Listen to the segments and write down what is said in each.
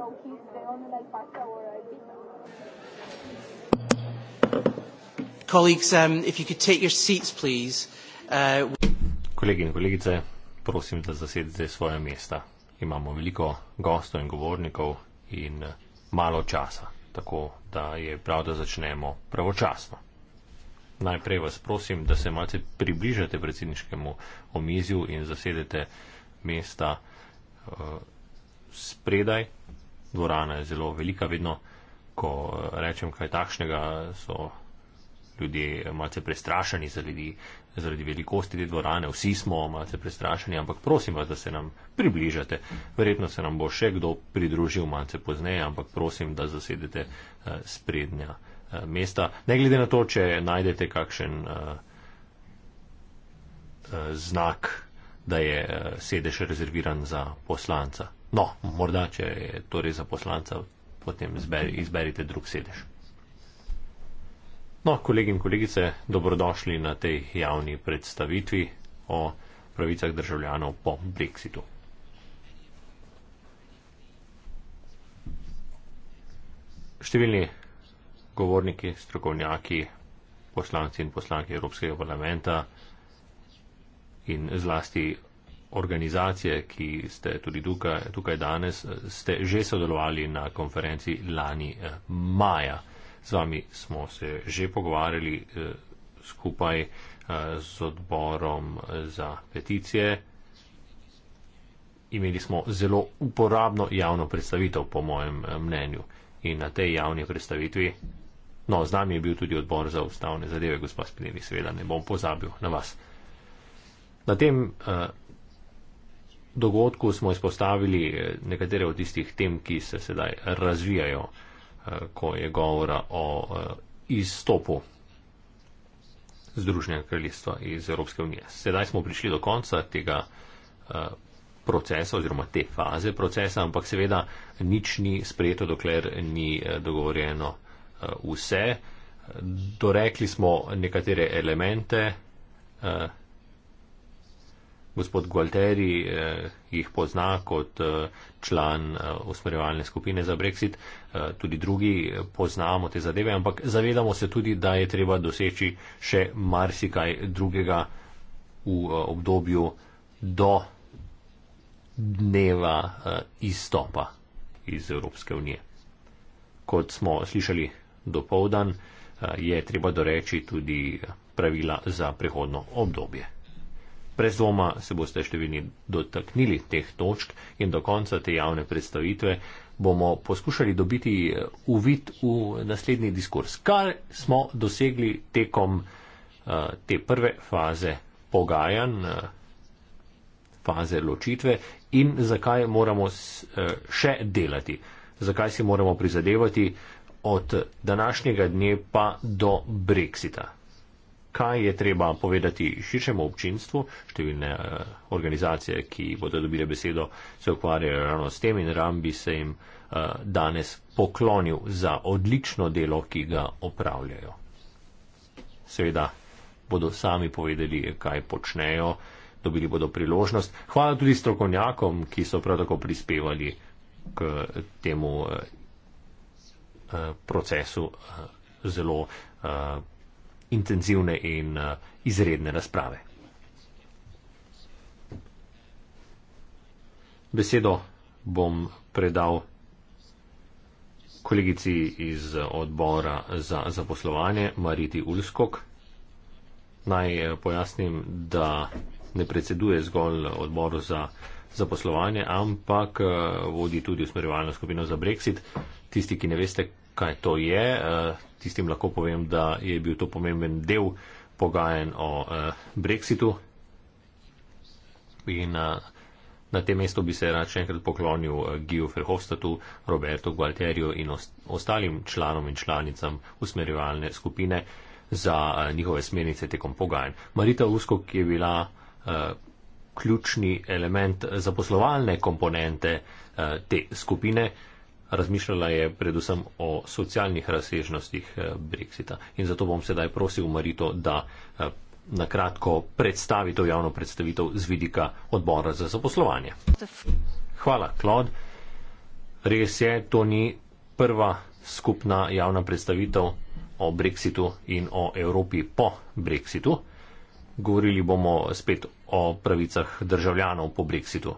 know kids, they only like pasta or pizza. Colleagues, um, if you could take your seats, please. Uh, Kolegi in kolegice, prosim, da zasedite svoje mesta. Imamo veliko gostov in govornikov in uh, malo časa, tako da je prav, da začnemo pravočasno. Najprej vas prosim, da se malce približate predsedniškemu omizju in zasedete mesta uh, spredaj dvorana je zelo velika, vedno, ko eh, rečem kaj takšnega, so ljudje eh, malce prestrašeni zaradi, zaradi velikosti te dvorane, vsi smo malce prestrašeni, ampak prosim vas, da se nam približate. Verjetno se nam bo še kdo pridružil malce pozneje, ampak prosim, da zasedete eh, sprednja mesta. Ne glede na to, če najdete kakšen znak, da je sedež rezerviran za poslanca. No, morda, če je torej za poslanca, potem izberi, izberite drug sedež. No, kolegi in kolegice, dobrodošli na tej javni predstavitvi o pravicah državljanov po Brexitu. Številni govorniki, strokovnjaki, poslanci in poslanke Evropskega parlamenta in zlasti organizacije, ki ste tudi tukaj, tukaj danes, ste že sodelovali na konferenci lani eh, maja. Z vami smo se že pogovarjali eh, skupaj eh, z odborom za peticije. Imeli smo zelo uporabno javno predstavitev, po mojem mnenju. In na tej javni predstavitvi, no, z nami je bil tudi odbor za ustavne zadeve, gospod Spinelli, seveda ne bom pozabil na vas. Na tem dogodku smo izpostavili eh, nekatere od tistih tem, ki se sedaj razvijajo, eh, ko je govora o eh, izstopu Združenega kraljestva iz Evropske unije. Sedaj smo prišli do konca tega procesa oziroma te faze procesa, ampak seveda nič ni sprejeto, dokler ni dogovorjeno vse. Dorekli smo nekatere elemente gospod Gualteri eh, jih pozna kot eh, član eh, usmerjevalne skupine za Brexit, eh, tudi drugi eh, poznamo te zadeve, ampak zavedamo se tudi, da je treba doseči še marsikaj drugega v eh, obdobju do dneva eh, izstopa iz Evropske unije. Kot smo slišali do povdan, eh, je treba doreči tudi pravila za prihodno obdobje. Brez dvoma se boste številni dotaknili teh točk in do konca te javne predstavitve bomo poskušali dobiti eh, uvid v naslednji diskurs. Kaj smo dosegli tekom eh, te prve faze pogajanj, eh, faze ločitve in zakaj moramo še delati, zakaj si moramo prizadevati od današnjega dne pa do brexita kaj je treba povedati širšemu občinstvu, številne eh, organizacije, ki bodo dobile besedo, se ukvarjajo ravno s tem in ram bi se jim eh, danes poklonil za odlično delo, ki ga opravljajo. Seveda bodo sami povedali, kaj počnejo, dobili bodo priložnost. Hvala tudi strokovnjakom, ki so prav tako prispevali k temu eh, procesu zelo intenzivne in uh, izredne razprave. Besedo bom predal kolegici iz odbora za zaposlovanje, Mariti Ulskok. Naj eh, pojasnim, da ne predseduje zgolj odboru za zaposlovanje, ampak eh, vodi tudi usmerjevalno skupino za Brexit. Tisti, ki ne veste, kaj to je, tistim lahko povem, da je bil to pomemben del pogajanj o uh, Brexitu. In uh, na tem mestu bi se rad še enkrat poklonil uh, Giju Ferhofstatu, Roberto Gualterju in ost ostalim članom in članicam usmerjevalne skupine za uh, njihove smernice tekom pogajanj. Marita Usko, ki je bila uh, ključni element zaposlovalne komponente uh, te skupine, uh, razmišljala je predvsem o socialnih razsežnostih eh, Brexita. In zato bom sedaj prosil Marito, da eh, na kratko predstavi to javno predstavitev z vidika odbora za zaposlovanje. Hvala, Klod. Res je, to ni prva skupna javna predstavitev o Brexitu in o Evropi po Brexitu. Govorili bomo spet o pravicah državljanov po Brexitu.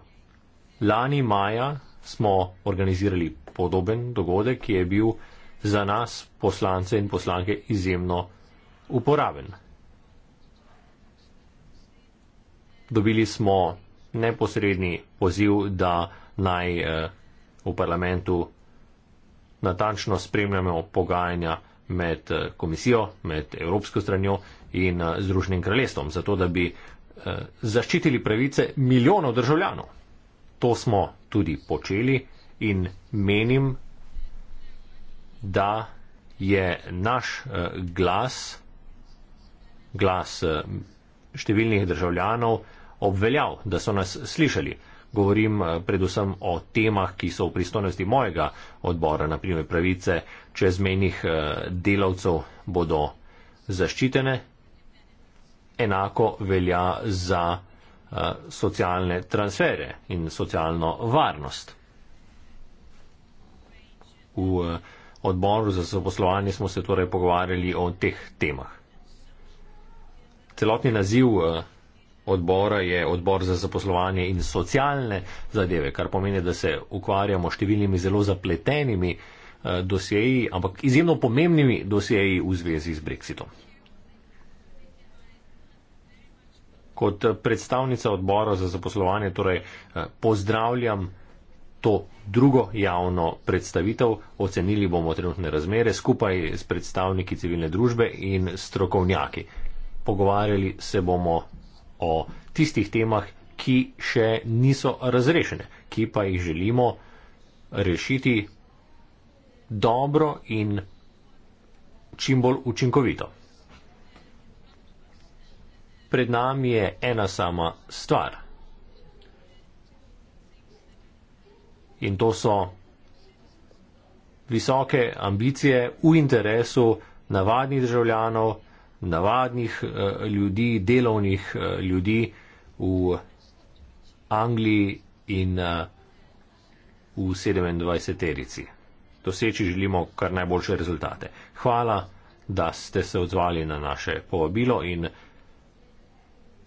Lani maja smo organizirali podoben dogodek, ki je bil za nas, poslance in poslanke, izjemno uporaben. Dobili smo neposredni poziv, da naj eh, v parlamentu natančno spremljamo pogajanja med eh, komisijo, med Evropsko stranjo in eh, Združenim kraljestvom, zato da bi zaščitili pravice milijonov državljanov. To smo tudi počeli in menim, da je naš eh, glas, glas eh, številnih državljanov, obveljal, da so nas slišali. Govorim eh, predvsem o temah, ki so v pristojnosti mojega odbora, naprimer pravice čezmejnih delavcev bodo zaščitene. Enako velja za Eh, socialne transfere in socialno varnost. V eh, odboru za zaposlovanje smo se torej pogovarjali o teh temah. Celotni naziv eh, odbora je odbor za zaposlovanje in socialne zadeve, kar pomeni, da se ukvarjamo številnimi zelo zapletenimi dosjeji, ampak izjemno pomembnimi dosjeji v zvezi z brexitom. kot predstavnica odbora za zaposlovanje torej eh, pozdravljam to drugo javno predstavitev. Ocenili bomo trenutne razmere skupaj s predstavniki civilne družbe in strokovnjaki. Pogovarjali se bomo o tistih temah, ki še niso razrešene, ki pa jih želimo rešiti dobro in čim bolj učinkovito pred nami je ena sama stvar. In to so visoke ambicije v interesu navadnih državljanov, navadnih eh, ljudi, delovnih eh, ljudi v Angliji in eh, v 27. terici. Doseči želimo kar najboljše rezultate. Hvala, da ste se odzvali na naše povabilo in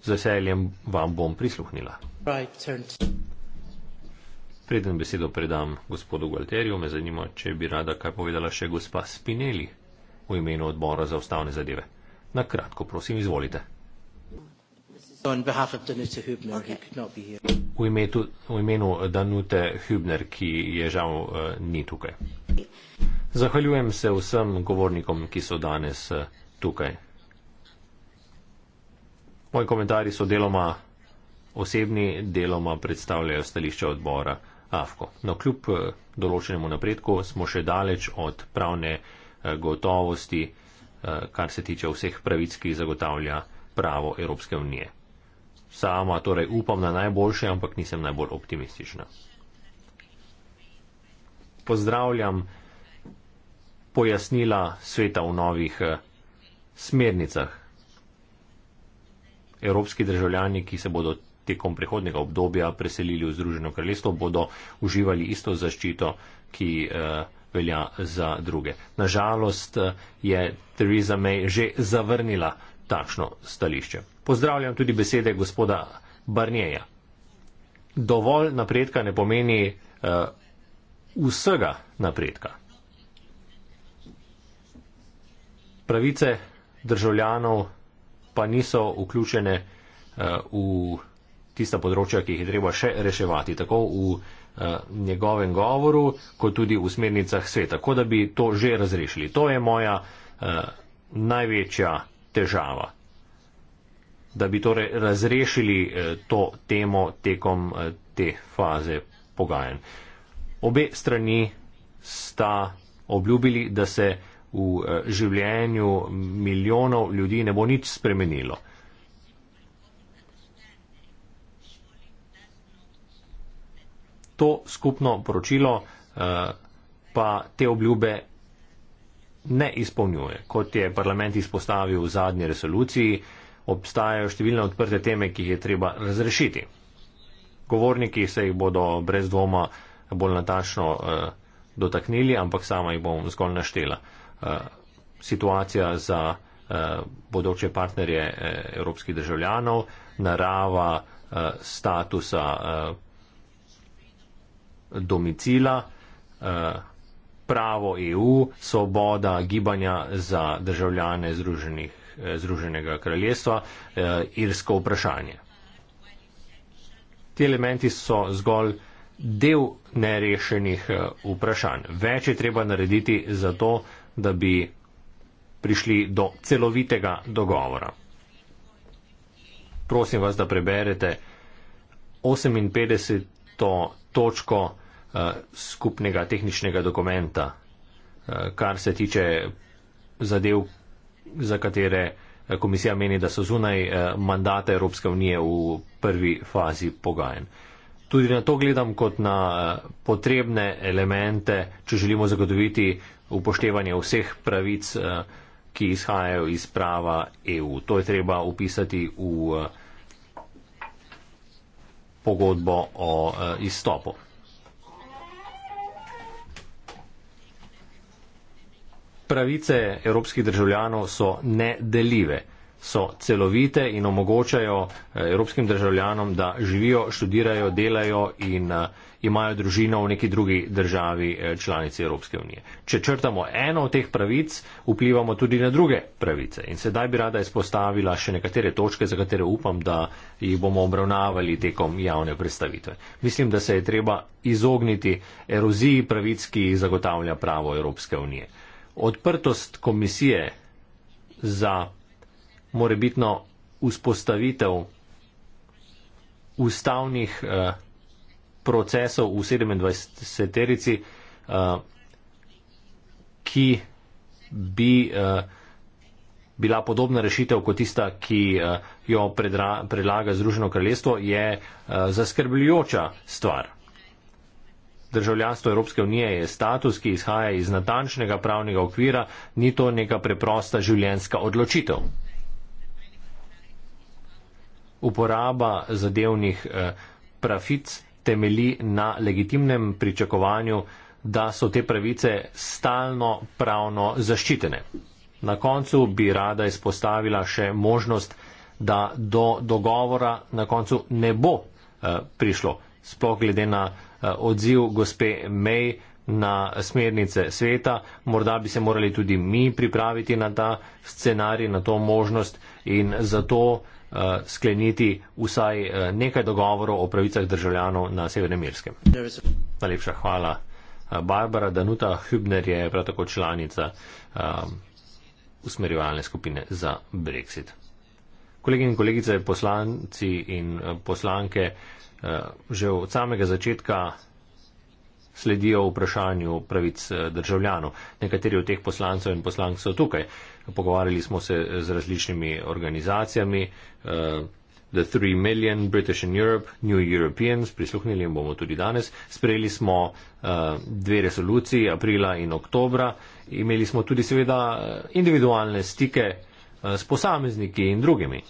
Z veseljem vam bom prisluhnila. Preden besedo predam gospodu Gualterju, me zanima, če bi rada kaj povedala še gospa Spinelli v imenu odbora za ustavne zadeve. Na kratko, prosim, izvolite. V imenu, v imenu Danute Hübner, ki je žal eh, ni tukaj. Zahvaljujem se vsem govornikom, ki so danes eh, tukaj Moji komentarji so deloma osebni, deloma predstavljajo stališče odbora AFKO. No, kljub eh, določenemu napredku smo še daleč od pravne eh, gotovosti, eh, kar se tiče vseh pravic, ki zagotavlja pravo Evropske unije. Sama torej upam na najboljše, ampak nisem najbolj optimistična. Pozdravljam pojasnila sveta v novih smernicah evropski državljani, ki se bodo tekom prehodnega obdobja preselili v Združeno kraljestvo, bodo uživali isto zaščito, ki eh, velja za druge. Nažalost eh, je Theresa May že zavrnila takšno stališče. Pozdravljam tudi besede gospoda Barnjeja. Dovolj napredka ne pomeni eh, vsega napredka. Pravice državljanov pa niso vključene eh, v tista področja, ki jih je treba še reševati, tako v eh, njegovem govoru, kot tudi v smernicah sveta, tako da bi to že razrešili. To je moja eh, največja težava da bi torej razrešili to temo tekom te faze pogajanj. Obe strani sta obljubili, da se v eh, življenju milijonov ljudi ne bo nič spremenilo. To skupno poročilo eh, pa te obljube ne izpolnjuje. Kot je parlament izpostavil v zadnji resoluciji, obstajajo številne odprte teme, ki jih je treba razrešiti. Govorniki se jih bodo brez dvoma bolj natačno eh, dotaknili, ampak sama jih bom zgolj naštela. Eh, situacija za eh, bodoče partnerje eh, evropskih državljanov, narava statusa domicila, pravo EU, svoboda gibanja za državljane Združenih, Združenega kraljestva, irsko vprašanje. Ti elementi so zgolj del nerešenih vprašanj. Več je treba narediti za to, da bi prišli do celovitega dogovora. Prosim vas, da preberete 58. točko eh, skupnega tehničnega dokumenta, eh, kar se tiče zadev, za katere eh, komisija meni, da so zunaj eh, mandata Evropske unije v prvi fazi pogajanj. Tudi na to gledam kot na eh, potrebne elemente, če želimo zagotoviti upoštevanje vseh pravic, eh, ki izhajajo iz prava EU. To je treba upisati v eh, pogodbo o eh, izstopu. Pravice evropskih državljanov so nedeljive, so celovite in omogočajo evropskim državljanom, da živijo, študirajo, delajo in imajo družino v neki drugi državi eh, članici Evropske unije. Če črtamo eno od teh pravic, vplivamo tudi na druge pravice. In sedaj bi rada izpostavila še nekatere točke, za katere upam, da jih bomo obravnavali tekom javne predstavitve. Mislim, da se je treba izogniti eroziji pravic, ki jih zagotavlja pravo Evropske unije. Odprtost komisije za morebitno vzpostavitev ustavnih eh, procesov v 27-terici, uh, eh, ki bi uh, bila podobna rešitev kot tista, ki uh, jo predra, predlaga Združeno kraljestvo, je uh, zaskrbljujoča stvar. Državljanstvo Evropske unije je status, ki izhaja iz natančnega pravnega okvira, ni to neka preprosta življenjska odločitev. Uporaba zadevnih eh, prafic temeli na legitimnem pričakovanju, da so te pravice stalno pravno zaščitene. Na koncu bi rada izpostavila še možnost, da do dogovora na koncu ne bo eh, prišlo, sploh glede na eh, odziv gospe May na smernice sveta. Morda bi se morali tudi mi pripraviti na ta scenarij, na to možnost in zato. Eh, uh, skleniti vsaj uh, nekaj dogovorov o pravicah državljanov na Severnem Irskem. Najlepša hvala. Eh, Barbara Danuta Hübner je prav tako članica um, usmerjevalne skupine za Brexit. Kolegi in kolegice, poslanci in poslanke uh, že od samega začetka sledijo vprašanju pravic državljanov. Nekateri od teh poslancev in poslank so tukaj. Uh, pogovarjali smo se z različnimi organizacijami. Uh, The 3 Million British in Europe, New Europeans, prisluhnili jim bomo tudi danes. Sprejeli smo uh, dve resoluciji, aprila in oktobra. Imeli smo tudi seveda eh, individualne stike uh, s posamezniki in drugimi.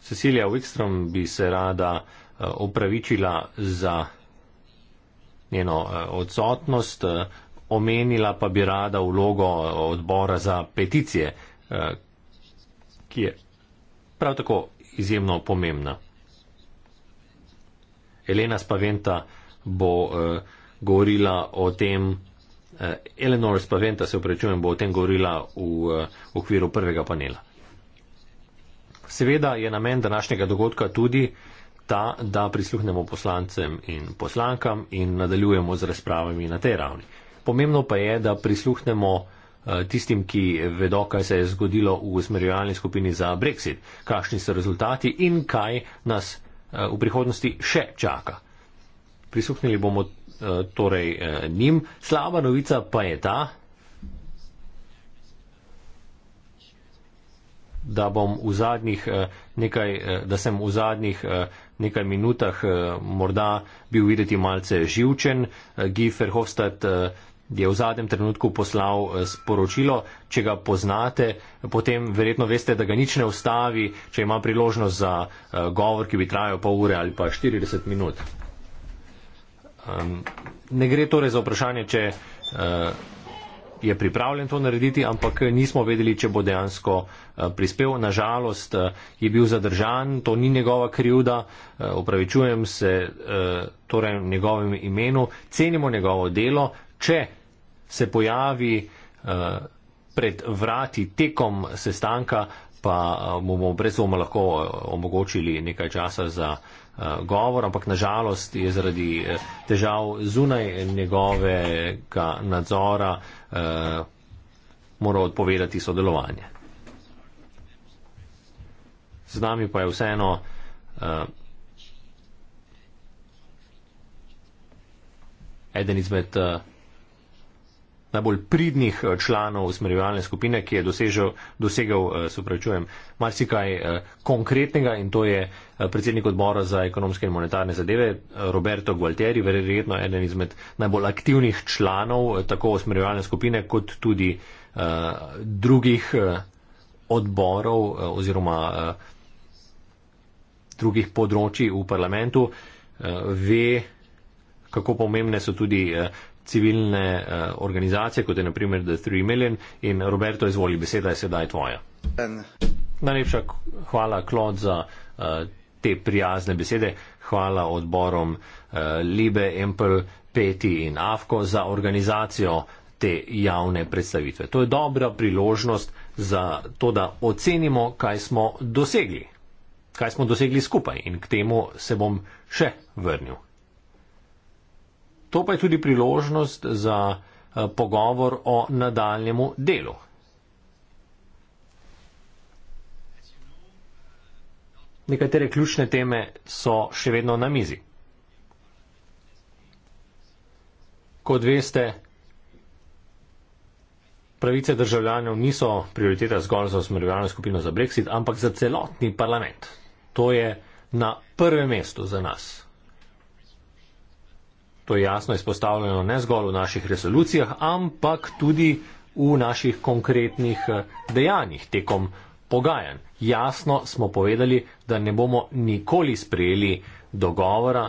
Cecilija Wikström bi se rada uh, opravičila za njeno uh, odsotnost. Uh, omenila pa bi rada vlogo odbora za peticije, eh, ki je prav tako izjemno pomembna. Elena Spaventa bo eh, govorila o tem, eh, Eleanor Spaventa se oprečujem, bo o tem govorila v okviru prvega panela. Seveda je namen današnjega dogodka tudi ta, da prisluhnemo poslancem in poslankam in nadaljujemo z razpravami na tej ravni pomembno pa je, da prisluhnemo eh, tistim, ki vedo, kaj se je zgodilo v usmerjevalni skupini za Brexit, kakšni so rezultati in kaj nas eh, v prihodnosti še čaka. Prisluhnili bomo eh, torej njim. Slaba novica pa je ta, da, v nekaj, da sem v zadnjih nekaj minutah morda bil videti malce živčen. Guy Verhofstadt je v zadnjem trenutku poslal eh, sporočilo, če ga poznate, potem verjetno veste, da ga nič ne ustavi, če ima priložnost za eh, govor, ki bi trajal pol ure ali pa 40 minut. Um, ne gre torej za vprašanje, če uh, je pripravljen to narediti, ampak nismo vedeli, če bo dejansko uh, prispel. Nažalost uh, je bil zadržan, to ni njegova krivda, uh, opravičujem se uh, torej njegovem imenu, cenimo njegovo delo. Če se pojavi eh, pred vrati tekom sestanka, pa eh, mu bomo brez dvoma lahko eh, omogočili nekaj časa za govor, ampak nažalost je zaradi težav zunaj njegovega nadzora moral odpovedati sodelovanje. Z nami pa je vseeno uh, eden izmed uh, najbolj pridnih eh, članov usmerjevalne skupine, ki je dosežel, dosegel, eh, se upravičujem, marsikaj eh, konkretnega in to je predsednik odbora za ekonomske in monetarne zadeve Roberto Gualteri, verjetno eden izmed najbolj aktivnih članov tako usmerjevalne skupine kot tudi uh, drugih uh, odborov uh, oziroma uh, drugih področji v parlamentu, uh, ve, kako pomembne so tudi uh, civilne uh, organizacije, kot je naprimer The Three Million. In Roberto, izvoli, beseda je sedaj tvoja. Najlepša hvala, Klod, za uh, te prijazne besede. Hvala odborom uh, Libe, Empel, Peti in Afko za organizacijo te javne predstavitve. To je dobra priložnost za to, da ocenimo, kaj smo dosegli. Kaj smo dosegli skupaj in k temu se bom še vrnil. To pa je tudi priložnost za eh, pogovor o nadaljemu delu. Nekatere ključne teme so še vedno na mizi. Kot veste, pravice državljanov niso prioriteta zgolj za usmerjevalno skupino za Brexit, ampak za celotni parlament. To je na prvem mestu za nas. To je jasno izpostavljeno ne zgolj v naših resolucijah, ampak tudi v naših konkretnih eh, dejanjih tekom pogajanj. Jasno smo povedali, da ne bomo nikoli sprejeli dogovora,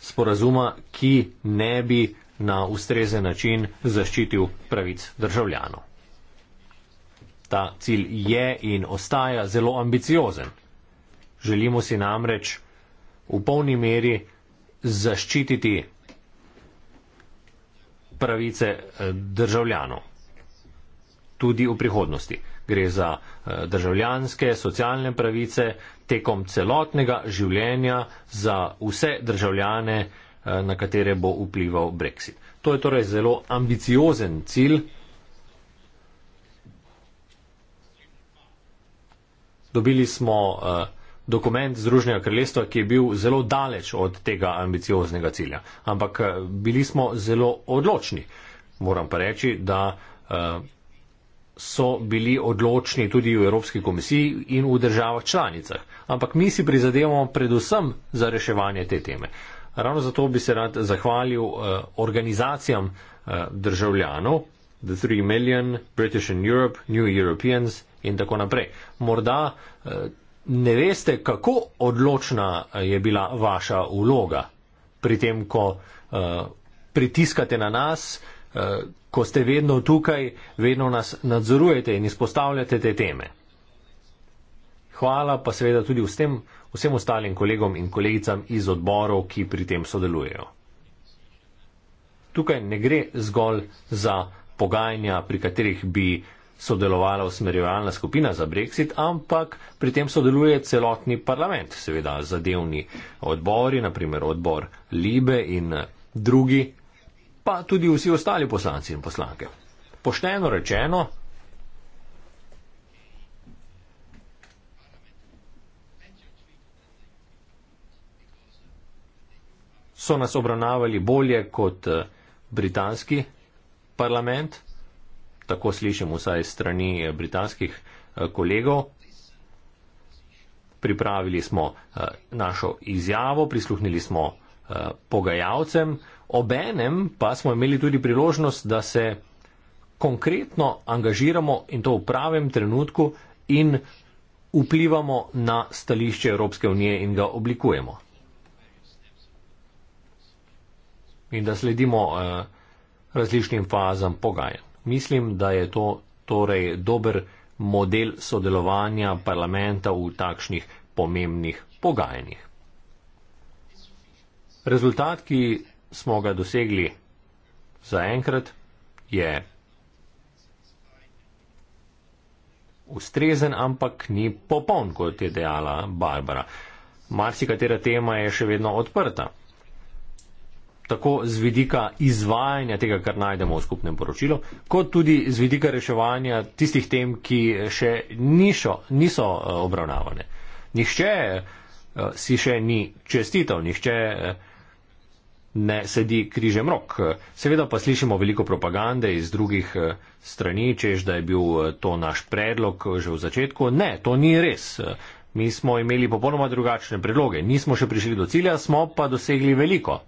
sporazuma, ki ne bi na ustrezen način zaščitil pravic državljanov. Ta cilj je in ostaja zelo ambiciozen. Želimo si namreč v polni meri zaščititi pravice eh, državljanov. Tudi v prihodnosti. Gre za eh, državljanske, socialne pravice tekom celotnega življenja za vse državljane, eh, na katere bo vplival Brexit. To je torej zelo ambiciozen cilj. Dobili smo uh, dokument Združenega kraljestva, ki je bil zelo daleč od tega ambicioznega cilja. Ampak eh, bili smo zelo odločni. Moram pa reči, da eh, so bili odločni tudi v Evropski komisiji in v državah članicah. Ampak mi si prizadevamo predvsem za reševanje te teme. Ravno zato bi se rad zahvalil eh, organizacijam državljanov, The Three Million, British in Europe, New Europeans in tako naprej. Morda ne veste, kako odločna je bila vaša vloga pri tem, ko uh, pritiskate na nas, uh, ko ste vedno tukaj, vedno nas nadzorujete in izpostavljate te teme. Hvala pa seveda tudi vsem, vsem ostalim kolegom in kolegicam iz odborov, ki pri tem sodelujejo. Tukaj ne gre zgolj za pogajanja, pri katerih bi sodelovala usmerjevalna skupina za brexit, ampak pri tem sodeluje celotni parlament, seveda zadevni odbori, naprimer odbor Libe in eh, drugi, pa tudi vsi ostali poslanci in poslanke. Pošteno rečeno, so nas obravnavali bolje kot eh, britanski parlament tako slišim vsaj strani eh, britanskih eh, kolegov. Pripravili smo eh, našo izjavo, prisluhnili smo pogajalcem, obenem pa smo imeli tudi priložnost, da se konkretno angažiramo in to v pravem trenutku in vplivamo na stališče Evropske unije in ga oblikujemo. In da sledimo eh, različnim fazam pogajanj. Mislim, da je to torej dober model sodelovanja parlamenta v takšnih pomembnih pogajanjih. Rezultat, ki smo ga dosegli zaenkrat, je ustrezen, ampak ni popoln, kot je dejala Barbara. Marsikatera tema je še vedno odprta tako z vidika izvajanja tega, kar najdemo v skupnem poročilu, kot tudi z vidika reševanja tistih tem, ki še nišo, niso eh, obravnavane. Nihče eh, si še ni čestitev, nihče eh, ne sedi križem rok. Seveda pa slišimo veliko propagande iz drugih strani, čež da je bil to naš predlog že v začetku. Ne, to ni res. Mi smo imeli popolnoma drugačne predloge. Nismo še prišli do cilja, smo pa dosegli veliko.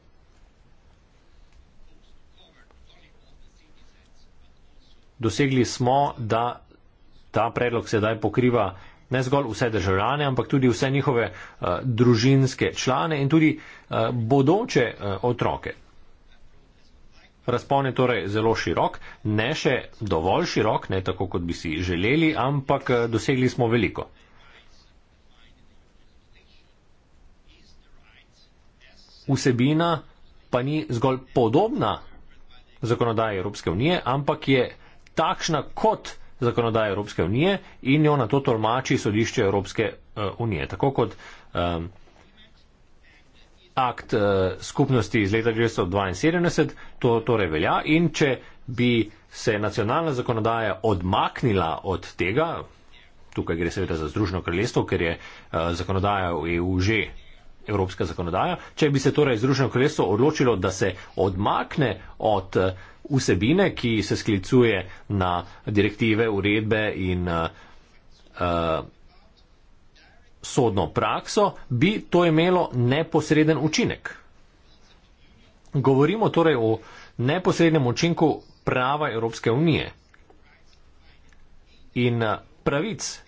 dosegli smo, da ta predlog sedaj pokriva ne zgolj vse državljane, ampak tudi vse njihove uh, družinske člane in tudi uh, bodoče uh, otroke. Razpon je torej zelo širok, ne še dovolj širok, ne tako, kot bi si želeli, ampak uh, dosegli smo veliko. Vsebina pa ni zgolj podobna zakonodaji Evropske unije, ampak je takšna kot zakonodaja Evropske unije in jo na to tolmači sodišče Evropske eh, unije. Tako kot um, akt uh, skupnosti iz leta 1972 to torej velja in če bi se nacionalna zakonodaja odmaknila od tega, tukaj gre seveda za Združeno kraljestvo, ker je uh, zakonodaja v EU že evropska zakonodaja, če bi se torej Združeno kraljestvo odločilo, da se odmakne od uh, vsebine, ki se sklicuje na direktive, uredbe in uh, uh, sodno prakso, bi to imelo neposreden učinek. Govorimo torej o neposrednem učinku prava Evropske unije in uh, pravic,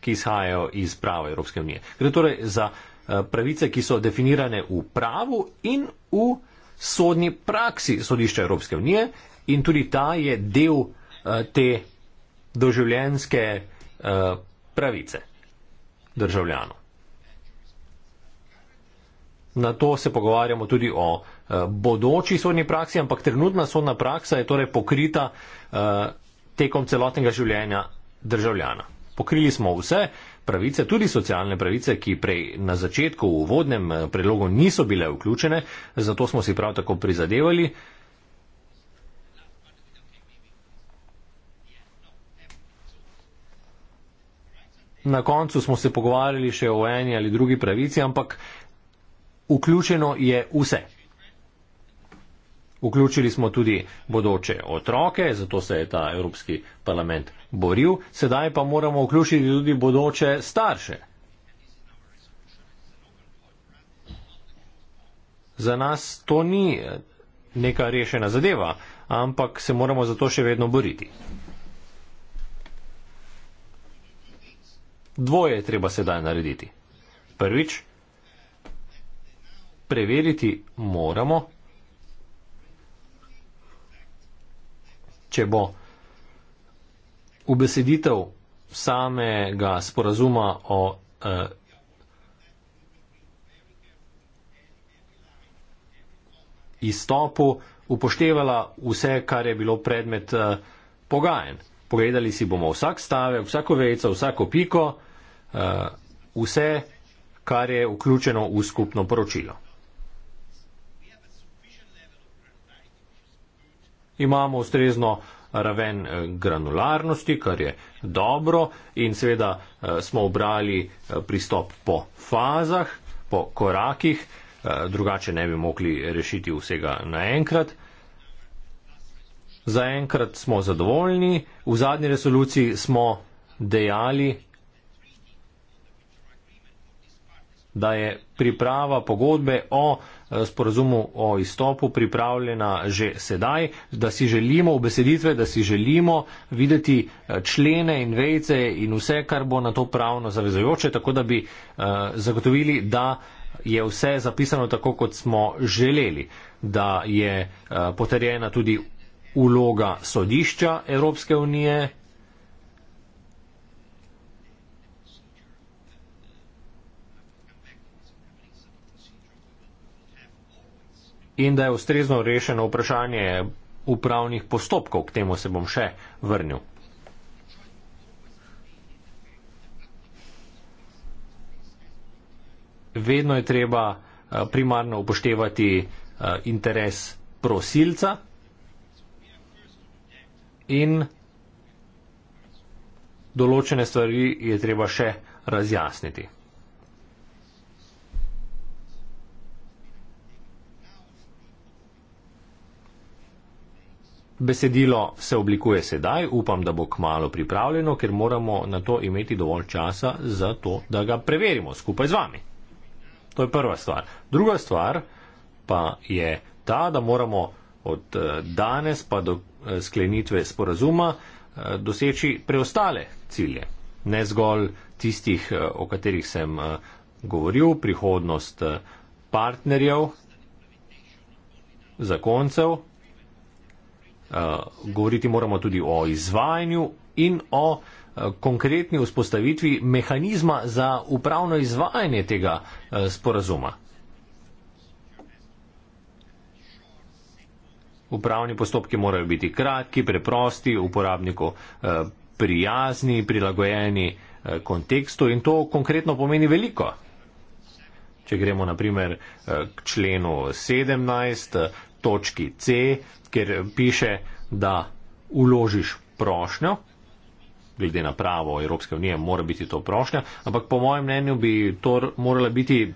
ki izhajajo iz prava Evropske unije. Gre torej za uh, pravice, ki so definirane v pravu in v sodni praksi sodišča Evropske unije in tudi ta je del eh, te doživljenske eh, pravice državljanov. Na to se pogovarjamo tudi o eh, bodoči sodni praksi, ampak trenutna sodna praksa je torej pokrita tekom celotnega življenja državljana. Pokrili smo vse, pravice, tudi socialne pravice, ki prej na začetku v uvodnem eh, predlogu niso bile vključene, zato smo si prav tako prizadevali. Na koncu smo se pogovarjali še o eni ali drugi pravici, ampak vključeno je vse. Vključili smo tudi bodoče otroke, zato se je ta Evropski parlament boril. Sedaj pa moramo vključiti tudi bodoče starše. Za nas to ni neka rešena zadeva, ampak se moramo za to še vedno boriti. Dvoje je treba sedaj narediti. Prvič, preveriti moramo, če bo ubeseditev samega sporazuma o eh, izstopu upoštevala vse, kar je bilo predmet eh, pogajen. Pogledali si bomo vsak stavek, vsako vejco, vsako piko, eh, vse, kar je vključeno v skupno poročilo. imamo ustrezno raven eh, granularnosti, kar je dobro in seveda eh, smo obrali eh, pristop po fazah, po korakih, drugače ne bi mogli rešiti vsega naenkrat. Zaenkrat smo zadovoljni, v zadnji resoluciji smo dejali, da je priprava pogodbe o Eh, sporazumu o izstopu pripravljena že sedaj, da si želimo obeseditve, da si želimo videti eh, člene in vejce in vse, kar bo na to pravno zavezojoče, tako da bi eh, zagotovili, da je vse zapisano tako, kot smo želeli, da je potrjena tudi uloga sodišča Evropske unije in da je ustrezno rešeno vprašanje upravnih postopkov. K temu se bom še vrnil. Vedno je treba eh, primarno upoštevati eh, interes prosilca in določene stvari je treba še razjasniti. Besedilo se oblikuje sedaj, upam, da bo kmalo pripravljeno, ker moramo na to imeti dovolj časa za to, da ga preverimo skupaj z vami. To je prva stvar. Druga stvar pa je ta, da moramo od eh, danes pa do eh, sklenitve sporazuma eh, doseči preostale cilje. Ne zgolj tistih, o katerih sem govoril, prihodnost partnerjev, zakoncev, Eh, govoriti moramo tudi o izvajanju in o eh, konkretni vzpostavitvi mehanizma za upravno izvajanje tega eh, sporazuma. Upravni postopki morajo biti kratki, preprosti, uporabniku prijazni, prilagojeni kontekstu in to konkretno pomeni veliko. Če gremo naprimer k členu 17, točki C, kjer piše, da uložiš prošnjo, glede na pravo Evropske unije, mora biti to prošnja, ampak po mojem mnenju bi to morala biti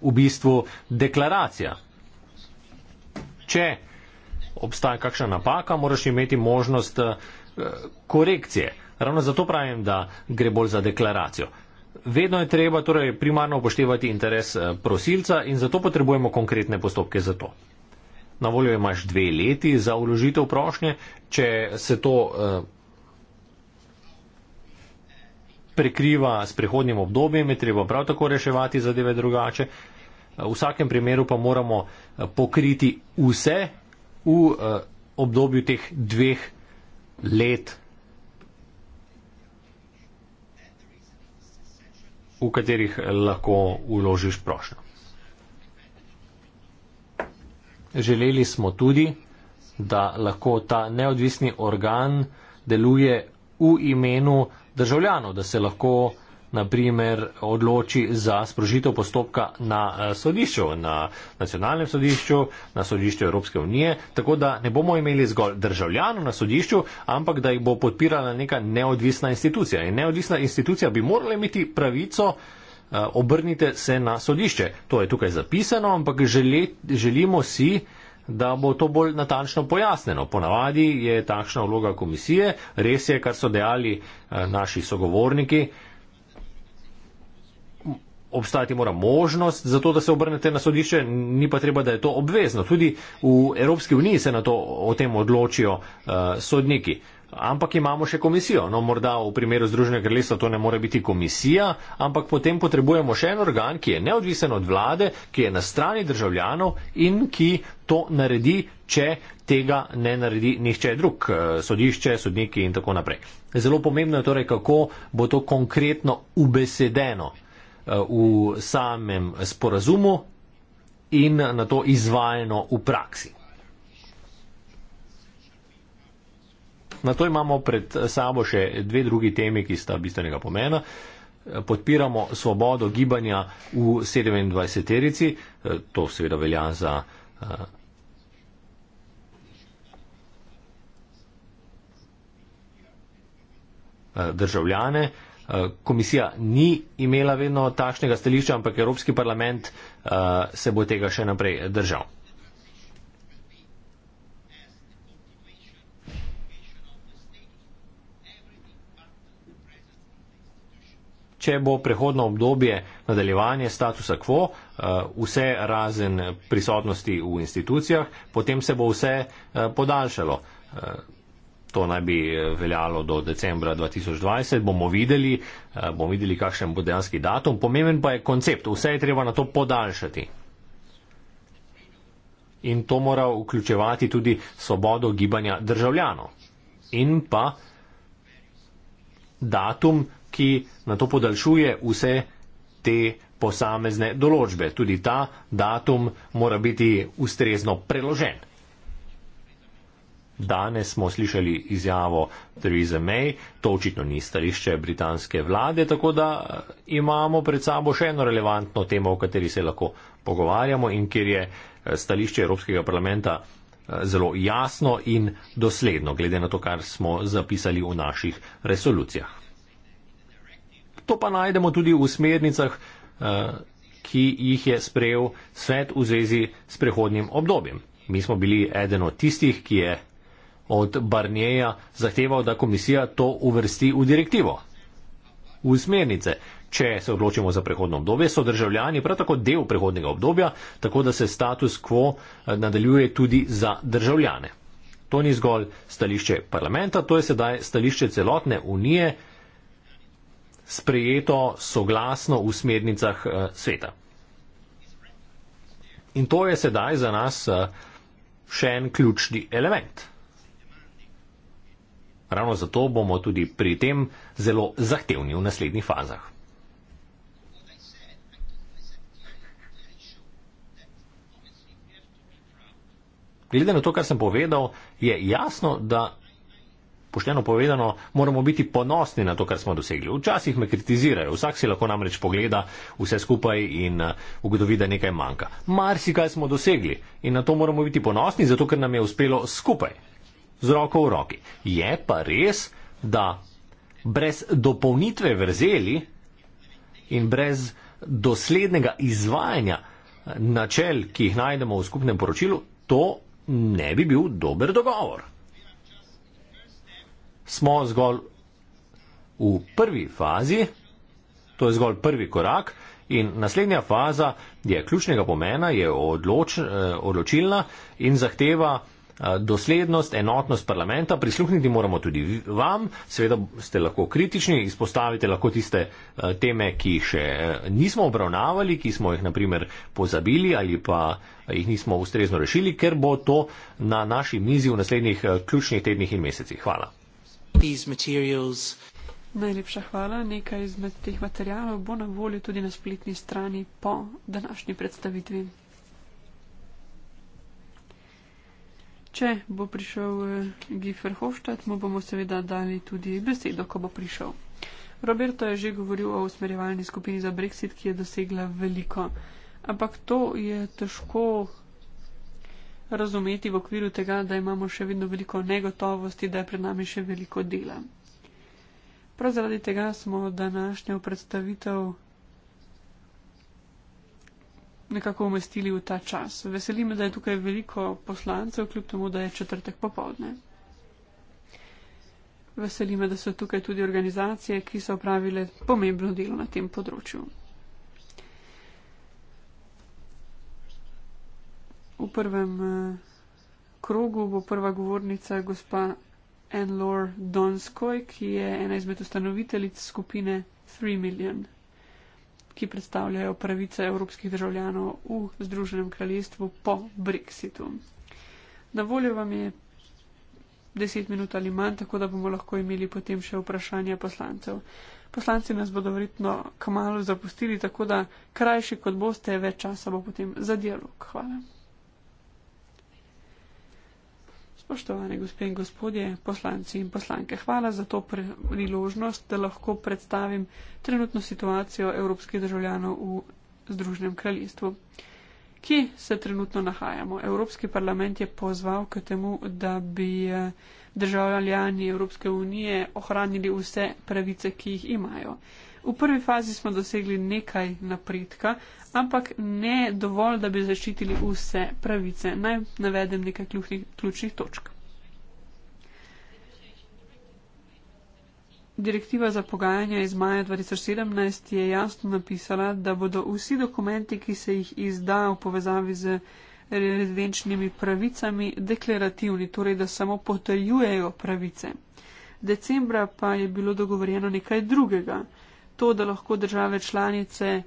v bistvu deklaracija. Če obstaja kakšna napaka, moraš imeti možnost eh, korekcije. Ravno zato pravim, da gre bolj za deklaracijo. Vedno je treba torej primarno upoštevati interes eh, prosilca in zato potrebujemo konkretne postopke za to. Na voljo imaš dve leti za uložitev prošnje. Če se to eh, prekriva s prehodnim obdobjem, je treba prav tako reševati zadeve drugače. V vsakem primeru pa moramo eh, pokriti vse v eh, obdobju teh dveh let. v katerih lahko uložiš prošnjo. Želeli smo tudi, da lahko ta neodvisni organ deluje v imenu državljanov, da se lahko naprimer odloči za sprožitev postopka na eh, sodišču, na nacionalnem sodišču, na sodišču Evropske unije, tako da ne bomo imeli zgolj državljanov na sodišču, ampak da jih bo podpirala neka neodvisna institucija. In neodvisna institucija bi morala imeti pravico uh, Eh, obrnite se na sodišče. To je tukaj zapisano, ampak želi, želimo si, da bo to bolj natančno pojasneno. Ponavadi je takšna vloga komisije, res je, kar so dejali eh, naši sogovorniki. Obstajati mora možnost za to, da se obrnete na sodišče, ni pa treba, da je to obvezno. Tudi v Evropski uniji se na to o tem odločijo uh, sodniki. Uh, ampak imamo še komisijo. No, morda v primeru Združenega kraljestva to ne more biti komisija, ampak potem potrebujemo še en organ, ki je neodvisen od vlade, ki je na strani državljanov in ki to naredi, če tega ne naredi nihče drug, eh, sodišče, sodniki in tako naprej. Zelo pomembno je torej, kako bo to konkretno ubesedeno eh, v samem sporazumu in na to izvajeno v praksi. Na to imamo pred sabo še dve drugi temi, ki sta bistvenega pomena. Podpiramo svobodo gibanja v 27-terici, to seveda velja za. Eh, državljane. Eh, komisija ni imela vedno takšnega stališča, ampak Evropski parlament eh, se bo tega še naprej držal. če bo prehodno obdobje nadaljevanje statusa quo, eh, vse razen prisotnosti v institucijah, potem se bo vse eh, podaljšalo. Eh, to naj bi veljalo do decembra 2020, bomo videli, bomo videli kakšen bo dejanski datum. Pomemben pa je koncept, vse je treba na to podaljšati. In to mora vključevati tudi svobodo gibanja državljanov. In pa datum ki na to podaljšuje vse te posamezne določbe. Tudi ta datum mora biti ustrezno preložen. Danes smo slišali izjavo Theresa May, to očitno ni stališče britanske vlade, tako da eh, imamo pred sabo še eno relevantno temo, o kateri se lahko pogovarjamo in kjer je eh, stališče Evropskega parlamenta eh, zelo jasno in dosledno, glede na to, kar smo zapisali v naših resolucijah. To pa najdemo tudi v smernicah, eh, ki jih je sprejel svet v zvezi s prehodnim obdobjem. Mi smo bili eden od tistih, ki je od Barnjeja zahteval, da komisija to uvrsti v direktivo. V smernice, če se odločimo za prehodno obdobje, so državljani prav tako del prehodnega obdobja, tako da se status quo eh, nadaljuje tudi za državljane. To ni zgolj stališče parlamenta, to je sedaj stališče celotne unije, sprejeto soglasno v smernicah eh, sveta. In to je sedaj za nas eh, še en ključni element. Ravno zato bomo tudi pri tem zelo zahtevni v naslednjih fazah. Glede na to, kar sem povedal, je jasno, da pošteno povedano, moramo biti ponosni na to, kar smo dosegli. Včasih me kritizirajo, vsak si lahko namreč pogleda vse skupaj in eh, ugotovi, da nekaj manjka. Mar si kaj smo dosegli in na to moramo biti ponosni, zato ker nam je uspelo skupaj, z roko v roki. Je pa res, da brez dopolnitve vrzeli in brez doslednega izvajanja eh, načel, ki jih najdemo v skupnem poročilu, to ne bi bil dober dogovor smo zgolj v prvi fazi, to je zgolj prvi korak in naslednja faza je ključnega pomena, je odloč, eh, odločilna in zahteva eh, doslednost, enotnost parlamenta, prisluhniti moramo tudi vam, seveda ste lahko kritični, izpostavite lahko tiste eh, teme, ki še nismo obravnavali, ki smo jih naprimer pozabili ali pa jih nismo ustrezno rešili, ker bo to na naši mizi v naslednjih ključnih tednih in mesecih. Hvala. Najlepša hvala. Nekaj izmed teh materijalov bo na voljo tudi na spletni strani po današnji predstavitvi. Če bo prišel eh, Giffer Hofstadt, mu bomo seveda dali tudi besedo, ko bo prišel. Roberto je že govoril o usmerjevalni skupini za Brexit, ki je dosegla veliko. Ampak to je težko razumeti v okviru tega, da imamo še vedno veliko negotovosti, da je pred nami še veliko dela. Prav zaradi tega smo današnjo predstavitev nekako umestili v ta čas. Veseli me, da je tukaj veliko poslancev, kljub temu, da je četrtek popovdne. Veseli me, da so tukaj tudi organizacije, ki so opravile pomembno delo na tem področju. v prvem uh, krogu bo prva govornica gospa Enlor Donskoj, ki je ena izmed ustanoviteljic skupine 3 Million, ki predstavljajo pravice evropskih državljanov v Združenem kraljestvu po Brexitu. Na voljo vam je 10 minut ali manj, tako da bomo lahko imeli potem še vprašanja poslancev. Poslanci nas bodo verjetno kmalo zapustili, tako da krajši kot boste, več časa bo potem za dialog. Hvala. Spoštovane gospe in gospodje, poslanci in poslanke, hvala za to priložnost, da lahko predstavim trenutno situacijo evropskih državljanov v Združenem kraljestvu. Kje se trenutno nahajamo? Evropski parlament je pozval k temu, da bi eh, državljani Evropske unije ohranili vse pravice, ki jih imajo. V prvi fazi smo dosegli nekaj napredka, ampak ne dovolj, da bi zaščitili vse pravice. Naj navedem nekaj ključnih, ključnih točk. Direktiva za pogajanja iz maja 2017 je jasno napisala, da bodo vsi dokumenti, ki se jih izda v povezavi z rezidenčnimi pravicami, deklarativni, torej da samo potrjujejo pravice. Decembra pa je bilo dogovorjeno nekaj drugega to, da lahko države članice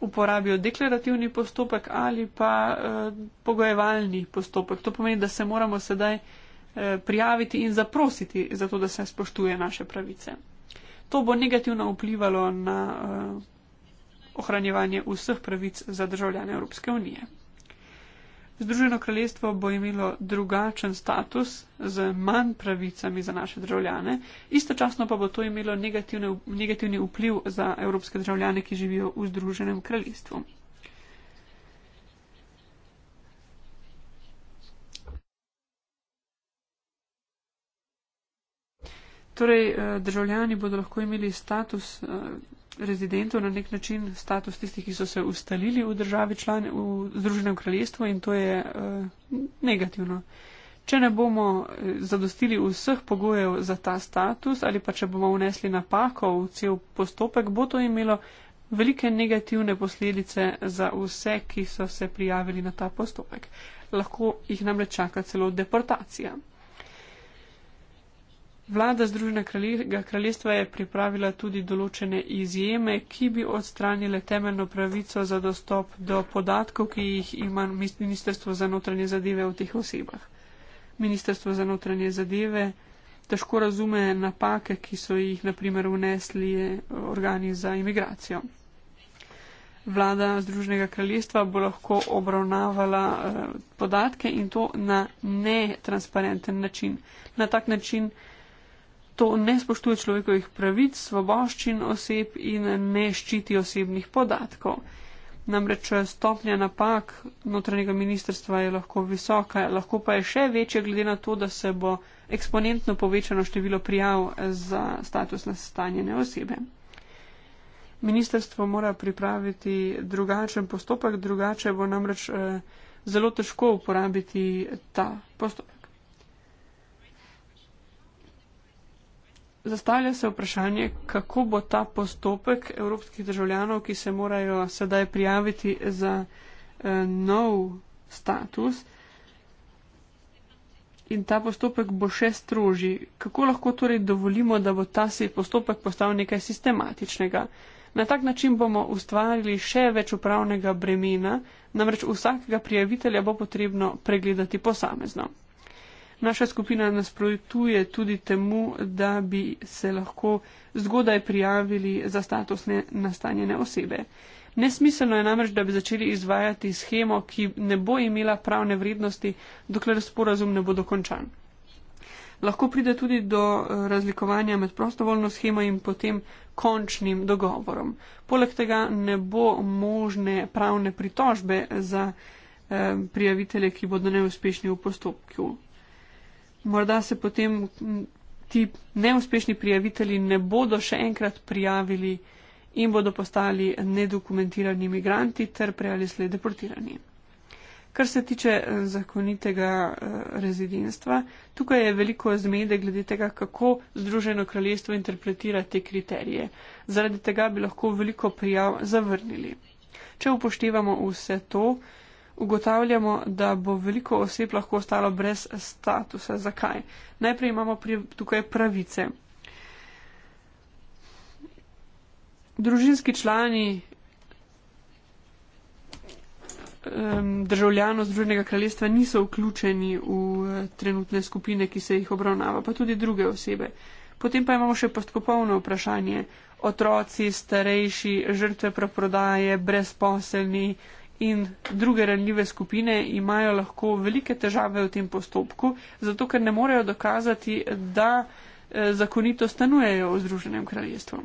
uporabijo deklarativni postopek ali pa eh, pogojevalni postopek. To pomeni, da se moramo sedaj eh, prijaviti in zaprositi za to, da se spoštuje naše pravice. To bo negativno vplivalo na eh, ohranjevanje vseh pravic za državljane Evropske unije. Združeno kraljestvo bo imelo drugačen status z manj pravicami za naše državljane, istočasno pa bo to imelo negativni vpliv za evropske državljane, ki živijo v Združenem kraljestvu. Torej, eh, državljani bodo lahko imeli status eh, rezidentov na nek način, status tistih, ki so se ustalili v državi član v Združenem kraljestvu in to je uh, negativno. Če ne bomo eh, zadostili vseh pogojev za ta status ali pa če bomo vnesli napako v cel postopek, bo to imelo velike negativne posledice za vse, ki so se prijavili na ta postopek. Lahko jih namreč čaka celo deportacija. Vlada Združene kraljestva je pripravila tudi določene izjeme, ki bi odstranile temeljno pravico za dostop do podatkov, ki jih ima Ministrstvo za notranje zadeve v teh osebah. Ministrstvo za notranje zadeve težko razume napake, ki so jih naprimer vnesli eh, organi za imigracijo. Vlada Združenega kraljestva bo lahko obravnavala eh, podatke in to na netransparenten način. Na tak način, to ne spoštuje človekovih pravic, svoboščin oseb in ne ščiti osebnih podatkov. Namreč stopnja napak notranjega ministrstva je lahko visoka, lahko pa je še večja glede na to, da se bo eksponentno povečano število prijav za status nastanjene osebe. Ministrstvo mora pripraviti drugačen postopek, drugače bo namreč eh, zelo težko uporabiti ta postopek. Zastavlja se vprašanje, kako bo ta postopek evropskih državljanov, ki se morajo sedaj prijaviti za eh, nov status. In ta postopek bo še strožji. Kako lahko torej dovolimo, da bo ta postopek postal nekaj sistematičnega? Na tak način bomo ustvarili še več upravnega bremena, namreč vsakega prijavitelja bo potrebno pregledati posamezno. Naša skupina nasprotuje tudi temu, da bi se lahko zgodaj prijavili za statusne nastanjene osebe. Nesmiselno je namreč, da bi začeli izvajati schemo, ki ne bo imela pravne vrednosti, dokler sporazum ne bo dokončan. Lahko pride tudi do eh, razlikovanja med prostovoljno schemo in potem končnim dogovorom. Poleg tega ne bo možne pravne pritožbe za eh, prijavitele, ki bodo neuspešni v postopku morda se potem ti neuspešni prijavitelji ne bodo še enkrat prijavili in bodo postali nedokumentirani imigranti ter prej ali slej deportirani. Kar se tiče eh, zakonitega eh, rezidenstva, tukaj je veliko zmede glede tega, kako Združeno kraljestvo interpretira te kriterije. Zaradi tega bi lahko veliko prijav zavrnili. Če upoštevamo vse to, ugotavljamo, da bo veliko oseb lahko ostalo brez statusa. Zakaj? Najprej imamo pri, tukaj pravice. Družinski člani državljanov Združenega kraljestva niso vključeni v eh, trenutne skupine, ki se jih obravnava, pa tudi druge osebe. Potem pa imamo še postkopovno vprašanje. Otroci, starejši, žrtve preprodaje, brezposelni, in druge ranljive skupine imajo lahko velike težave v tem postopku, zato ker ne morejo dokazati, da eh, zakonito stanujejo v Združenem kraljestvu.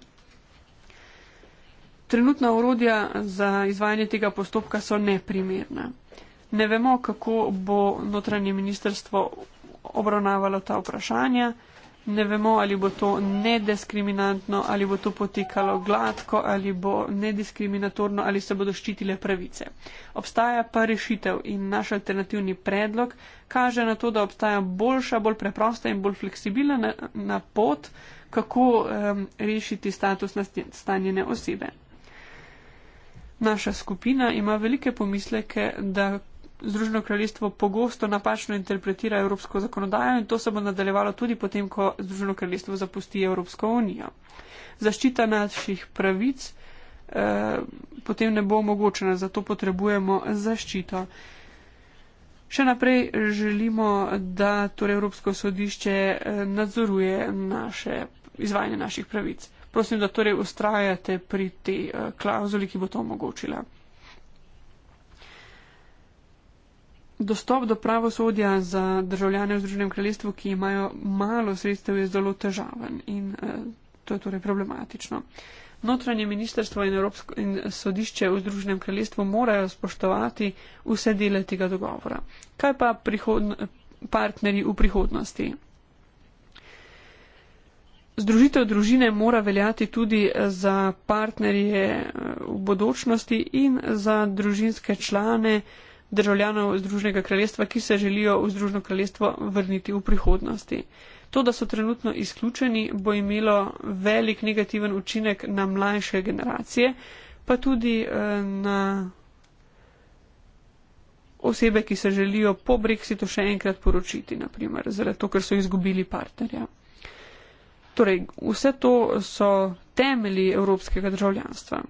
Trenutna urodja za izvajanje tega postopka so neprimerna. Ne vemo, kako bo notranje ministerstvo obravnavalo ta vprašanja ne vemo, ali bo to nediskriminantno, ali bo to potekalo gladko, ali bo nediskriminatorno, ali se bodo ščitile pravice. Obstaja pa rešitev in naš alternativni predlog kaže na to, da obstaja boljša, bolj preprosta in bolj fleksibilna na, na pot, kako um, rešiti status nastanjene osebe. Naša skupina ima velike pomisleke, da Združeno kraljestvo pogosto napačno interpretira evropsko zakonodajo in to se bo nadaljevalo tudi potem, ko Združeno kraljestvo zapusti Evropsko unijo. Zaščita naših pravic eh, potem ne bo omogočena, zato potrebujemo zaščito. Še naprej želimo, da torej Evropsko sodišče eh, nadzoruje naše, izvajanje naših pravic. Prosim, da torej ustrajate pri tej eh, klauzuli, ki bo to omogočila. Dostop do pravosodja za državljane v Združenem kraljestvu, ki imajo malo sredstev, je zelo težaven in eh, to je torej problematično. Notranje ministrstvo in, Evropsko, in sodišče v Združenem kraljestvu morajo spoštovati vse dele tega dogovora. Kaj pa prihodn, partnerji v prihodnosti? Združitev družine mora veljati tudi eh, za partnerje eh, v bodočnosti in za družinske člane, eh, državljanov Združenega kraljestva, ki se želijo v Združeno kraljestvo vrniti v prihodnosti. To, da so trenutno izključeni, bo imelo velik negativen učinek na mlajše generacije, pa tudi eh, na osebe, ki se želijo po brexitu še enkrat poročiti, naprimer, zato ker so izgubili partnerja. Torej, vse to so temeli evropskega državljanstva.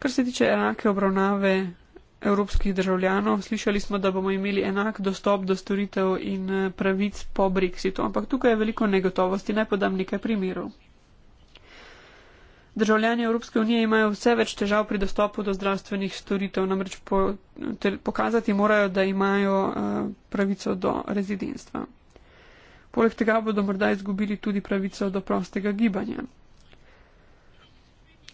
Kar se tiče enake obravnave evropskih državljanov. Slišali smo, da bomo imeli enak dostop do storitev in eh, pravic po Brexitu, ampak tukaj je veliko negotovosti. Naj ne podam nekaj primerov. Državljani Evropske unije imajo vse več težav pri dostopu do zdravstvenih storitev, namreč po, te, pokazati morajo, da imajo uh, pravico do rezidentstva. Poleg tega bodo morda izgubili tudi pravico do prostega gibanja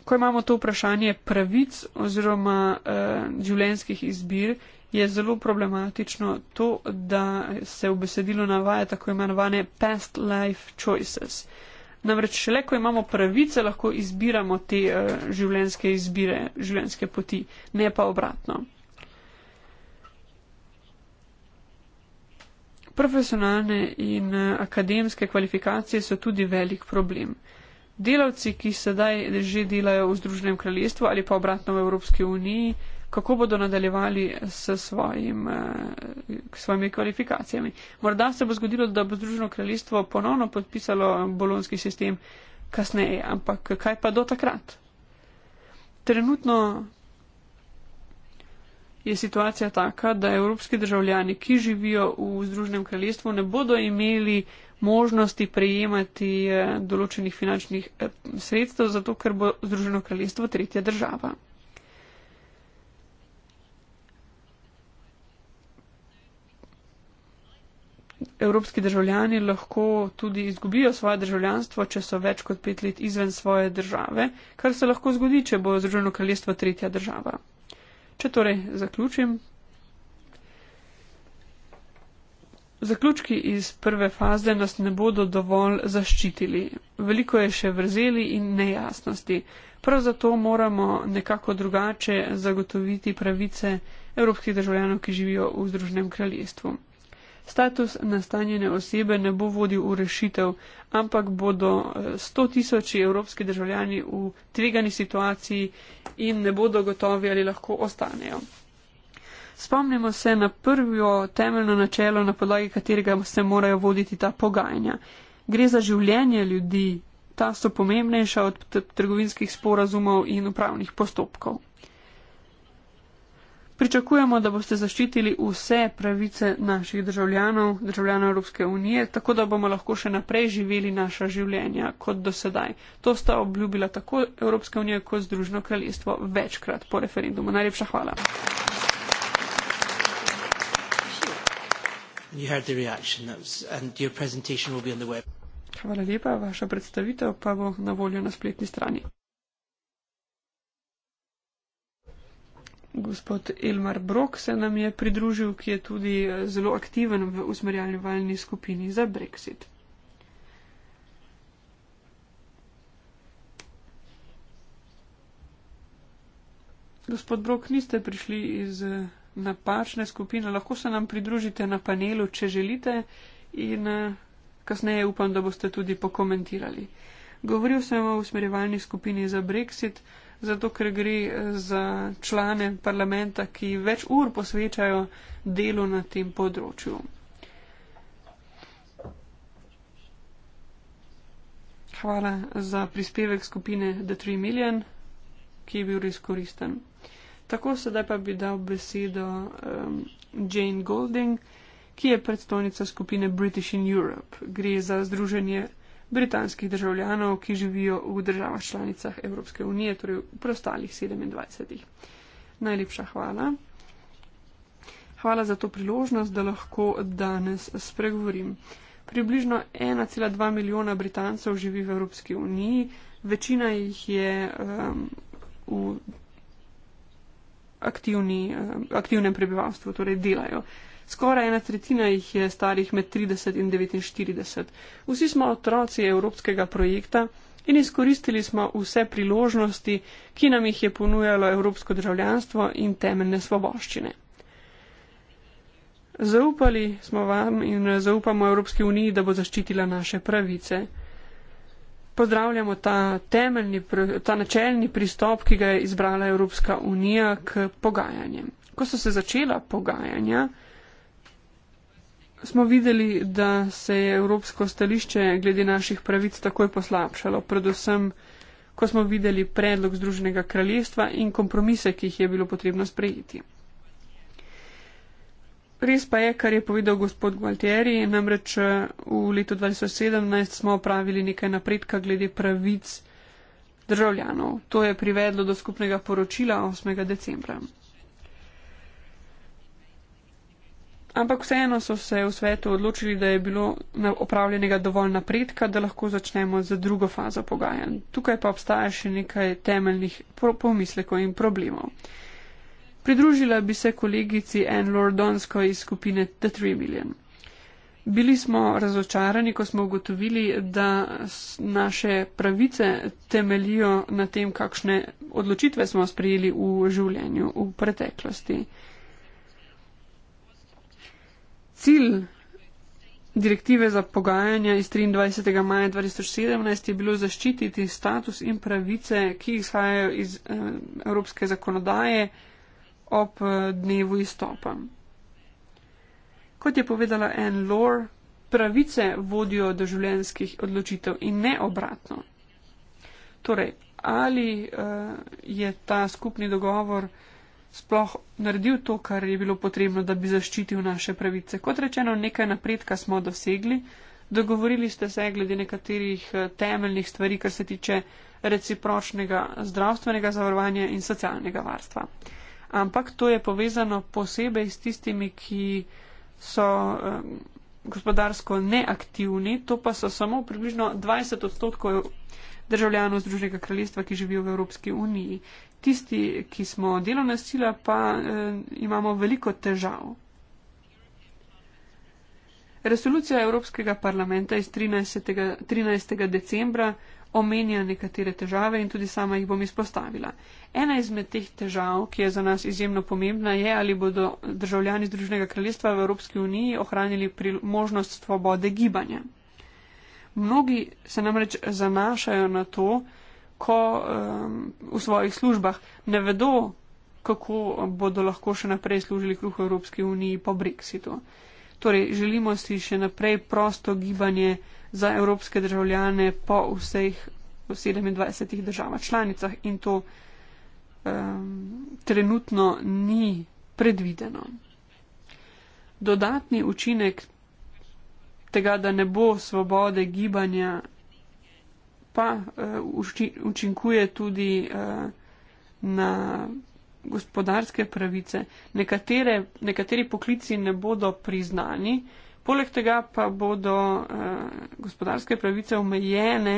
ko imamo to vprašanje pravic oziroma uh, eh, življenskih izbir, je zelo problematično to, da se v besedilu navaja tako imenovane past life choices. Namreč šele, ko imamo pravice, lahko izbiramo te uh, eh, življenske izbire, življenske poti, ne pa obratno. Profesionalne in eh, akademske kvalifikacije so tudi velik problem. Uh, delavci, ki sedaj že delajo v Združenem kraljestvu ali pa obratno v Evropski uniji, kako bodo nadaljevali s svojim, eh, svojimi kvalifikacijami. Morda se bo zgodilo, da bo Združeno kraljestvo ponovno podpisalo bolonski sistem kasneje, ampak kaj pa do takrat? Trenutno je situacija taka, da evropski državljani, ki živijo v Združenem kraljestvu, ne bodo imeli možnosti prejemati eh, določenih finančnih eh, sredstev, zato ker bo Združeno kraljestvo tretja država. Evropski državljani lahko tudi izgubijo svoje državljanstvo, če so več kot pet let izven svoje države, kar se lahko zgodi, če bo Združeno kraljestvo tretja država. Če torej zaključim. Zaključki iz prve faze nas ne bodo dovolj zaščitili. Veliko je še vrzeli in nejasnosti. Prav zato moramo nekako drugače zagotoviti pravice evropskih državljanov, ki živijo v Združenem kraljestvu. Status nastanjene osebe ne bo vodil v rešitev, ampak bodo 100 eh, tisoči evropski državljani v tvegani situaciji in ne bodo gotovi, ali lahko ostanejo. Spomnimo se na prvo temeljno načelo, na podlagi katerega se morajo voditi ta pogajanja. Gre za življenje ljudi, ta so pomembnejša od trgovinskih sporazumov in upravnih postopkov. Pričakujemo, da boste zaščitili vse pravice naših državljanov, državljanov Evropske unije, tako da bomo lahko še naprej živeli naša življenja kot do sedaj. To sta obljubila tako Evropska unija kot Združno kraljestvo večkrat po referendumu. Najlepša hvala. Hvala lepa, vaša predstavitev pa bo na voljo na spletni strani. Gospod Elmar Brok se nam je pridružil, ki je tudi eh, zelo aktiven v usmerjalni skupini za Brexit. Gospod Brok, niste prišli iz eh, napačne skupine, lahko se nam pridružite na panelu, če želite in eh, kasneje upam, da boste tudi pokomentirali. Govoril sem o usmerjevalni skupini za Brexit zato ker gre eh, za člane parlamenta, ki več ur posvečajo delu na tem področju. Hvala za prispevek skupine The 3 Million, ki je bil res koristen. Tako sedaj pa bi dal besedo um, Jane Golding, ki je predstavnica skupine British in Europe. Gre za združenje britanskih državljanov, ki živijo v državah članicah Evropske unije, torej v preostalih 27. Najlepša hvala. Hvala za to priložnost, da lahko danes spregovorim. Približno 1,2 milijona Britancev živi v Evropski uniji, večina jih je um, v aktivni, um, aktivnem prebivalstvu, torej delajo. Skoraj ena tretjina jih je starih med 30 in 49. Vsi smo otroci evropskega projekta in izkoristili smo vse priložnosti, ki nam jih je ponujalo evropsko državljanstvo in temeljne svoboščine. Zaupali smo vam in zaupamo Evropski uniji, da bo zaščitila naše pravice. Pozdravljamo ta, temeljni, ta načeljni pristop, ki ga je izbrala Evropska unija k pogajanjem. Ko so se začela pogajanja, smo videli, da se je evropsko stališče glede naših pravic takoj poslabšalo, predvsem, ko smo videli predlog Združenega kraljestva in kompromise, ki jih je bilo potrebno sprejeti. Res pa je, kar je povedal gospod Gualtieri, namreč eh, v letu 2017 smo opravili nekaj napredka glede pravic državljanov. To je privedlo do skupnega poročila 8. decembra. ampak vseeno so se v svetu odločili, da je bilo opravljenega dovolj napredka, da lahko začnemo z drugo fazo pogajanj. Tukaj pa obstaja še nekaj temeljnih pomislekov in problemov. Pridružila bi se kolegici Anne Lordonsko iz skupine The Three Million. Bili smo razočarani, ko smo ugotovili, da naše pravice temelijo na tem, kakšne odločitve smo sprejeli v življenju v preteklosti cilj direktive za pogajanja iz 23. maja 2017 je bilo zaščititi status in pravice, ki izhajajo iz eh, evropske zakonodaje ob eh, dnevu izstopa. Kot je povedala Anne Lore, pravice vodijo do življenjskih odločitev in ne obratno. Torej, ali eh, je ta skupni dogovor eh, sploh naredil to, kar je bilo potrebno, da bi zaščitil naše pravice. Kot rečeno, nekaj napredka smo dosegli. Dogovorili ste se glede nekaterih eh, temeljnih stvari, kar se tiče recipročnega zdravstvenega zavarovanja in socialnega varstva. Ampak to je povezano posebej s tistimi, ki so eh, gospodarsko neaktivni, to pa so samo približno 20 odstotkov državljanov Združenega kraljestva, ki živijo v Evropski uniji tisti, ki smo delovna sila, pa eh, imamo veliko težav. Resolucija Evropskega parlamenta iz 13. 13. decembra omenja nekatere težave in tudi sama jih bom izpostavila. Ena izmed teh težav, ki je za nas izjemno pomembna, je, ali bodo državljani Združenega kraljestva v Evropski uniji ohranili možnost svobode gibanja. Mnogi se namreč zanašajo na to, ko um, v svojih službah ne vedo, kako bodo lahko še naprej služili kruh Evropske unije po Brexitu. Torej, želimo si še naprej prosto gibanje za evropske državljane po vseh 27 državah članicah in to um, trenutno ni predvideno. Dodatni učinek tega, da ne bo svobode gibanja pa eh, učinkuje tudi eh, na gospodarske pravice. Nekatere, nekateri poklici ne bodo priznani, poleg tega pa bodo eh, gospodarske pravice omejene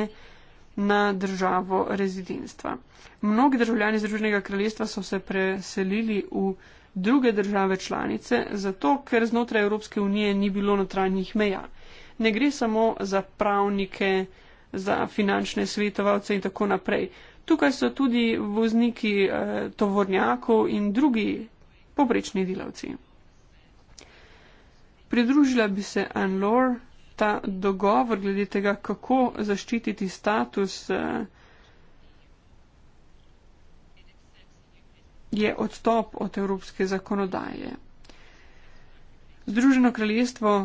na državo rezidenstva. Mnogi državljani Združenega kraljestva so se preselili v druge države članice, zato ker znotraj Evropske unije ni bilo notranjih meja. Ne gre samo za pravnike, za finančne svetovalce in tako naprej. Tukaj so tudi vozniki eh, tovornjakov in drugi poprečni delavci. Pridružila bi se Anlor ta dogovor glede tega, kako zaščititi status. Eh, je odstop od evropske zakonodaje. Združeno kraljestvo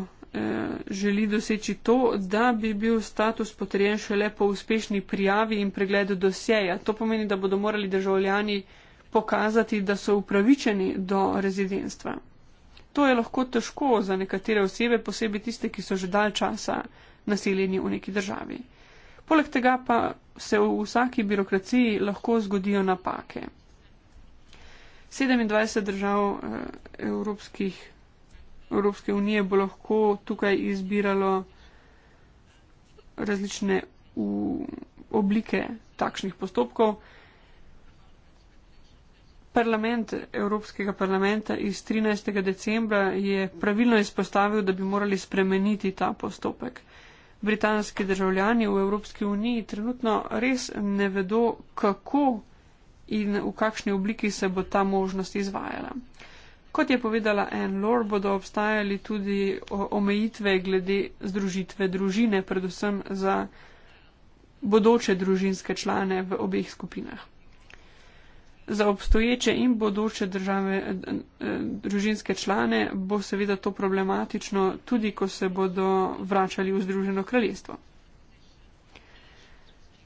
želi doseči to, da bi bil status potrjen šele po uspešni prijavi in pregledu dosjeja. To pomeni, da bodo morali državljani pokazati, da so upravičeni do rezidenstva. To je lahko težko za nekatere osebe, posebej tiste, ki so že dalj časa naseljeni v neki državi. Poleg tega pa se v vsaki birokraciji lahko zgodijo napake. 27 držav eh, evropskih Evropske unije bo lahko tukaj izbiralo različne v oblike takšnih postopkov. Parlament Evropskega parlamenta iz 13. decembra je pravilno izpostavil, da bi morali spremeniti ta postopek. Britanski državljani v Evropski uniji trenutno res ne vedo, kako in v kakšni obliki se bo ta možnost izvajala. Kot je povedala Ann Lor, bodo obstajali tudi omejitve glede združitve družine, predvsem za bodoče družinske člane v obeh skupinah. Za obstoječe in bodoče države, eh, eh, družinske člane bo seveda to problematično, tudi ko se bodo vračali v Združeno kraljestvo.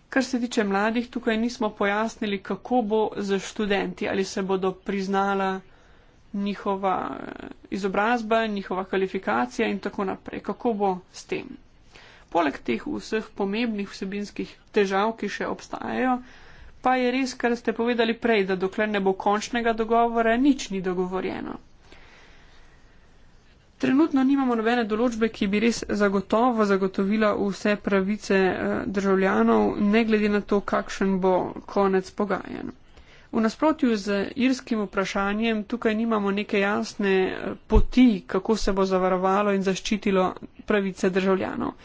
Kar se tiče mladih, tukaj nismo pojasnili, kako bo za študenti, ali se bodo priznala njihova eh, izobrazba, njihova kvalifikacija in tako naprej. Kako bo s tem? Poleg teh vseh pomembnih vsebinskih težav, ki še obstajajo, pa je res, kar ste povedali prej, da dokler ne bo končnega dogovora, nič ni dogovorjeno. Trenutno nimamo nobene določbe, ki bi res zagotovo zagotovila vse pravice eh, državljanov, ne glede na to, kakšen bo konec pogajanj. V nasprotju z irskim vprašanjem, tukaj nimamo neke jasne eh, poti, kako se bo zavarovalo in zaščitilo pravice državljanov.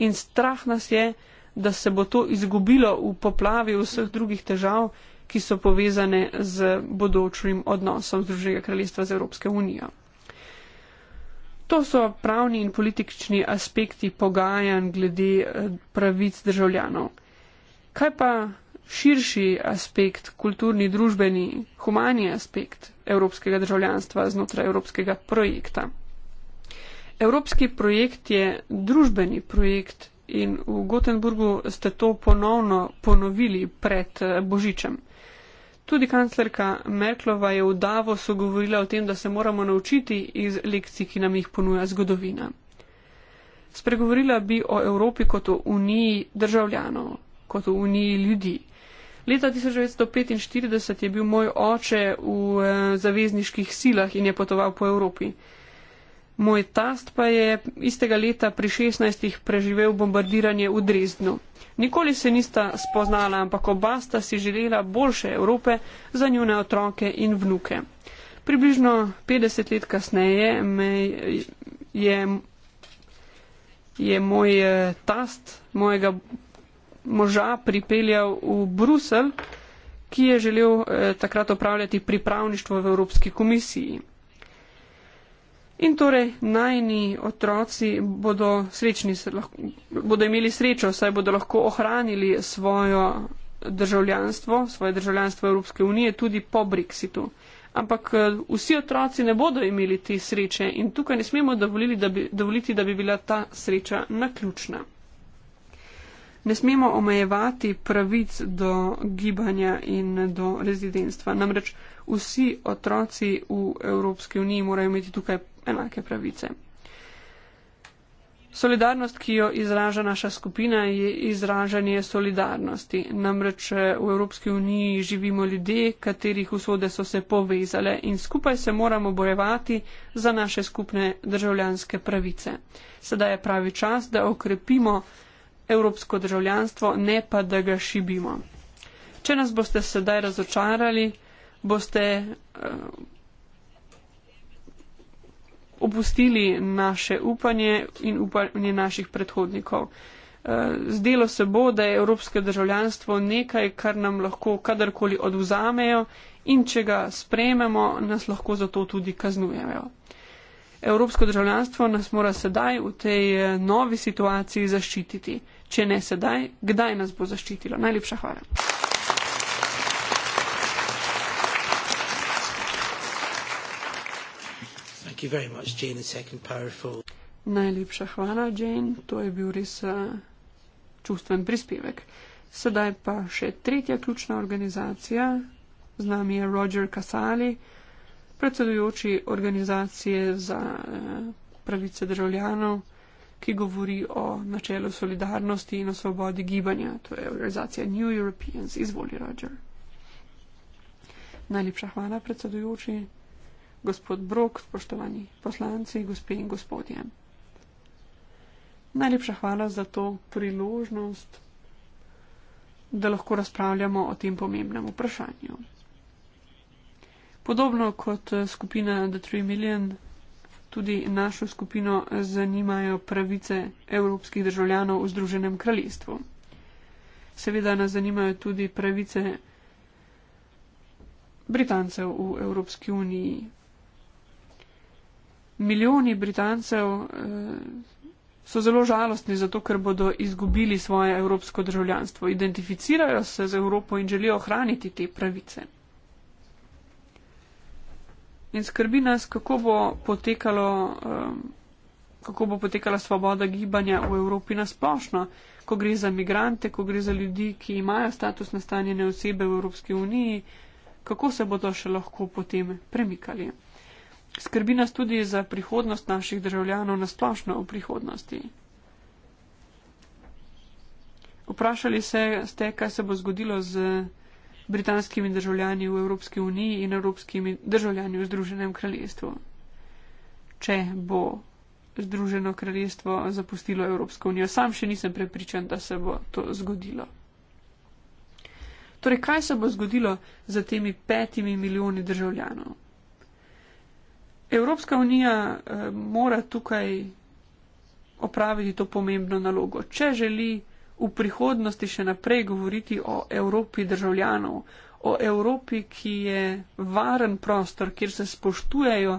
In strah nas je, da se bo to izgubilo v poplavi vseh drugih težav, ki so povezane z bodočim odnosom Združenega kraljestva z Evropske unijo. To so pravni in politični aspekti pogajanj glede eh, pravic državljanov. Kaj pa širši aspekt, kulturni, družbeni, humani aspekt evropskega državljanstva znotraj evropskega projekta. Evropski projekt je družbeni projekt in v Gotenburgu ste to ponovno ponovili pred eh, Božičem. Tudi kanclerka Merklova je v Davosu govorila o tem, da se moramo naučiti iz lekcij, ki nam jih ponuja zgodovina. Spregovorila bi o Evropi kot o uniji državljanov, kot o uniji ljudi. Leta 1945 je bil moj oče v eh, zavezniških silah in je potoval po Evropi. Moj tast pa je istega leta pri 16. preživel bombardiranje v Dresdnu. Nikoli se nista spoznala, ampak oba sta si želela boljše Evrope za njune otroke in vnuke. Približno 50 let kasneje me je. Je moj eh, tast, mojega moža pripeljal v Brusel, ki je želel eh, takrat opravljati pripravništvo v Evropski komisiji. In torej najni otroci bodo, srečni, lahko, bodo imeli srečo, saj bodo lahko ohranili svojo državljanstvo, svoje državljanstvo Evropske unije tudi po Brexitu. Ampak eh, vsi otroci ne bodo imeli te sreče in tukaj ne smemo dovoliti, da bi, dovoliti, da bi bila ta sreča naključna ne smemo omejevati pravic do gibanja in do rezidentstva. Namreč vsi otroci v Evropski uniji morajo imeti tukaj enake pravice. Solidarnost, ki jo izraža naša skupina, je izražanje solidarnosti. Namreč eh, v Evropski uniji živimo ljudje, katerih usode so se povezale in skupaj se moramo bojevati za naše skupne državljanske pravice. Sedaj je pravi čas, da okrepimo evropsko državljanstvo, ne pa da ga šibimo. Če nas boste sedaj razočarali, boste uh, opustili naše upanje in upanje naših predhodnikov. Uh, zdelo se bo, da je evropsko državljanstvo nekaj, kar nam lahko kadarkoli oduzamejo in če ga sprememo, nas lahko zato tudi kaznujejo. Evropsko državljanstvo nas mora sedaj v tej eh, novi situaciji zaščititi. Če ne sedaj, kdaj nas bo zaščitilo? Najlepša hvala. Najlepša hvala, Jane. To je bil res eh, čustven prispevek. Sedaj pa še tretja ključna organizacija, z nami je Roger Casali predsedujoči organizacije za eh, pravice državljanov, ki govori o načelu solidarnosti in o svobodi gibanja. To je organizacija New Europeans. Izvoli, Roger. Najlepša hvala, predsedujoči, gospod Brok, spoštovani poslanci, gospe in gospodje. Najlepša hvala za to priložnost, da lahko razpravljamo o tem pomembnem vprašanju. Podobno kot eh, skupina The Three Million, tudi našo skupino zanimajo pravice evropskih državljanov v Združenem kraljestvu. Seveda nas zanimajo tudi pravice Britancev v Evropski uniji. Milijoni Britancev eh, so zelo žalostni zato, ker bodo izgubili svoje evropsko državljanstvo. Identificirajo se z Evropo in želijo ohraniti te pravice. In skrbi nas, kako bo potekalo. Um, Kako bo potekala svoboda gibanja v Evropi na splošno, ko gre za migrante, ko gre za ljudi, ki imajo status nastanjene osebe v Evropski uniji, kako se bodo še lahko potem premikali. Skrbi nas tudi za prihodnost naših državljanov na splošno v prihodnosti. Vprašali se, ste, kaj se bo zgodilo z britanskimi državljani v Evropski uniji in evropskimi državljani v Združenem kraljestvu. Če bo Združeno kraljestvo zapustilo Evropsko unijo, sam še nisem prepričan, da se bo to zgodilo. Torej, kaj se bo zgodilo z temi petimi milijoni državljanov? Evropska unija eh, mora tukaj opraviti to pomembno nalogo. Če želi v prihodnosti še naprej govoriti o Evropi državljanov, o Evropi, ki je varen prostor, kjer se spoštujejo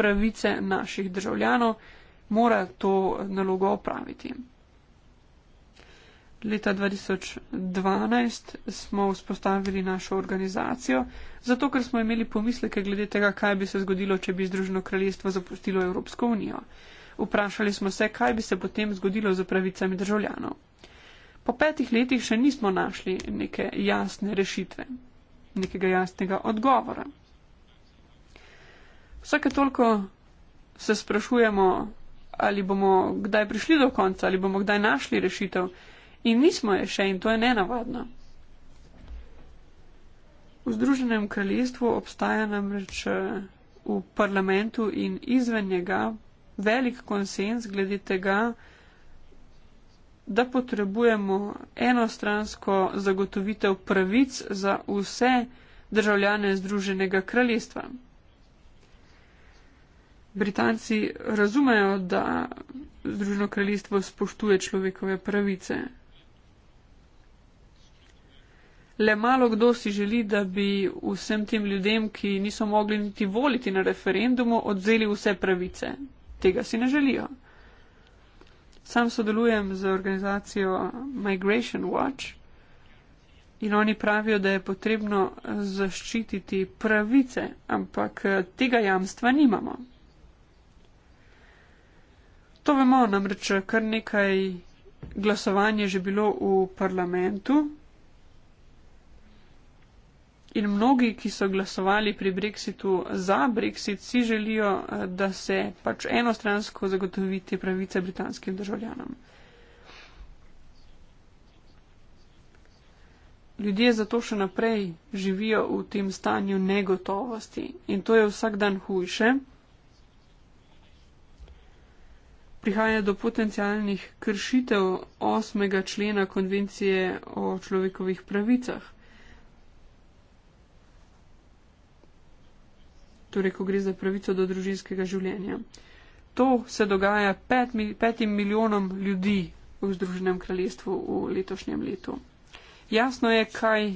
pravice naših državljanov, mora to nalogo opraviti. Leta 2012 smo vzpostavili našo organizacijo, zato ker smo imeli pomisleke glede tega, kaj bi se zgodilo, če bi Združeno kraljestvo zapustilo Evropsko unijo. Vprašali smo se, kaj bi se potem zgodilo z pravicami državljanov. Po petih letih še nismo našli neke jasne rešitve, nekega jasnega odgovora. Vsake toliko se sprašujemo, ali bomo kdaj prišli do konca, ali bomo kdaj našli rešitev in nismo je še in to je nenavadno. V Združenem kraljestvu obstaja namreč eh, v parlamentu in izven njega velik konsens glede tega, da potrebujemo enostransko zagotovitev pravic za vse državljane Združenega kraljestva. Britanci razumejo, da Združeno kraljestvo spoštuje človekove pravice. Le malo kdo si želi, da bi vsem tem ljudem, ki niso mogli niti voliti na referendumu, odzeli vse pravice. Tega si ne želijo. Sam sodelujem z organizacijo Migration Watch in oni pravijo, da je potrebno zaščititi pravice, ampak eh, tega jamstva nimamo. To vemo, namreč kar nekaj glasovanje je že bilo v parlamentu, In mnogi, ki so glasovali pri Brexitu za Brexit, si želijo, eh, da se pač enostransko zagotovi te pravice britanskim državljanom. Ljudje zato še naprej živijo v tem stanju negotovosti in to je vsak dan hujše. Prihaja do potencialnih kršitev 8. člena konvencije o človekovih pravicah. torej ko gre za pravico do družinskega življenja. To se dogaja pet, petim milijonom ljudi v Združenem kraljestvu v letošnjem letu. Jasno je, kaj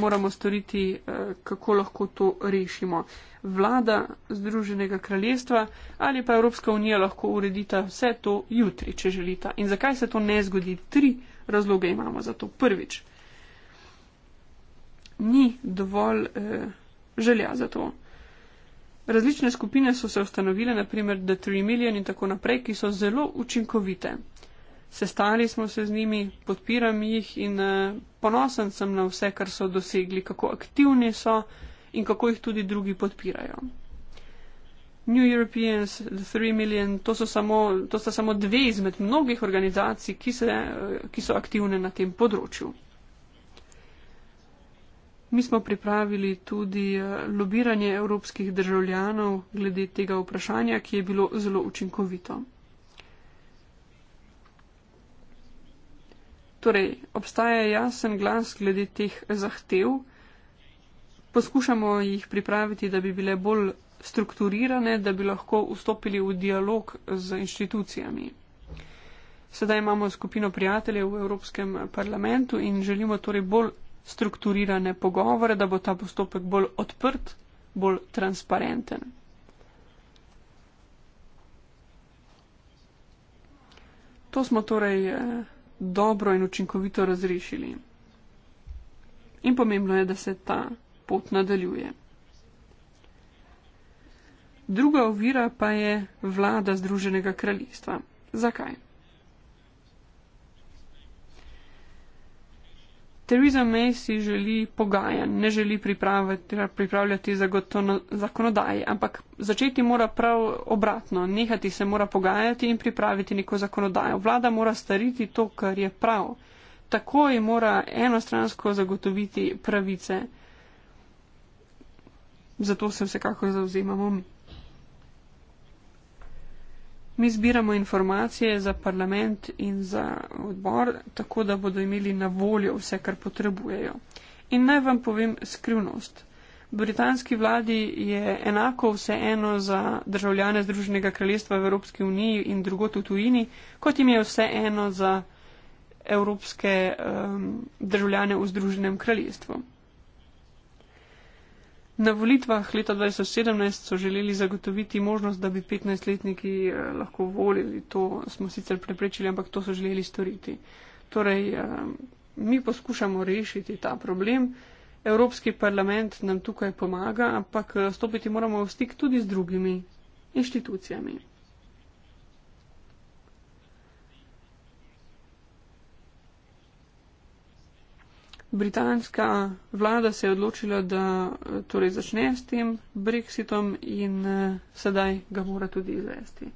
moramo storiti, eh, kako lahko to rešimo. Vlada Združenega kraljestva ali pa Evropska unija lahko uredita vse to jutri, če želita. In zakaj se to ne zgodi? Tri razloge imamo za to. Prvič, ni dovolj eh, želja za to. Različne skupine so se ustanovile, naprimer The Three Million in tako naprej, ki so zelo učinkovite. Sestali smo se z njimi, podpiram jih in eh, ponosen sem na vse, kar so dosegli, kako aktivni so in kako jih tudi drugi podpirajo. New Europeans, The Three Million, to so samo, to so samo dve izmed mnogih organizacij, ki, se, eh, ki so aktivne na tem področju. Mi smo pripravili tudi eh, lobiranje evropskih državljanov glede tega vprašanja, ki je bilo zelo učinkovito. Torej, obstaja jasen glas glede teh zahtev. Poskušamo jih pripraviti, da bi bile bolj strukturirane, da bi lahko vstopili v dialog z inštitucijami. Sedaj imamo skupino prijateljev v Evropskem parlamentu in želimo torej bolj strukturirane pogovore, da bo ta postopek bolj odprt, bolj transparenten. To smo torej eh, dobro in učinkovito razrešili. In pomembno je, da se ta pot nadaljuje. Druga ovira pa je vlada Združenega kraljestva. Zakaj? Theresa May si želi pogajanj, ne želi pripravljati zakonodaje, ampak začeti mora prav obratno, nehati se mora pogajati in pripraviti neko zakonodajo. Vlada mora stariti to, kar je prav. Takoj mora enostransko zagotoviti pravice. Zato se vsekako zauzemamo mi. Mi zbiramo informacije za parlament in za odbor, tako da bodo imeli na voljo vse, kar potrebujejo. In naj vam povem skrivnost. Britanski vladi je enako vseeno za državljane Združenega kraljestva v Evropski uniji in drugot v tujini, kot jim je vseeno za evropske um, državljane v Združenem kraljestvu. Na volitvah leta 2017 so želeli zagotoviti možnost, da bi 15-letniki eh, lahko volili. To smo sicer preprečili, ampak to so želeli storiti. Torej, eh, mi poskušamo rešiti ta problem. Evropski parlament nam tukaj pomaga, ampak eh, stopiti moramo v stik tudi z drugimi inštitucijami. Britanska vlada se je odločila, da eh, torej začne s tem brexitom in eh, sedaj ga mora tudi izvesti.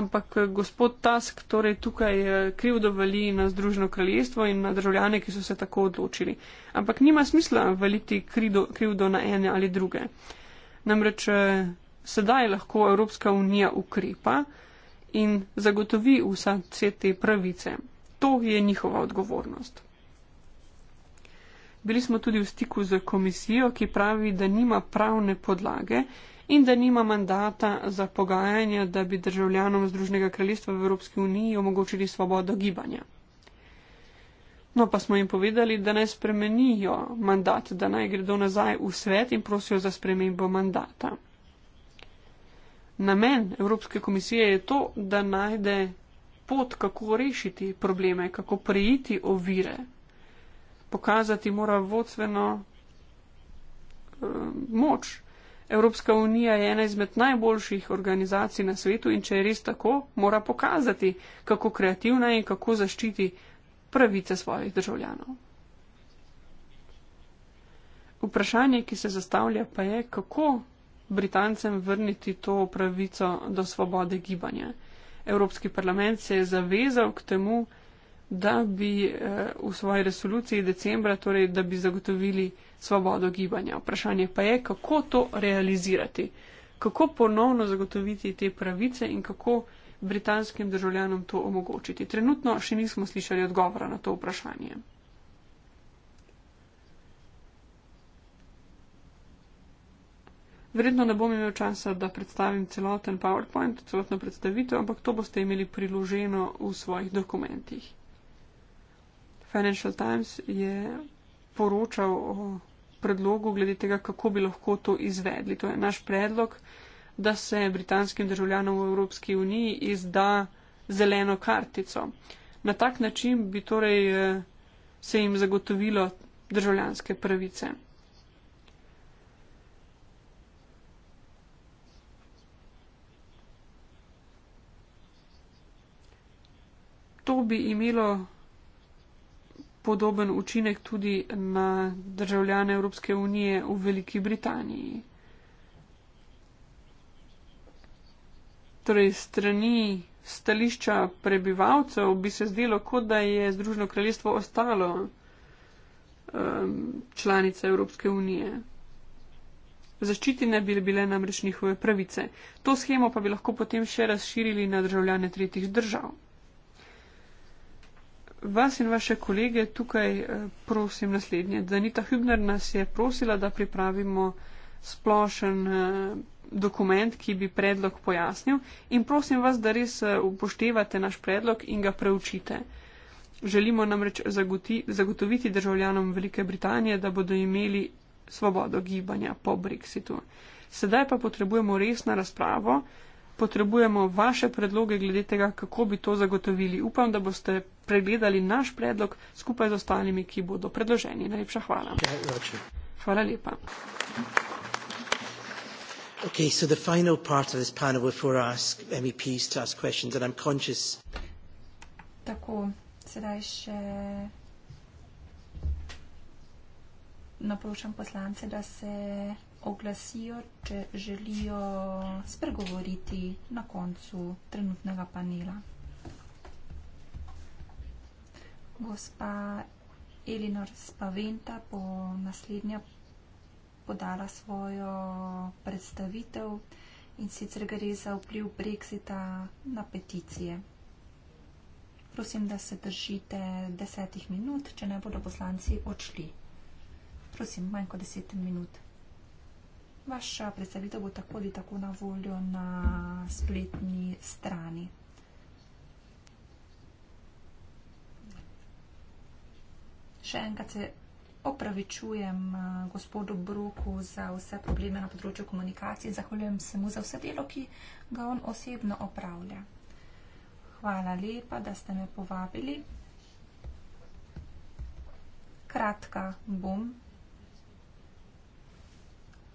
Ampak eh, gospod Tusk torej tukaj krivdo vali na Združeno kraljestvo in na državljane, ki so se tako odločili. Ampak nima smisla valiti krido, krivdo na ene ali druge. Namreč sedaj lahko Evropska unija ukrepa in zagotovi vsa vse te pravice. To je njihova odgovornost. Bili smo tudi v stiku z komisijo, ki pravi, da nima pravne podlage in da nima mandata za pogajanja, da bi državljanom Združnega kraljestva v Evropski uniji omogočili svobodo gibanja. No, pa smo jim povedali, da naj spremenijo mandat, da naj gredo nazaj v svet in prosijo za spremembo mandata. Namen Evropske komisije je to, da najde pot, kako rešiti probleme, kako prejiti ovire, pokazati mora vodstveno uh, moč. Evropska unija je ena izmed najboljših organizacij na svetu in če je res tako, mora pokazati, kako kreativna je in kako zaščiti pravice svojih državljanov. Vprašanje, ki se zastavlja, pa je, kako Britancem vrniti to pravico do svobode gibanja. Evropski parlament se je zavezal k temu, da da bi eh, v svoji resoluciji decembra, torej da bi zagotovili svobodo gibanja. Vprašanje pa je, kako to realizirati, kako ponovno zagotoviti te pravice in kako britanskim državljanom to omogočiti. Trenutno še nismo slišali odgovora na to vprašanje. Verjetno ne bom imel časa, da predstavim celoten PowerPoint, celotno predstavitev, ampak to boste imeli priloženo v svojih dokumentih. Financial Times je poročal o predlogu glede tega, kako bi lahko to izvedli. To je naš predlog, da se britanskim državljanom v Evropski uniji izda zeleno kartico. Na tak način bi torej eh, se jim zagotovilo državljanske pravice. To bi imelo podoben učinek tudi na državljane Evropske unije v Veliki Britaniji. Torej, strani stališča prebivalcev bi se zdelo, kot da je Združeno kraljestvo ostalo um, članica Evropske unije. Zaščitine bi bile namreč njihove pravice. To schemo pa bi lahko potem še razširili na državljane tretjih držav. Vas in vaše kolege tukaj eh, prosim naslednje. Danita Hübner nas je prosila, da pripravimo splošen eh, dokument, ki bi predlog pojasnil in prosim vas, da res eh, upoštevate naš predlog in ga preučite. Želimo namreč zagotoviti državljanom Velike Britanije, da bodo imeli svobodo gibanja po Brexitu. Sedaj pa potrebujemo resno razpravo potrebujemo vaše predloge glede tega, kako bi to zagotovili. Upam, da boste pregledali naš predlog skupaj z ostalimi, ki bodo predloženi. Najlepša hvala. Hvala lepa. Okay, so the final part of this panel before I ask MEPs to ask questions, and I'm conscious. Tako, sedaj še naprošam poslance, da se oglasijo, če želijo spregovoriti na koncu trenutnega panela. Gospa Elinor Spaventa bo naslednja podala svojo predstavitev in sicer gre za vpliv Brexita na peticije. Prosim, da se držite desetih minut, če ne bodo poslanci odšli. Prosim, manj kot deset minut vaša eh, predstavitev bo tako ali tako na voljo na spletni strani. Še enkrat se opravičujem eh, gospodu Broku za vse probleme na področju komunikacije. Zahvaljujem se mu za vse delo, ki ga on osebno opravlja. Hvala lepa, da ste me povabili. Kratka bom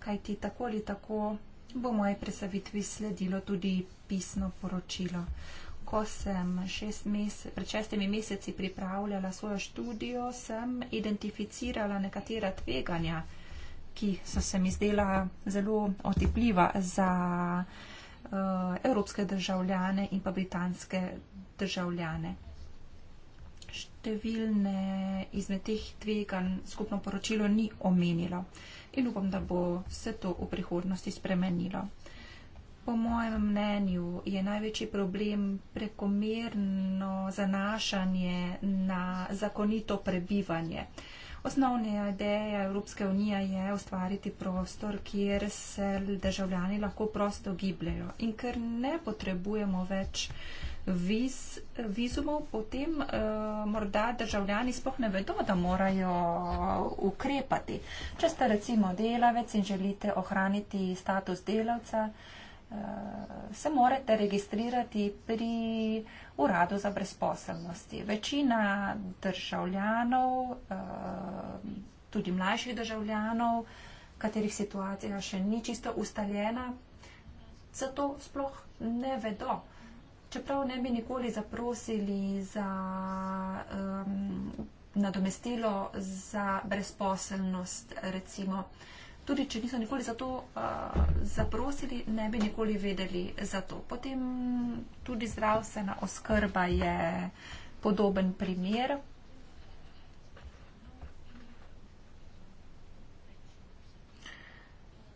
kajti tako ali tako bo moje predstavitvi sledilo tudi pisno poročilo. Ko sem šest mesec, pred šestimi meseci pripravljala svojo študijo, sem identificirala nekatera tveganja, ki so se mi zdela zelo otepljiva za uh, evropske državljane in pa britanske državljane številne izmed teh tveganj skupno poročilo ni omenilo in upam, da bo se to v prihodnosti spremenilo. Po mojem mnenju je največji problem prekomerno zanašanje na zakonito prebivanje. Osnovna ideja Evropske unije je ustvariti prostor, kjer se državljani lahko prosto gibljajo in ker ne potrebujemo več viz, vizumov, potem uh, morda državljani spoh ne vedo, da morajo ukrepati. Če ste recimo delavec in želite ohraniti status delavca, uh, se morate registrirati pri uradu za brezposelnosti. Večina državljanov, uh, tudi mlajših državljanov, katerih situacija še ni čisto ustaljena, zato sploh ne vedo čeprav ne bi nikoli zaprosili za um, nadomestilo za brezposelnost, recimo. Tudi, če niso nikoli za to uh, zaprosili, ne bi nikoli vedeli za to. Potem tudi zdravstvena oskrba je podoben primer.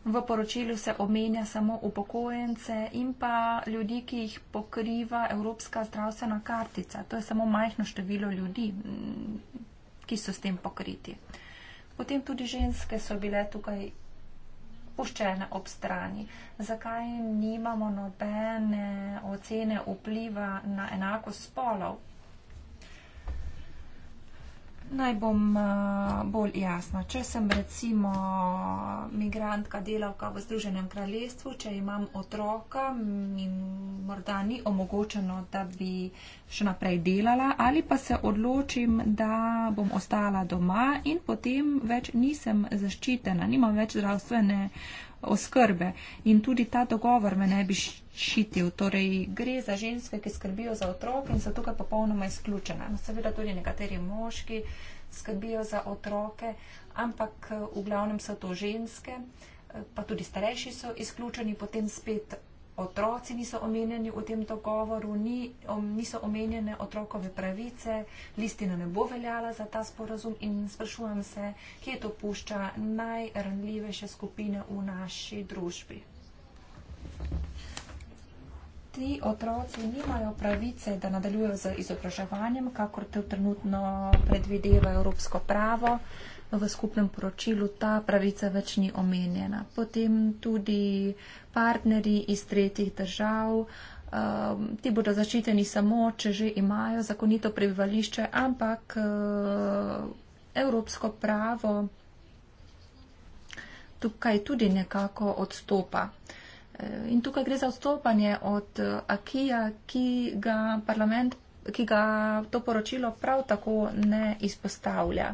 V poročilu se omenja samo upokojence in pa ljudi, ki jih pokriva Evropska zdravstvena kartica. To je samo majhno število ljudi, mm, ki so s tem pokriti. Potem tudi ženske so bile tukaj puščene ob strani. Zakaj nimamo nobene ocene vpliva na enakost spolov? Naj bom uh, bolj jasna. Če sem recimo migrantka, delavka v Združenem kraljestvu, če imam otroka in morda ni omogočeno, da bi še naprej delala, ali pa se odločim, da bom ostala doma in potem več nisem zaščitena, nimam več zdravstvene uh, oskrbe. In tudi ta dogovor me ne bi ščitil. Torej, gre za ženske, ki skrbijo za otroke in so tukaj popolnoma izključene. Seveda tudi nekateri moški skrbijo za otroke, ampak v glavnem so to ženske, pa tudi starejši so izključeni, potem spet otroci niso omenjeni v tem dogovoru, ni, om, niso omenjene otrokove pravice, listina ne bo veljala za ta sporazum in sprašujem se, kje to pušča najranljivejše skupine v naši družbi. Ti otroci nimajo pravice, da nadaljujejo z izobraževanjem, kakor to trenutno predvideva evropsko pravo. Uh, v skupnem poročilu ta pravica več ni omenjena. Potem tudi partnerji iz tretjih držav, um, ti bodo zaščiteni samo, če že imajo zakonito prebivališče, ampak uh, evropsko pravo tukaj tudi nekako odstopa. Uh, in tukaj gre za odstopanje od uh, Akija, ki ga parlament, ki ga to poročilo prav tako ne izpostavlja.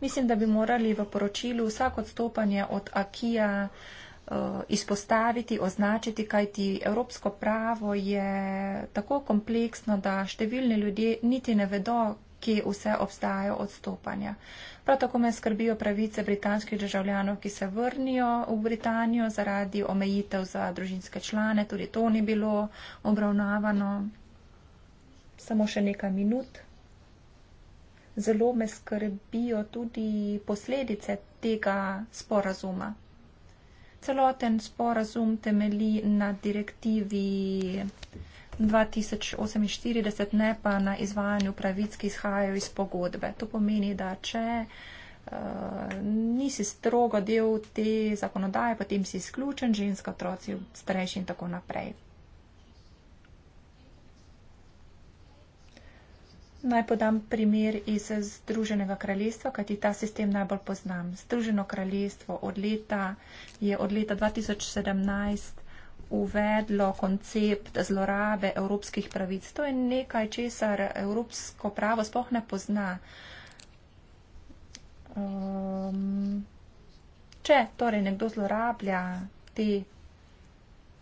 Mislim, da bi morali v poročilu vsako odstopanje od akija eh, izpostaviti, označiti, kajti evropsko pravo je tako kompleksno, da številni ljudje niti ne vedo, kje vse obstajajo odstopanja. Prav tako me skrbijo pravice britanskih državljanov, ki se vrnijo v Britanijo zaradi omejitev za družinske člane. Tudi to ni bilo obravnavano. Samo še nekaj minut zelo me skrbijo tudi posledice tega sporazuma. Celoten sporazum temeli na direktivi 2048, ne pa na izvajanju pravic, ki izhajajo iz pogodbe. To pomeni, da če uh, nisi strogo del te zakonodaje, potem si izključen, ženska, otroci, starejši in tako naprej. Naj podam primer iz Združenega kraljestva, kajti ta sistem najbolj poznam. Združeno kraljestvo od leta, je od leta 2017 uvedlo koncept zlorabe evropskih pravic. To je nekaj, česar evropsko pravo spoh ne pozna. Um, če torej nekdo zlorablja te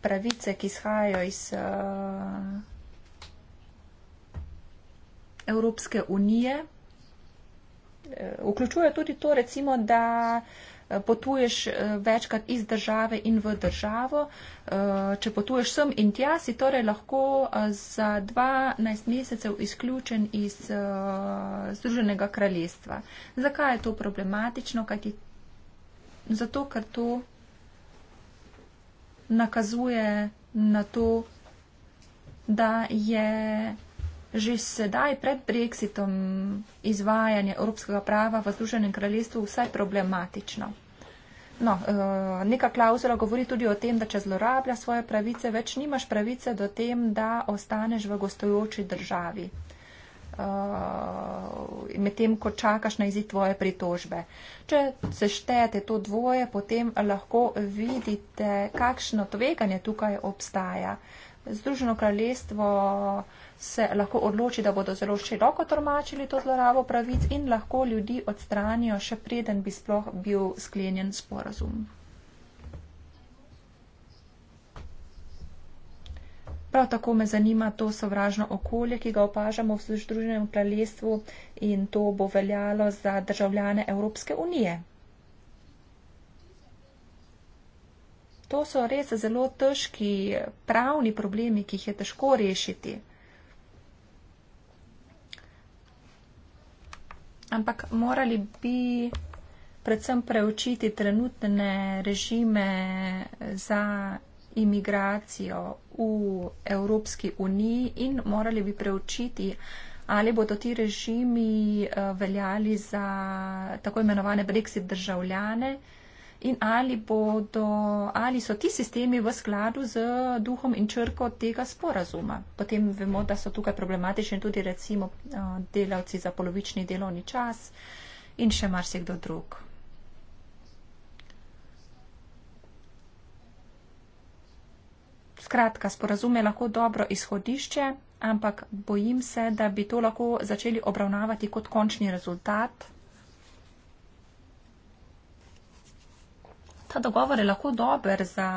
pravice, ki izhajajo iz. Uh, Evropske unije. Eh, vključuje tudi to, recimo, da eh, potuješ eh, večkrat iz države in v državo. Če potuješ sem in tja, si torej lahko za 12 mesecev izključen iz Združenega kraljestva. Zakaj je to problematično? Kajti zato, ker to nakazuje na to, da je že sedaj pred Brexitom izvajanje evropskega prava v Združenem kraljestvu vsaj problematično. No, eh, neka klauzula govori tudi o tem, da če zlorablja svoje pravice, več nimaš pravice do tem, da ostaneš v gostujoči državi. Eh, medtem, ko čakaš na izid tvoje pritožbe. Če se štete to dvoje, potem lahko vidite, kakšno tveganje tukaj obstaja. Združeno kraljestvo se lahko odloči, da bodo zelo široko tolmačili to zlorabo pravic in lahko ljudi odstranijo, še preden bi sploh bil sklenjen sporazum. Prav tako me zanima to sovražno okolje, ki ga opažamo v Združenem kraljestvu in to bo veljalo za državljane Evropske unije. to so res zelo težki pravni problemi, ki jih je težko rešiti. Ampak morali bi predvsem preučiti trenutne režime za imigracijo v Evropski uniji in morali bi preučiti, ali bodo ti režimi eh, veljali za tako imenovane Brexit državljane, in ali, bodo, ali so ti sistemi v skladu z duhom in črko tega sporazuma. Potem vemo, da so tukaj problematični tudi recimo delavci za polovični delovni čas in še marsikdo drug. Skratka, sporazum je lahko dobro izhodišče, ampak bojim se, da bi to lahko začeli obravnavati kot končni rezultat ta dogovor je lahko dober za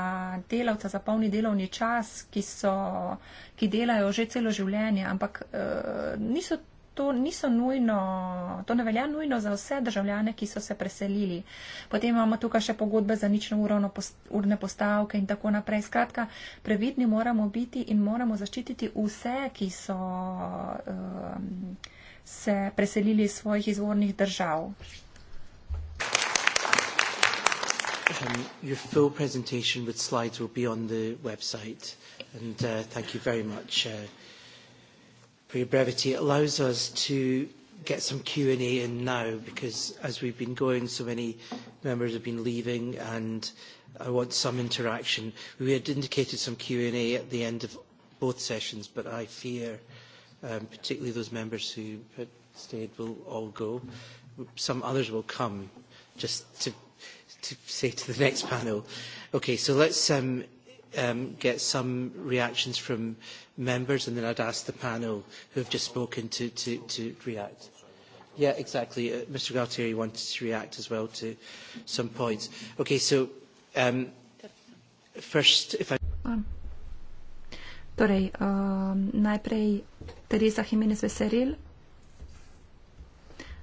delavca, za polni delovni čas, ki, so, ki delajo že celo življenje, ampak e, niso, to, niso nujno, to ne velja nujno za vse državljane, ki so se preselili. Potem imamo tukaj še pogodbe za nično urovno post, urne postavke in tako naprej. Skratka, previdni moramo biti in moramo zaščititi vse, ki so e, se preselili iz svojih izvornih držav. Um, your full presentation with slides will be on the website, and uh, thank you very much uh, for your brevity. It allows us to get some Q&A in now, because as we've been going, so many members have been leaving, and I want some interaction. We had indicated some Q&A at the end of both sessions, but I fear, um, particularly those members who had stayed, will all go. Some others will come, just to to say to the next panel. Okay, so let's um, um, get some reactions from members and then I'd ask the panel who have just spoken to, to, to react. Yeah, exactly. Uh, Mr. Galtieri wanted to react as well to some points. Okay, so um, first, if I... Um, torej, um, najprej Teresa Jimenez Veseril.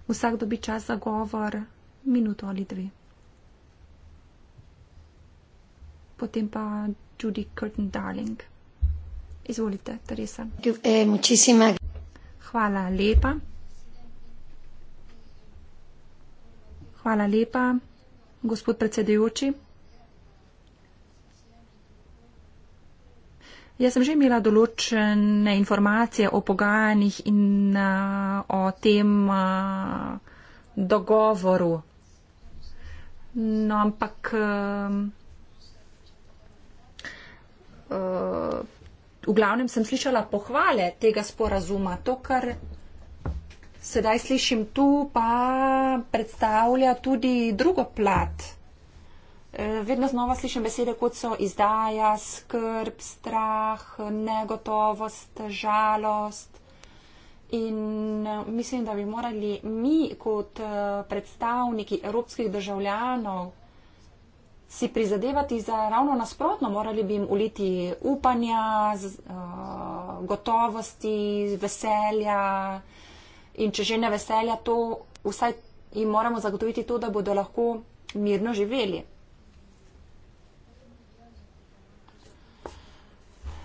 Vsak dobi čas za govor minuto ali dve. potem pa Judy Curtin Darling. Izvolite, Teresa. Eh, Hvala lepa. Hvala lepa, gospod predsedujoči. Jaz sem že imela določene informacije o pogajanjih in uh, o tem uh, dogovoru. No, ampak. Uh, uh, v glavnem sem slišala pohvale tega sporazuma. To, kar sedaj slišim tu, pa predstavlja tudi drugo plat. Eh, vedno znova slišim besede, kot so izdaja, skrb, strah, negotovost, žalost. In eh, mislim, da bi morali mi kot predstavniki evropskih državljanov, si prizadevati za ravno nasprotno, morali bi jim uliti upanja, z, uh, gotovosti, veselja in če že ne veselja, to vsaj jim moramo zagotoviti to, da bodo lahko mirno živeli.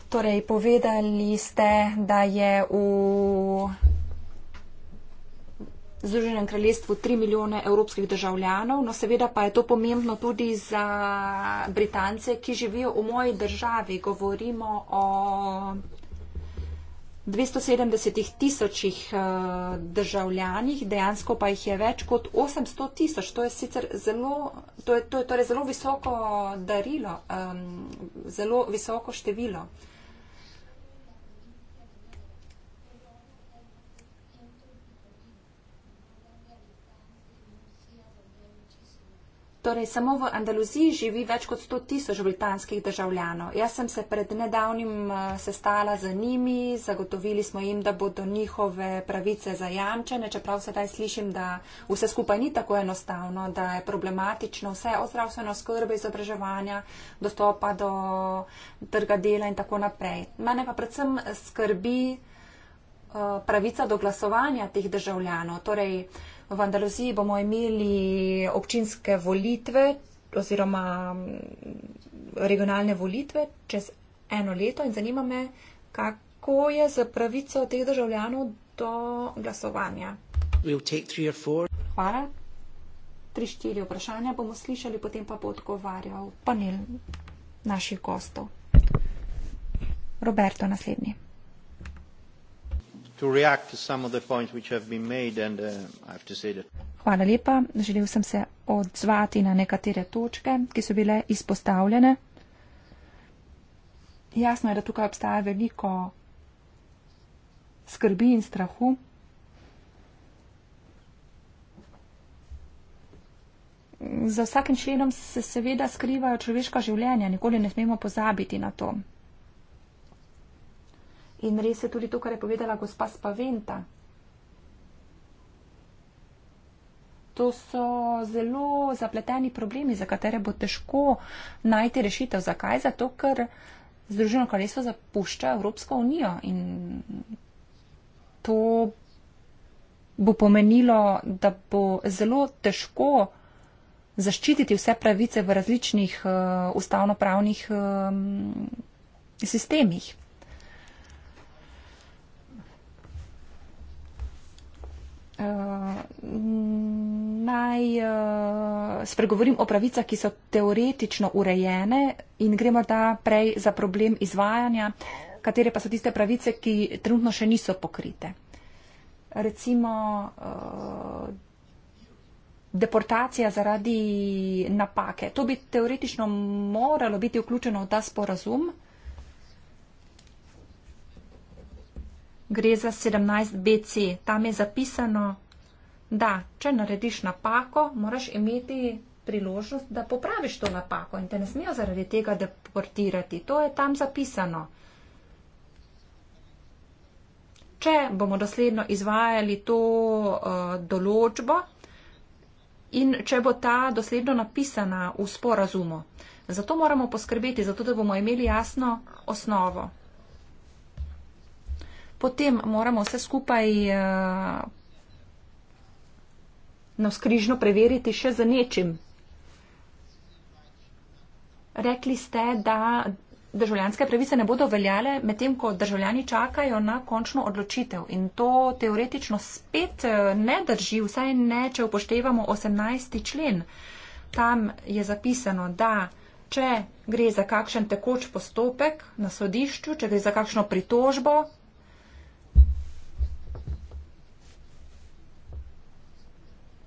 Torej, povedali ste, da je v Združenem kraljestvu 3 milijone evropskih državljanov. No, seveda pa je to pomembno tudi za Britance, ki živijo v moji državi. Govorimo o 270 tisočih eh, državljanih, dejansko pa jih je več kot 800 tisoč. To je sicer zelo, to je, to je, to torej je zelo visoko darilo, um, zelo visoko število. Torej, samo v Andaluziji živi več kot 100 tisoč britanskih državljanov. Jaz sem se pred nedavnim eh, sestala z njimi, zagotovili smo jim, da bodo njihove pravice zajamčene, čeprav sedaj slišim, da vse skupaj ni tako enostavno, da je problematično vse od zdravstvene skrbe, izobraževanja, dostopa do trga dela in tako naprej. Mene pa predvsem skrbi eh, pravica do glasovanja teh državljanov. Torej, V Andaluziji bomo imeli občinske volitve oziroma mm, regionalne volitve čez eno leto in zanima me, kako je z pravico teh državljanov do glasovanja. Hvala. Tri, štiri vprašanja bomo slišali, potem pa bo odgovarjal panel naših gostov. Roberto, naslednji to react to some of the points which have been made and uh, I have to say that. Hvala lepa. Želel sem se odzvati na nekatere točke, ki so bile izpostavljene. Jasno je, da tukaj obstaja veliko skrbi in strahu. Za vsakim členom se seveda skrivajo človeška življenja, nikoli ne smemo pozabiti na to. In res je tudi to, kar je povedala gospa Spaventa. To so zelo zapleteni problemi, za katere bo težko najti rešitev. Zakaj? Zato, ker Združeno kraljestvo zapušča Evropsko unijo in to bo pomenilo, da bo zelo težko zaščititi vse pravice v različnih uh, ustavnopravnih um, sistemih. Eh, naj uh, spregovorim o pravicah, ki so teoretično urejene in gre morda prej za problem izvajanja, katere pa so tiste pravice, ki trenutno še niso pokrite. Recimo uh, deportacija zaradi napake. To bi teoretično moralo biti vključeno v ta sporazum. gre za 17bc. Tam je zapisano, da če narediš napako, moraš imeti priložnost, da popraviš to napako in te ne smejo zaradi tega deportirati. To je tam zapisano. Če bomo dosledno izvajali to uh, določbo in če bo ta dosledno napisana v sporazumu, zato moramo poskrbeti, zato da bomo imeli jasno osnovo potem moramo vse skupaj eh, navskrižno preveriti še za nečim. Rekli ste, da državljanske pravice ne bodo veljale, medtem ko državljani čakajo na končno odločitev. In to teoretično spet eh, ne drži, vsaj ne, če upoštevamo 18. člen. Tam je zapisano, da če gre za kakšen tekoč postopek na sodišču, če gre za kakšno pritožbo,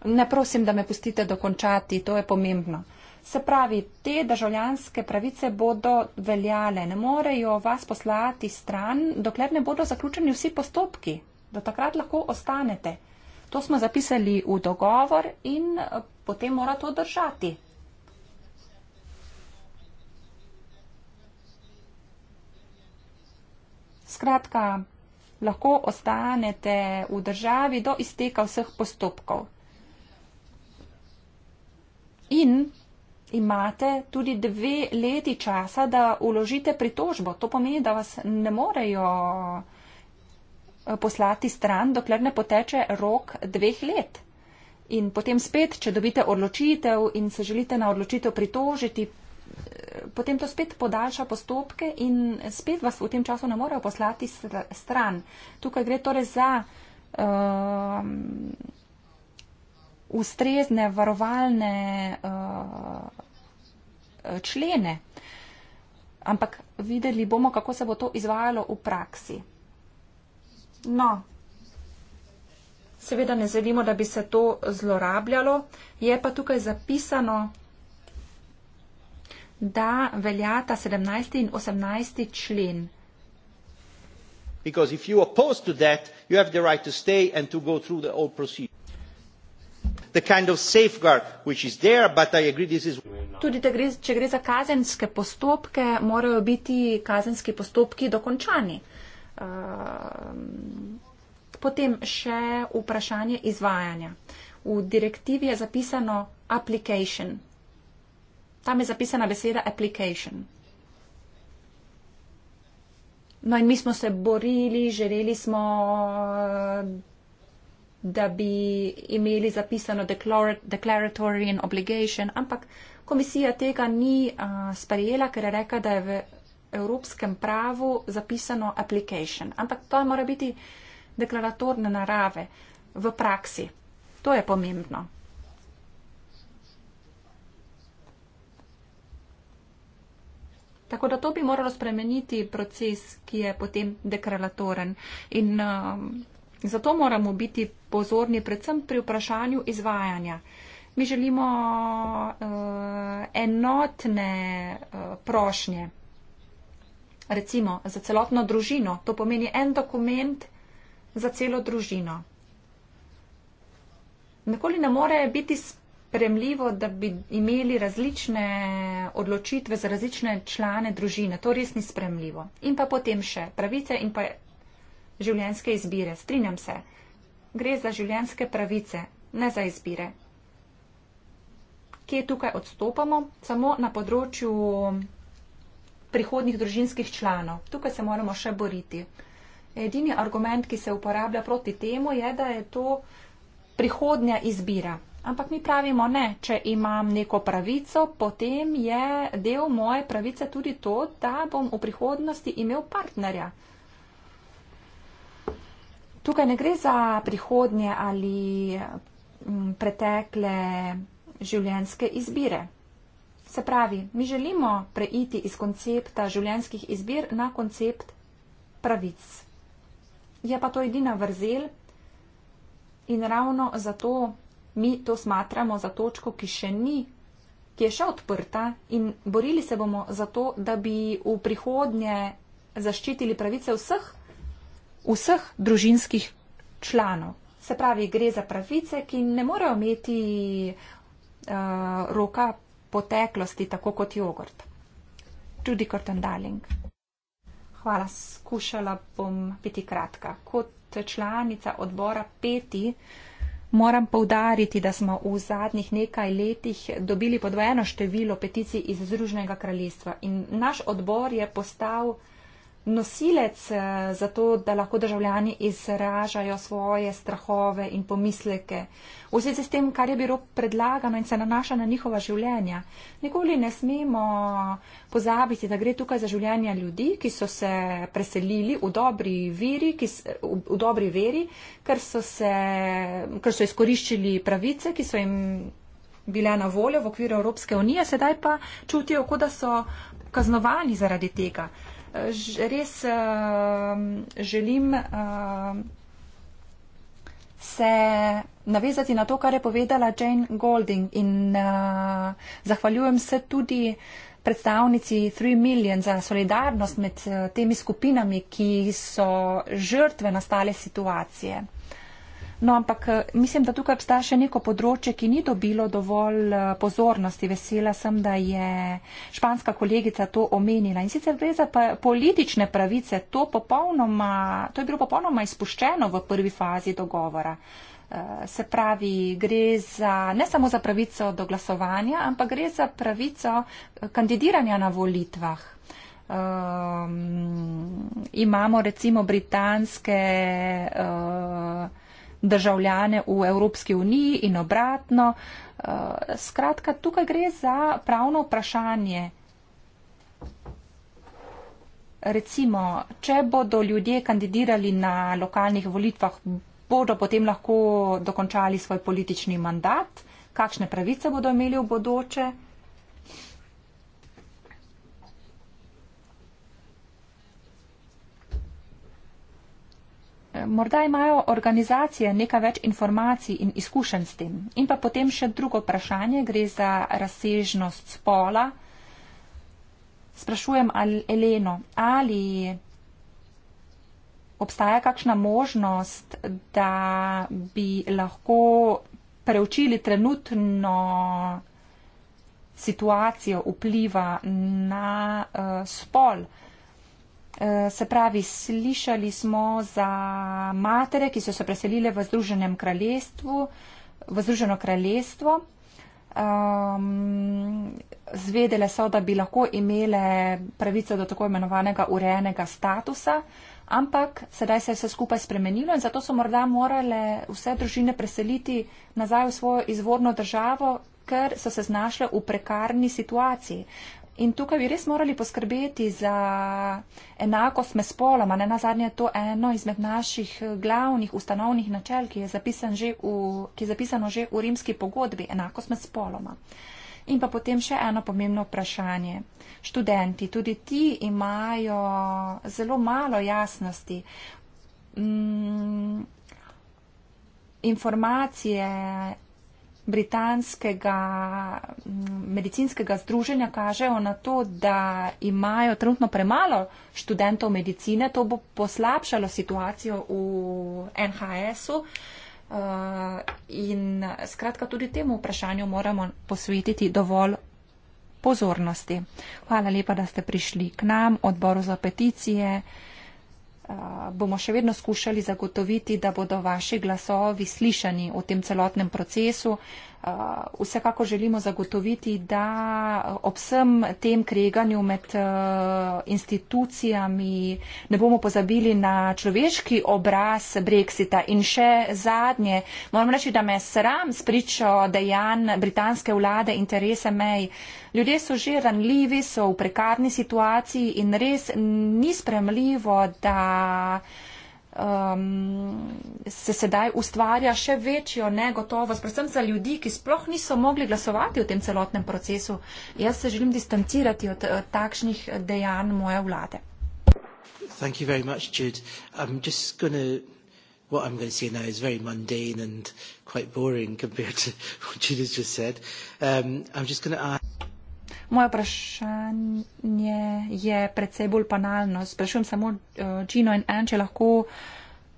Ne prosim, da me pustite dokončati, to je pomembno. Se pravi, te državljanske pravice bodo veljale, ne morejo vas poslati stran, dokler ne bodo zaključeni vsi postopki, da takrat lahko ostanete. To smo zapisali v dogovor in eh, potem mora to držati. Skratka, lahko ostanete v državi do izteka vseh postopkov in imate tudi dve leti časa, da uložite pritožbo. To pomeni, da vas ne morejo eh, poslati stran, dokler ne poteče rok dveh let. In potem spet, če dobite odločitev in se želite na odločitev pritožiti, eh, potem to spet podaljša postopke in spet vas v tem času ne morejo poslati stran. Tukaj gre torej za. Um, ustrezne varovalne uh, člene. Ampak videli bomo, kako se bo to izvajalo v praksi. No, seveda ne želimo, da bi se to zlorabljalo. Je pa tukaj zapisano, da velja ta 17. in 18. člen. Because if you oppose to that, you have the right to stay and to go through the old procedure the kind of safeguard which is there, but I agree this is. Tudi gre, če gre za kazenske postopke, morajo biti kazenski postopki dokončani. Ehm, potem še vprašanje izvajanja. V direktivi je zapisano application. Tam je zapisana beseda application. No in mi smo se borili, želeli smo da bi imeli zapisano declaratory and obligation, ampak komisija tega ni uh, sprejela, ker je rekla, da je v evropskem pravu zapisano application. Ampak to mora biti deklaratorne narave v praksi. To je pomembno. Tako da to bi moralo spremeniti proces, ki je potem deklaratoren. In um, Zato moramo biti pozorni predvsem pri vprašanju izvajanja. Mi želimo uh, enotne uh, prošnje, recimo za celotno družino. To pomeni en dokument za celo družino. Nikoli ne more biti spremljivo, da bi imeli različne odločitve za različne člane družine. To res ni spremljivo. In pa potem še pravice in pa življenjske izbire, strinjam se. Gre za življenjske pravice, ne za izbire. Kje tukaj odstopamo? Samo na področju prihodnih družinskih članov. Tukaj se moramo še boriti. Edini argument, ki se uporablja proti temu, je, da je to prihodnja izbira. Ampak mi pravimo ne, če imam neko pravico, potem je del moje pravice tudi to, da bom v prihodnosti imel partnerja. Tukaj ne gre za prihodnje ali mm, pretekle življenjske izbire. Se pravi, mi želimo preiti iz koncepta življenjskih izbir na koncept pravic. Je pa to edina vrzel in ravno zato mi to smatramo za točko, ki še ni, ki je še odprta in borili se bomo za to, da bi v prihodnje zaščitili pravice vseh vseh družinskih članov. Se pravi, gre za pravice, ki ne morejo imeti uh, roka poteklosti, tako kot jogurt. Judy Curtin Darling. Hvala, skušala bom biti kratka. Kot članica odbora peti moram povdariti, da smo v zadnjih nekaj letih dobili podvojeno število peticij iz Združnega kraljestva in naš odbor je postal nosilec eh, za to, da lahko državljani izražajo svoje strahove in pomisleke v zvezi s tem, kar je bilo predlagano in se nanaša na njihova življenja. Nikoli ne smemo pozabiti, da gre tukaj za življenja ljudi, ki so se preselili v dobri, viri, ki, v, v dobri veri, ker so, se, ker so izkoriščili pravice, ki so jim bile na voljo v okviru Evropske unije, sedaj pa čutijo, kot da so kaznovani zaradi tega res ehm, želim ehm, se navezati na to, kar je povedala Jane Golding in eh, zahvaljujem se tudi predstavnici 3 Million za solidarnost med eh, temi skupinami, ki so žrtve nastale situacije. No, ampak eh, mislim, da tukaj obstaja še neko področje, ki ni dobilo dovolj eh, pozornosti. Vesela sem, da je španska kolegica to omenila. In sicer gre za politične pravice. To, to je bilo popolnoma izpuščeno v prvi fazi dogovora. Eh, se pravi, gre za, ne samo za pravico do glasovanja, ampak gre za pravico kandidiranja na volitvah. Um, imamo recimo britanske. Uh, državljane v Evropski uniji in obratno. Eh, skratka, tukaj gre za pravno vprašanje. Recimo, če bodo ljudje kandidirali na lokalnih volitvah, bodo potem lahko dokončali svoj politični mandat, kakšne pravice bodo imeli v bodoče. Morda imajo organizacije nekaj več informacij in izkušenj s tem. In pa potem še drugo vprašanje, gre za razsežnost spola. Sprašujem ali Eleno, ali obstaja kakšna možnost, da bi lahko preučili trenutno situacijo vpliva na uh, spol. Uh, Eh, se pravi, slišali smo za matere, ki so se preselile v Združenem kraljestvu, v Združeno kraljestvo. Um, zvedele so, da bi lahko imele pravico do tako imenovanega urejenega statusa, ampak sedaj se je vse skupaj spremenilo in zato so morda morale vse družine preseliti nazaj v svojo izvorno državo, ker so se znašle v prekarni situaciji. In tukaj bi res morali poskrbeti za enakost med spoloma. Ne na zadnje je to eno izmed naših glavnih ustanovnih načel, ki je, že v, ki je zapisano že v rimski pogodbi, enakost med spoloma. In pa potem še eno pomembno vprašanje. Študenti, tudi ti imajo zelo malo jasnosti. Mm, informacije britanskega mm, medicinskega združenja kažejo na to, da imajo trenutno premalo študentov medicine. To bo poslabšalo situacijo v NHS-u. Uh, eh, in skratka, tudi temu vprašanju moramo posvetiti dovolj pozornosti. Hvala lepa, da ste prišli k nam, odboru za peticije. Eh, bomo še vedno skušali zagotoviti, da bodo vaši glasovi slišani v tem celotnem procesu, Eh, vsekako želimo zagotoviti, da ob vsem tem kreganju med eh, institucijami ne bomo pozabili na človeški obraz Brexita. In še zadnje, moram reči, da me sram spričo dejanj britanske vlade in Teresa May. Ljudje so že ranljivi, so v prekarni situaciji in res ni spremljivo, da um, se sedaj ustvarja še večjo negotovost, predvsem za ljudi, ki sploh niso mogli glasovati v tem celotnem procesu. Jaz se želim distancirati od, od eh, takšnih dejanj moje vlade. Thank you very much, Jude. I'm just going to, what I'm going to say now is very mundane and quite boring compared to what Jude has just said. Um, I'm just going to ask. Moje vprašanje je predvsej bolj banalno. Sprašujem samo Čino eh, in Anče, lahko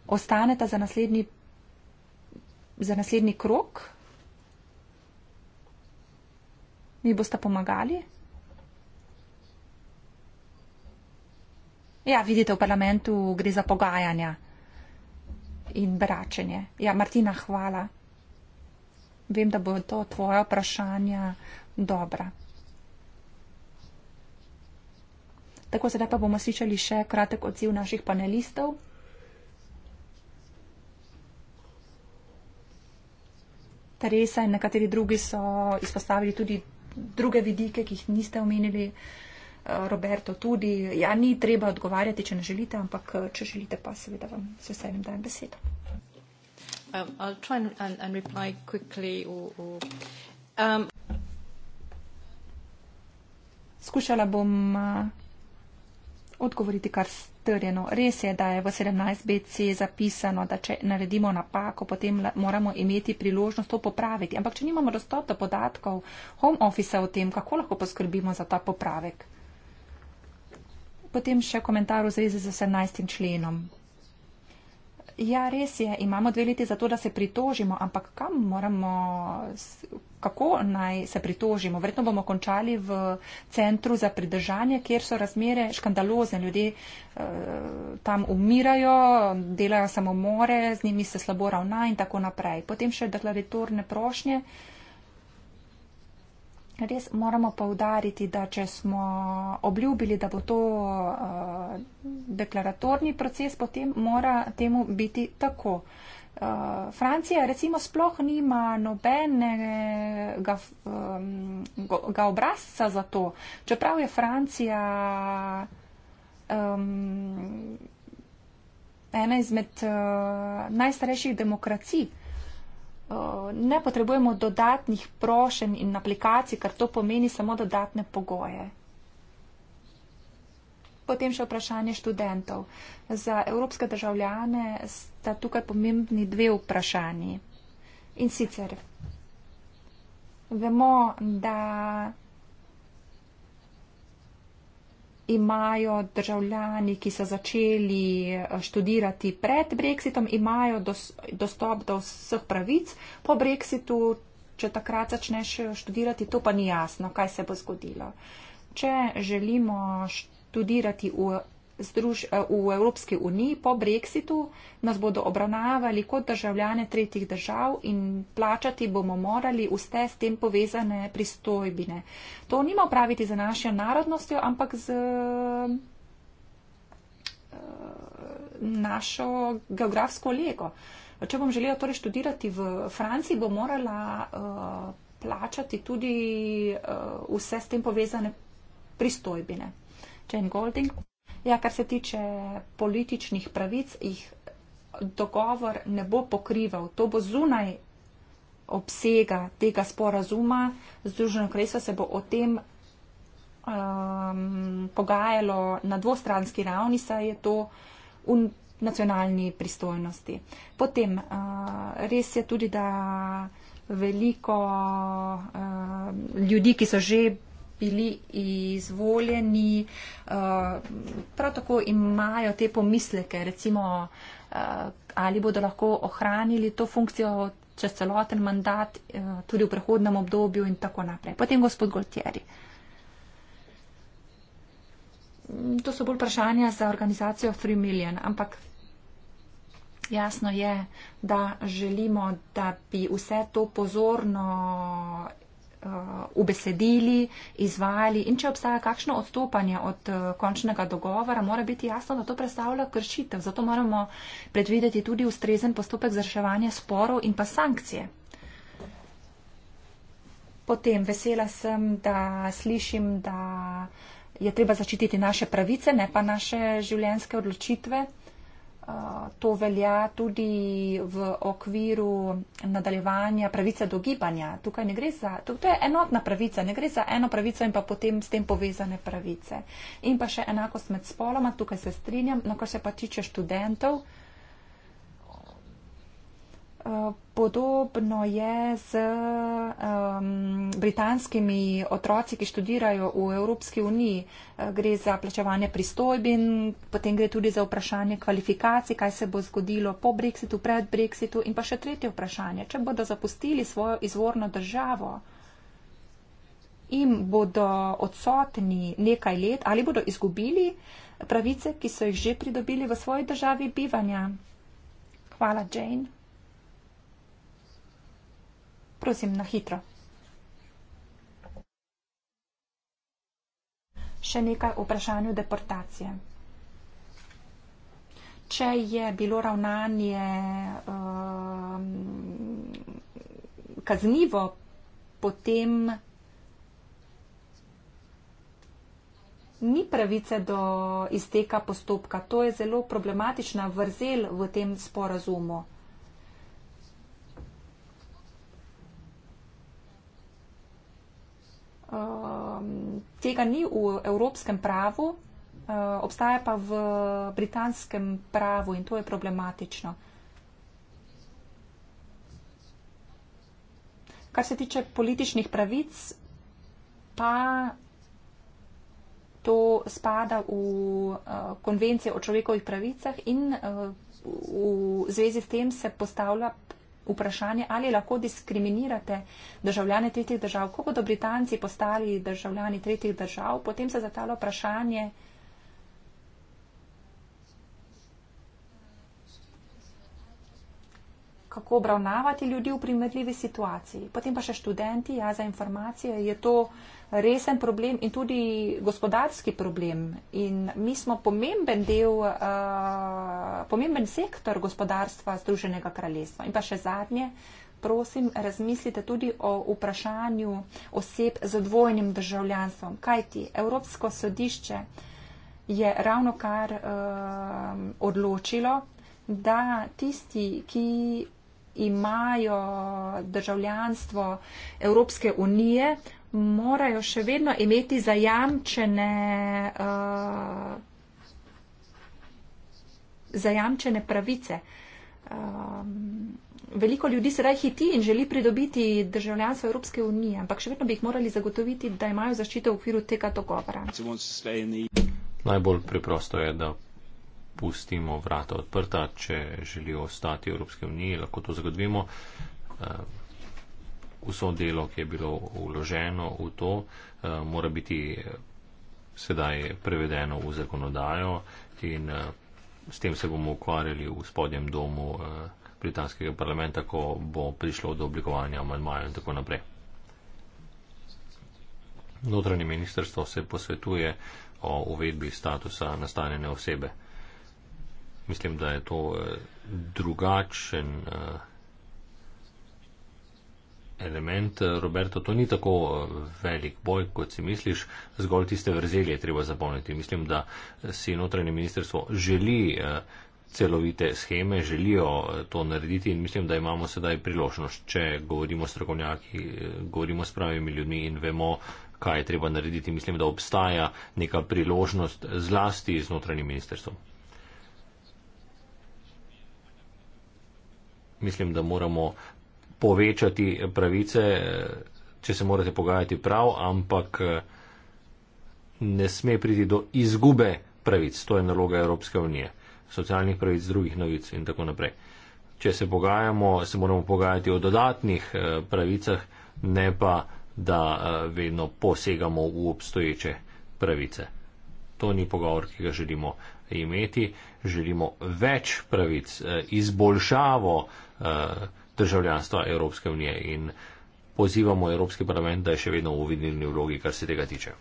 ostaneta za naslednji, za naslednji krok. Mi boste pomagali. Ja, vidite, v parlamentu gre za pogajanja in bračenje. Ja, Martina, hvala. Vem, da bo to tvoje vprašanje dobra. Tako sedaj pa bomo slišali še kratek odziv naših panelistov. Teresa in nekateri drugi so izpostavili tudi druge vidike, ki jih niste omenili. Roberto tudi. Ja, ni treba odgovarjati, če ne želite, ampak če želite, pa seveda vam s veseljem dajem besedo. Um, um. Skušala bom odgovoriti kar strjeno. Res je, da je v 17bc zapisano, da če naredimo napako, potem moramo imeti priložnost to popraviti. Ampak če nimamo dostop do podatkov home office o tem, kako lahko poskrbimo za ta popravek. Potem še komentar v zvezi z 18. členom. Ja, res je, imamo dve leti za to, da se pritožimo, ampak kam moramo, kako naj se pritožimo. Verjetno bomo končali v centru za pridržanje, kjer so razmere škandalozne. Ljudje eh, tam umirajo, delajo samomore, z njimi se slabo ravna in tako naprej. Potem še deklaratorne prošnje. Res moramo povdariti, da če smo obljubili, da bo to eh, deklaratorni proces, potem mora temu biti tako uh, Francija recimo sploh nima nobenega um, go, ga obrazca za to, čeprav je Francija um, ena izmed uh, najstarejših demokracij. Eh, ne potrebujemo dodatnih prošenj in aplikacij, ker to pomeni samo dodatne pogoje. Potem še vprašanje študentov. Za evropske državljane sta tukaj pomembni dve vprašanji. In sicer vemo, da imajo državljani, ki so začeli eh, študirati pred Brexitom, imajo dos, dostop do vseh pravic po Brexitu, če takrat začneš eh, študirati, to pa ni jasno, kaj se bo zgodilo. Če želimo študirati, študirati v, združ, eh, v Evropski uniji po breksitu, nas bodo obravnavali kot državljane tretjih držav in plačati bomo morali vse s tem povezane pristojbine. To nima upraviti za našo narodnostjo, ampak z eh, našo geografsko lego. Če bom želela torej študirati v Franciji, bom morala uh, plačati tudi uh, vse s tem povezane pristojbine. Jane Golding. Ja, kar se tiče političnih pravic, jih dogovor ne bo pokrival. To bo zunaj obsega tega sporazuma. Združeno kraljestvo se bo o tem um, pogajalo na dvostranski ravni, saj je to v nacionalni pristojnosti. Potem, uh, res je tudi, da veliko uh, ljudi, ki so že bili izvoljeni, uh, prav tako imajo te pomisleke, recimo, uh, ali bodo lahko ohranili to funkcijo čez celoten mandat, uh, tudi v prehodnem obdobju in tako naprej. Potem gospod Goltieri. To so bolj vprašanja za organizacijo 3 Million, ampak. Jasno je, da želimo, da bi vse to pozorno obesedili, eh, izvajali in če obstaja kakšno odstopanje od eh, končnega dogovora, mora biti jasno, da to predstavlja kršitev. Zato moramo predvideti tudi ustrezen postopek za reševanje sporov in pa sankcije. Potem vesela sem, da slišim, da je treba začititi naše pravice, ne pa naše življenjske odločitve. To velja tudi v okviru nadaljevanja pravice do gibanja. Tukaj ne gre za, to je enotna pravica, ne gre za eno pravico in pa potem s tem povezane pravice. In pa še enakost med spoloma, tukaj se strinjam, no kar se pa tiče študentov, uh, Podobno je z um, britanskimi otroci, ki študirajo v Evropski uniji. Eh, gre za plačevanje pristojbin, potem gre tudi za vprašanje kvalifikacij, kaj se bo zgodilo po Brexitu, pred Brexitu in pa še tretje vprašanje. Če bodo zapustili svojo izvorno državo in bodo odsotni nekaj let ali bodo izgubili pravice, ki so jih že pridobili v svoji državi bivanja. Hvala, Jane. Prosim, na hitro. Še nekaj o vprašanju deportacije. Če je bilo ravnanje uh, kaznivo, potem ni pravice do izteka postopka. To je zelo problematična vrzel v tem sporazumu. Uh, Ehm, tega ni v evropskem pravu, eh, obstaja pa v britanskem pravu in to je problematično. Kar se tiče političnih pravic, pa to spada v eh, konvencijo o človekovih pravicah in eh, v zvezi s tem se postavlja vprašanje, ali lahko diskriminirate državljane tretjih držav. Ko bodo Britanci postali državljani tretjih držav, potem se za talo vprašanje. kako obravnavati ljudi v primerljivi situaciji. Potem pa še študenti, ja, za informacije, je to resen problem in tudi gospodarski problem. In mi smo pomemben del, uh, pomemben sektor gospodarstva Združenega kraljestva. In pa še zadnje, prosim, razmislite tudi o vprašanju oseb z dvojnim državljanstvom. Kaj ti? Evropsko sodišče je ravno kar uh, odločilo, da tisti, ki imajo državljanstvo Evropske unije, morajo še vedno imeti zajamčene, uh, zajamčene pravice. Um, veliko ljudi se raje hiti in želi pridobiti državljanstvo Evropske unije, ampak še vedno bi jih morali zagotoviti, da imajo zaščito v okviru tega dogovora. Najbolj preprosto je, da pustimo vrata odprta, če želijo ostati v Evropske unije, lahko to zagotovimo. Uh, vso delo, ki je bilo uloženo v to, eh, mora biti eh, sedaj prevedeno v zakonodajo in eh, s tem se bomo ukvarjali v spodnjem domu britanskega parlamenta, ko bo prišlo do oblikovanja amandmaja in tako naprej. Notranje ministrstvo se posvetuje o uvedbi statusa nastanjene osebe. Mislim, da je to drugačen. Uh, element. Eh, Roberto, to ni tako eh, velik boj, kot si misliš, zgolj tiste vrzeli je treba zapolniti. Mislim, da eh, si notranje ministrstvo želi celovite scheme, želijo to narediti in mislim, da imamo sedaj priložnost, če govorimo s trgovnjaki, govorimo s pravimi ljudmi in vemo, kaj je treba narediti. Mislim, da obstaja neka priložnost zlasti z notranjim ministrstvom. Mislim, da moramo povečati pravice, če se morate pogajati prav, ampak ne sme priti do izgube pravic. To je naloga Evropske unije, socialnih pravic, drugih novic in tako naprej. Če se pogajamo, se moramo pogajati o dodatnih pravicah, ne pa, da vedno posegamo v obstoječe pravice. To ni pogovor, ki ga želimo imeti. Želimo več pravic, izboljšavo. Uh, državljanstva Evropske unije in pozivamo Evropski parlament, da je še vedno v uvidnilni vlogi, kar se tega tiče.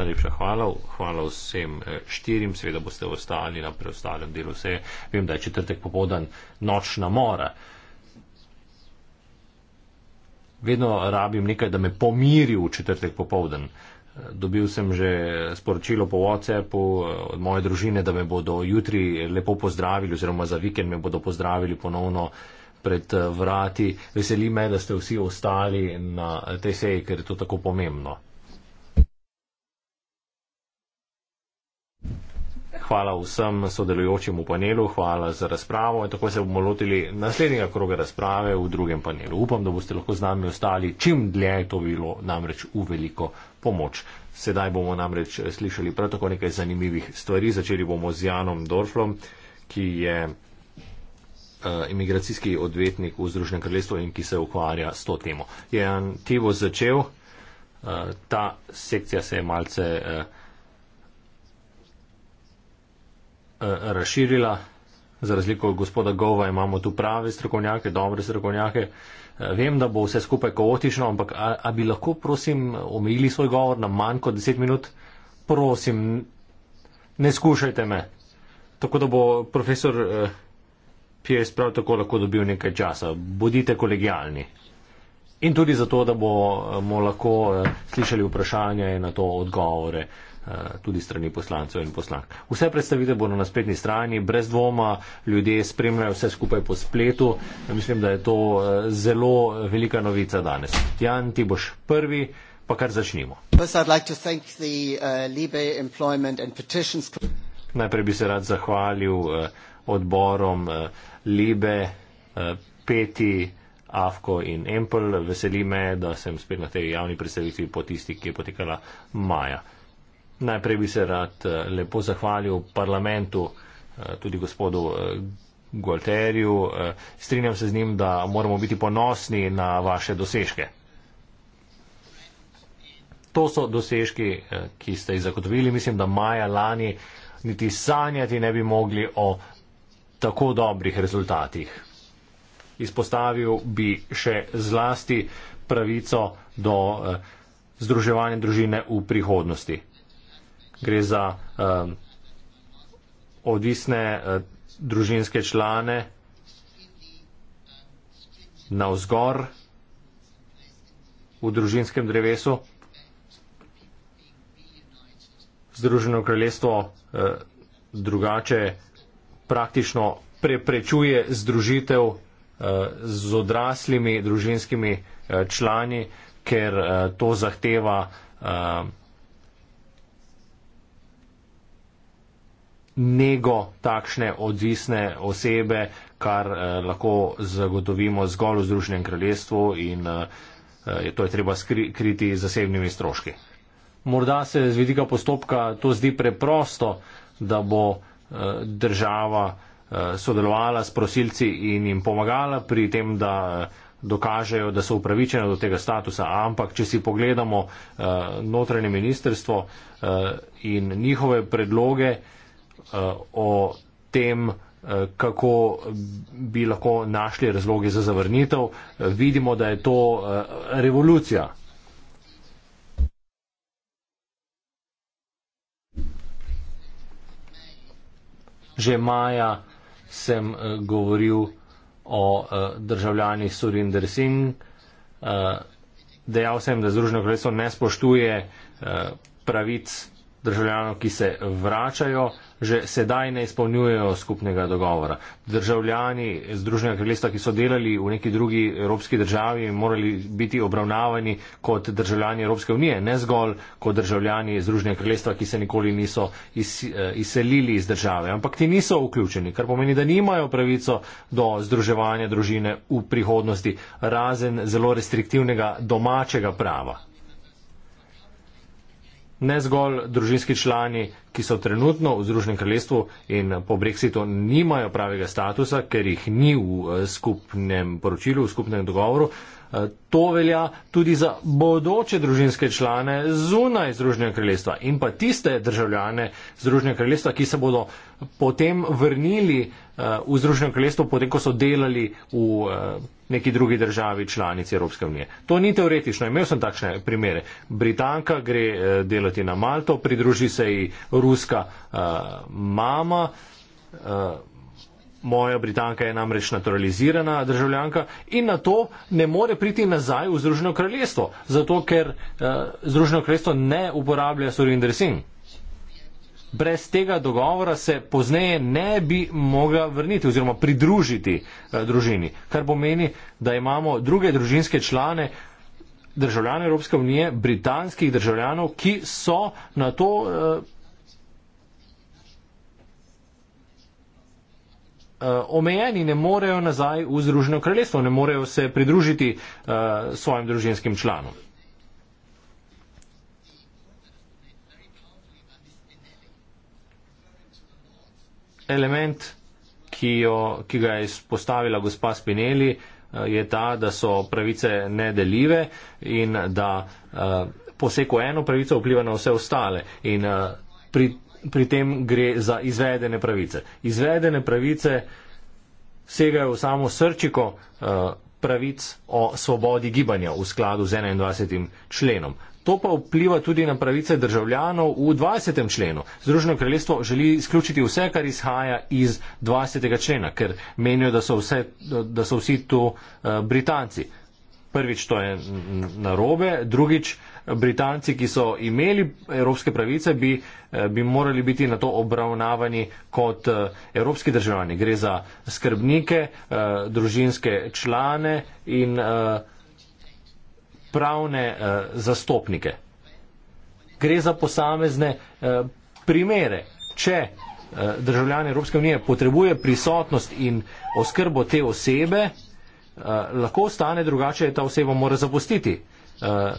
Najlepša hvala, hvala vsem eh, štirim, seveda boste ostali na preostalem delu vse. Vem, da je četrtek popodan nočna mora. Vedno rabim nekaj, da me pomiri v četrtek popovdan. Eh, dobil sem že sporočilo po WhatsAppu eh, od moje družine, da me bodo jutri lepo pozdravili oziroma za vikend me bodo pozdravili ponovno pred eh, vrati. Veseli me, da ste vsi ostali na eh, tej seji, ker je to tako pomembno. Hvala vsem sodelujočim v panelu, hvala za razpravo in tako se bomo lotili naslednjega kroga razprave v drugem panelu. Upam, da boste lahko z nami ostali čim dlje, to bi bilo namreč v veliko pomoč. Sedaj bomo namreč slišali prav tako nekaj zanimivih stvari. Začeli bomo z Janom Dorflom, ki je. Eh, imigracijski odvetnik v Združenem kraljestvu in ki se ukvarja s to temo. Je Antivo začel, eh, ta sekcija se je malce eh, razširila. Za razliko od gospoda Gova imamo tu prave strokovnjake, dobre strokovnjake. Vem, da bo vse skupaj kaotično, ampak a, a bi lahko, prosim, omejili svoj govor na manj kot 10 minut? Prosim, ne skušajte me. Tako da bo profesor Pierce prav tako lahko dobil nekaj časa. Bodite kolegijalni. In tudi zato, da bomo lahko eh, slišali vprašanja in na to odgovore eh, tudi strani poslancev in poslank. Vse predstavite bodo na spletni strani, brez dvoma ljudje spremljajo vse skupaj po spletu. Mislim, da je to eh, zelo velika novica danes. Jan, ti boš prvi. Pa kar začnimo. Najprej bi se rad zahvalil uh, odborom eh, Libe, eh, Peti, Avko in Empel. Veseli me, da sem spet na tej javni predstavitvi po tisti, ki je potekala maja. Najprej bi se rad eh, lepo zahvalil parlamentu, tudi gospodu Gualterju. Strinjam se z njim, da moramo biti ponosni na vaše dosežke. To so dosežki, ki ste jih zagotovili. Mislim, da maja lani niti sanjati ne bi mogli o tako dobrih rezultatih. Izpostavil bi še zlasti pravico do eh, združevanja družine v prihodnosti. Gre za eh, odvisne eh, družinske člane na vzgor v družinskem drevesu. Združeno kraljestvo eh, drugače praktično preprečuje združitev eh, z odraslimi družinskimi eh, člani, ker eh, to zahteva nego takšne odvisne osebe, kar lahko zagotovimo zgolj v Združenem kraljestvu in to je treba kriti zasebnimi stroški. Morda se z vidika postopka to zdi preprosto, da bo država eh, sodelovala s prosilci in jim pomagala pri tem, da dokažejo, da so upravičene do tega statusa. Ampak, če si pogledamo uh, notranje ministerstvo uh, eh, in njihove predloge uh, o tem, uh, kako bi lahko našli razloge za zavrnitev, uh, vidimo, da je to uh, revolucija. že maja sem eh, govoril o eh, državljani Surinder Singh. Eh, dejal sem, da Združeno kraljestvo ne spoštuje pravic državljanov, ki se vračajo že sedaj ne izpolnjujejo skupnega dogovora. Državljani Združenega kraljestva, ki so delali v neki drugi evropski državi, morali biti obravnavani kot državljani Evropske unije, ne zgolj kot državljani Združenega kraljestva, ki se nikoli niso iz, eh, izselili iz države. Ampak ti niso vključeni, kar pomeni, da nimajo pravico do združevanja družine v prihodnosti, razen zelo restriktivnega domačega prava ne zgolj družinski člani, ki so trenutno v Združenem kraljestvu in po brexitu nimajo pravega statusa, ker jih ni v eh, skupnem poročilu, v skupnem dogovoru, Eh, to velja tudi za bodoče družinske člane zunaj Združenja kraljestva in pa tiste državljane Združenja kraljestva, ki se bodo potem vrnili eh, v Združenje kraljestvo, potem ko so delali v eh, neki drugi državi članici Evropske unije. To ni teoretično, imel sem takšne primere. Britanka gre delati na Malto, pridruži se ji ruska mama moja Britanka je namreč naturalizirana državljanka in na to ne more priti nazaj v Združeno kraljestvo, zato ker uh, Združeno kraljestvo ne uporablja surindresing. Brez tega dogovora se pozneje ne bi mogla vrniti oziroma pridružiti uh, družini, kar pomeni, da imamo druge družinske člane državljane Evropske unije, britanskih državljanov, ki so na to. Uh, Eh, omejeni, ne morejo nazaj v Združeno kraljestvo, ne morejo se pridružiti uh, svojim družinskim članom. Element, ki, jo, ki ga je izpostavila gospa Spinelli, eh, je ta, da so pravice nedeljive in da uh, poseko eno pravico vpliva na vse ostale. In uh, pri pri tem gre za izvedene pravice. Izvedene pravice segajo v samo srčiko eh, pravic o svobodi gibanja v skladu z 21. členom. To pa vpliva tudi na pravice državljanov v 20. členu. Združeno kraljestvo želi izključiti vse, kar izhaja iz 20. člena, ker menijo, da so, vse, da so vsi tu eh, Britanci prvič to je narobe, drugič Britanci, ki so imeli evropske pravice, bi, eh, bi morali biti na to obravnavani kot eh, evropski državljani. Gre za skrbnike, eh, družinske člane in pravne zastopnike. Gre za posamezne primere. Če državljan Evropske unije potrebuje prisotnost in oskrbo te osebe, Eh, lahko ostane drugače, ta oseba mora zapustiti uh,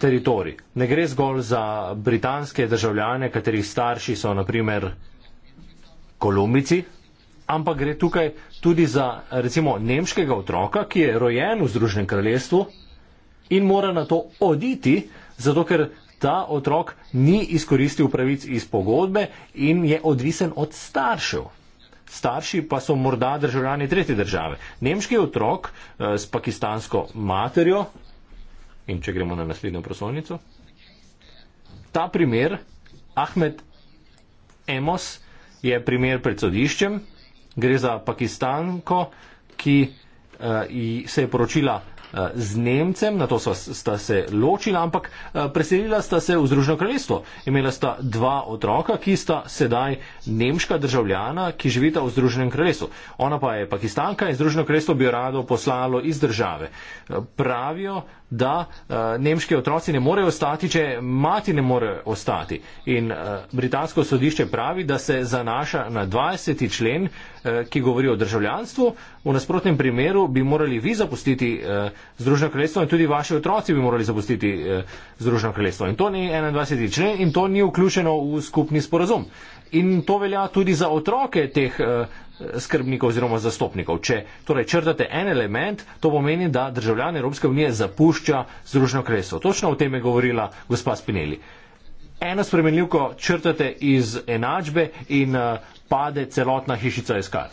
teritorij. Ne gre zgolj za britanske državljane, katerih starši so naprimer Kolumbici, ampak gre tukaj tudi za recimo nemškega otroka, ki je rojen v Združenem kraljestvu in mora na to oditi, zato ker ta otrok ni izkoristil pravic iz pogodbe in je odvisen od staršev starši pa so morda državljani tretje države. Nemški otrok eh, s pakistansko materjo, in če gremo na naslednjo prosovnico, ta primer, Ahmed Emos, je primer pred sodiščem, gre za pakistanko, ki eh, se je poročila Eh, z Nemcem, na to sta, sta se ločila, ampak eh, preselila sta se v Združeno kraljestvo. Imela sta dva otroka, ki sta sedaj nemška državljana, ki živita v Združenem kraljestvu. Ona pa je pakistanka in Združeno kraljestvo bi jo rado poslalo iz države. Eh, pravijo, da uh, nemški otroci ne morejo ostati, če mati ne more ostati. In uh, britansko sodišče pravi, da se zanaša na 20. člen, uh, ki govori o državljanstvu. V nasprotnem primeru bi morali vi zapustiti uh, Združeno kraljestvo in tudi vaši otroci bi morali zapustiti uh, Združeno kraljestvo. In to ni 21. člen in to ni vključeno v skupni sporazum. In to velja tudi za otroke teh. Uh, skrbnikov oziroma zastopnikov. Če torej črtate en element, to pomeni, da državljan Evropske unije zapušča Združeno kraljestvo. Točno o tem je govorila gospa Spinelli. Eno spremenljivko črtate iz enačbe in uh, pade celotna hišica iz kart.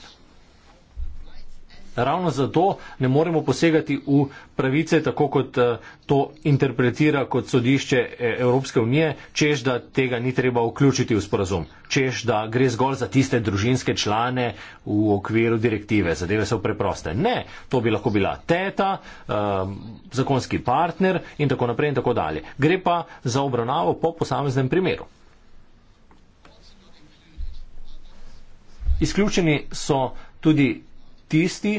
Ravno zato ne moremo posegati v pravice, tako kot eh, to interpretira kot sodišče eh, Evropske unije, čež da tega ni treba vključiti v sporazum, čež da gre zgolj za tiste družinske člane v okviru direktive. Zadeve so preproste. Ne, to bi lahko bila teta, eh, zakonski partner in tako naprej in tako dalje. Gre pa za obravnavo po posameznem primeru. Izključeni so tudi tisti,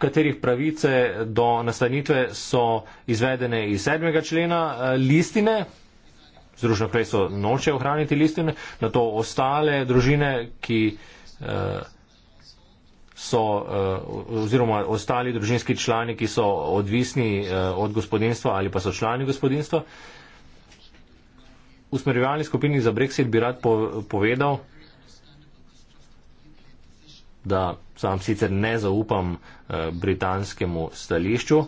katerih pravice do nastanitve so izvedene iz sedmega člena eh, listine, Združeno kraljestvo noče ohraniti listine, na to ostale družine, ki eh, so, eh, oziroma ostali družinski člani, ki so odvisni eh, od gospodinstva ali pa so člani gospodinstva. V smerjevalni skupini za Brexit bi rad po, povedal, da sam sicer ne zaupam eh, britanskemu stališču,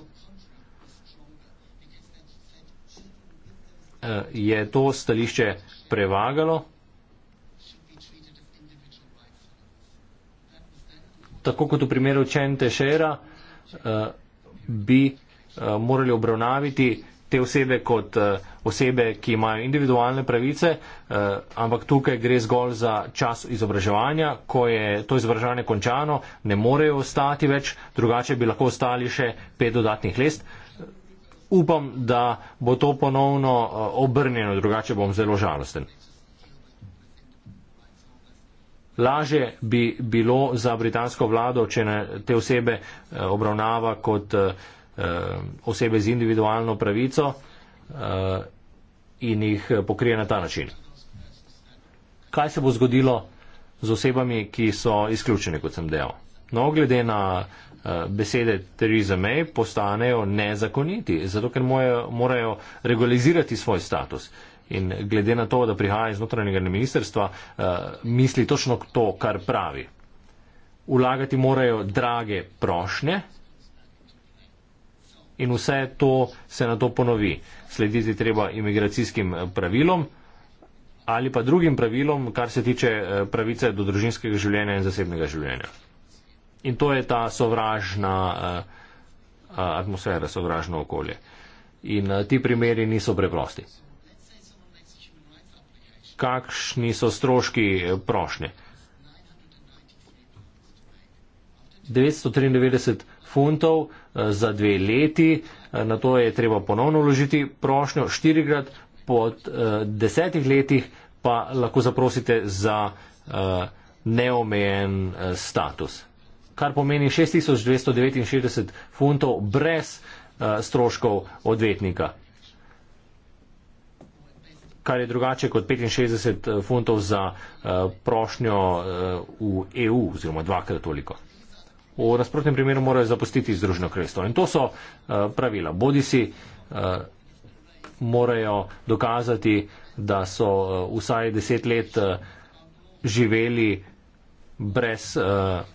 eh, je to stališče prevagalo. Tako kot v primeru Čente Šera, eh, bi morali obravnaviti te osebe kot eh, osebe, ki imajo individualne pravice, eh, ampak tukaj gre zgolj za čas izobraževanja, ko je to izobraževanje končano, ne morejo ostati več, drugače bi lahko ostali še pet dodatnih let. Upam, da bo to ponovno eh, obrnjeno, drugače bom zelo žalosten. Laže bi bilo za britansko vlado, če te osebe obravnava kot Eh, osebe z individualno pravico eh, in jih eh, pokrije na ta način. Kaj se bo zgodilo z osebami, ki so izključene, kot sem dejal? No, glede na besede Theresa May, postanejo nezakoniti, zato ker morajo regularizirati svoj status. In glede na to, da prihaja iz notranjega ministerstva, misli točno to, kar pravi. Ulagati morajo drage prošnje, in vse to se na to ponovi. Slediti treba imigracijskim eh, pravilom ali pa drugim pravilom, kar se tiče eh, pravice do družinskega življenja in zasebnega življenja. In to je ta sovražna eh, atmosfera, sovražno okolje. In ti primeri niso preprosti. Kakšni so stroški prošnje? 993 funtov za dve leti, na to je treba ponovno vložiti prošnjo štirikrat, po eh, desetih letih pa lahko zaprosite za eh, neomejen eh, status. Kar pomeni 6269 funtov brez stroškov odvetnika. Kar je drugače kot 65 funtov za prošnjo v EU oziroma dvakrat toliko. V nasprotnem primeru morajo zapustiti Združeno kraljestvo. In to so uh, pravila. Bodi si uh, eh, morajo dokazati, da so uh, vsaj deset let uh, živeli brez uh,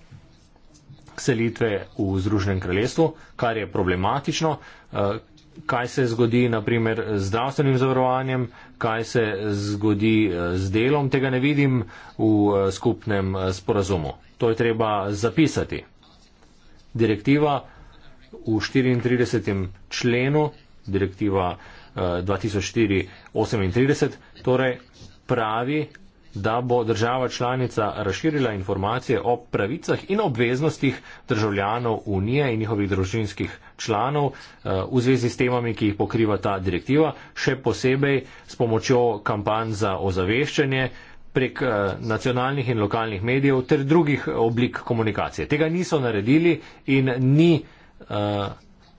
selitve v Združenem kraljestvu, kar je problematično. Uh, kaj se zgodi naprimer z zdravstvenim zavarovanjem, kaj se zgodi z delom, tega ne vidim v skupnem sporazumu. To je treba zapisati direktiva v 34. členu, direktiva eh, 2004-38, torej pravi, da bo država članica razširila informacije o pravicah in obveznostih državljanov Unije in njihovih družinskih članov eh, v zvezi s temami, ki jih pokriva ta direktiva, še posebej s pomočjo kampanj za ozaveščanje, eh, prek eh, nacionalnih in lokalnih medijev ter drugih oblik komunikacije. Tega niso naredili in ni uh,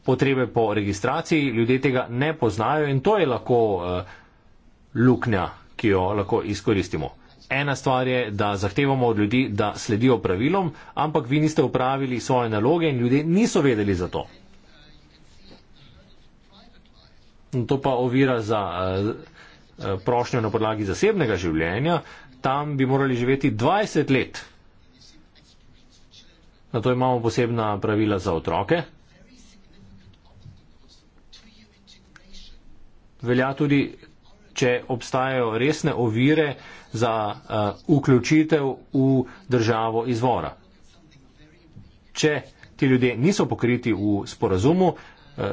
potrebe po registraciji, ljudje tega ne poznajo in to je lahko uh, luknja, ki jo lahko izkoristimo. Ena stvar je, da zahtevamo od ljudi, da sledijo pravilom, ampak vi niste upravili svoje naloge in ljudje niso vedeli za to. In to pa ovira za uh, prošnjo na podlagi zasebnega življenja, uh, tam bi morali živeti 20 let. Na to imamo posebna pravila za otroke. Velja tudi, če obstajajo resne ovire za uh, vključitev v državo izvora. Če ti ljudje niso pokriti v sporazumu, uh,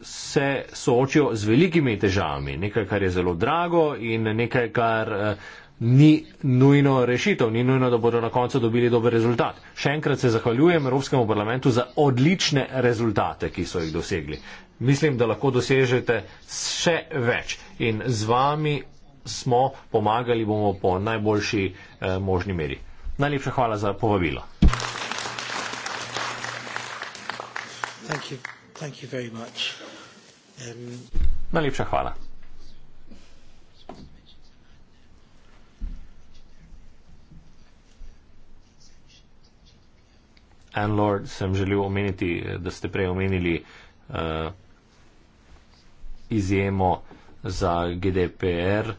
se soočijo z velikimi težavami. Nekaj, kar je zelo drago in nekaj, kar. Uh, ni nujno rešitev, ni nujno, da bodo na koncu dobili dober rezultat. Še enkrat se zahvaljujem Evropskemu parlamentu za odlične rezultate, ki so jih dosegli. Mislim, da lahko dosežete še več in z vami smo pomagali, bomo po najboljši eh, možni meri. Najlepša hvala za povabilo. Thank you. Thank you um... Najlepša hvala. en lord sem želel omeniti, da ste prej omenili uh, izjemo za GDPR.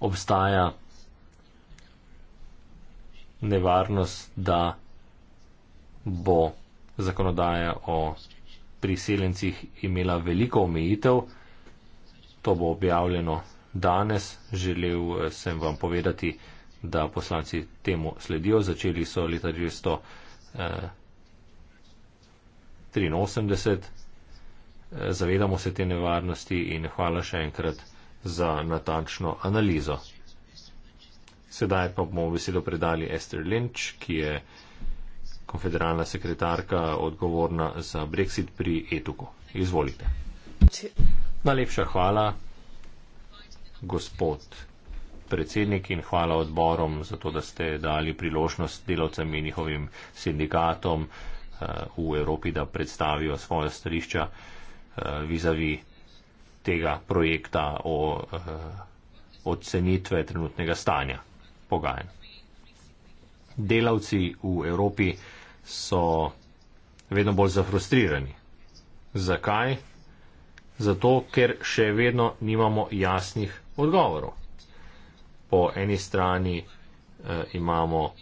Obstaja nevarnost, da bo zakonodaja o priseljencih imela veliko omejitev. To bo objavljeno danes. Želel eh, sem vam povedati, da poslanci temu sledijo. Začeli so leta 1983. Eh, eh, zavedamo se te nevarnosti in hvala še enkrat za natančno analizo. Sedaj pa bomo veselo predali Ester Lynch, ki je konfederalna sekretarka odgovorna za Brexit pri Etuku. Izvolite. Najlepša hvala, gospod predsednik in hvala odborom za to, da ste dali priložnost delavcem in njihovim sindikatom eh, v Evropi, da predstavijo svoje stališča eh, vizavi tega projekta o eh, ocenitve trenutnega stanja pogajanj. Delavci v Evropi so vedno bolj zafrustrirani. Zakaj? Zato, ker še vedno nimamo jasnih odgovorov po eni strani eh, imamo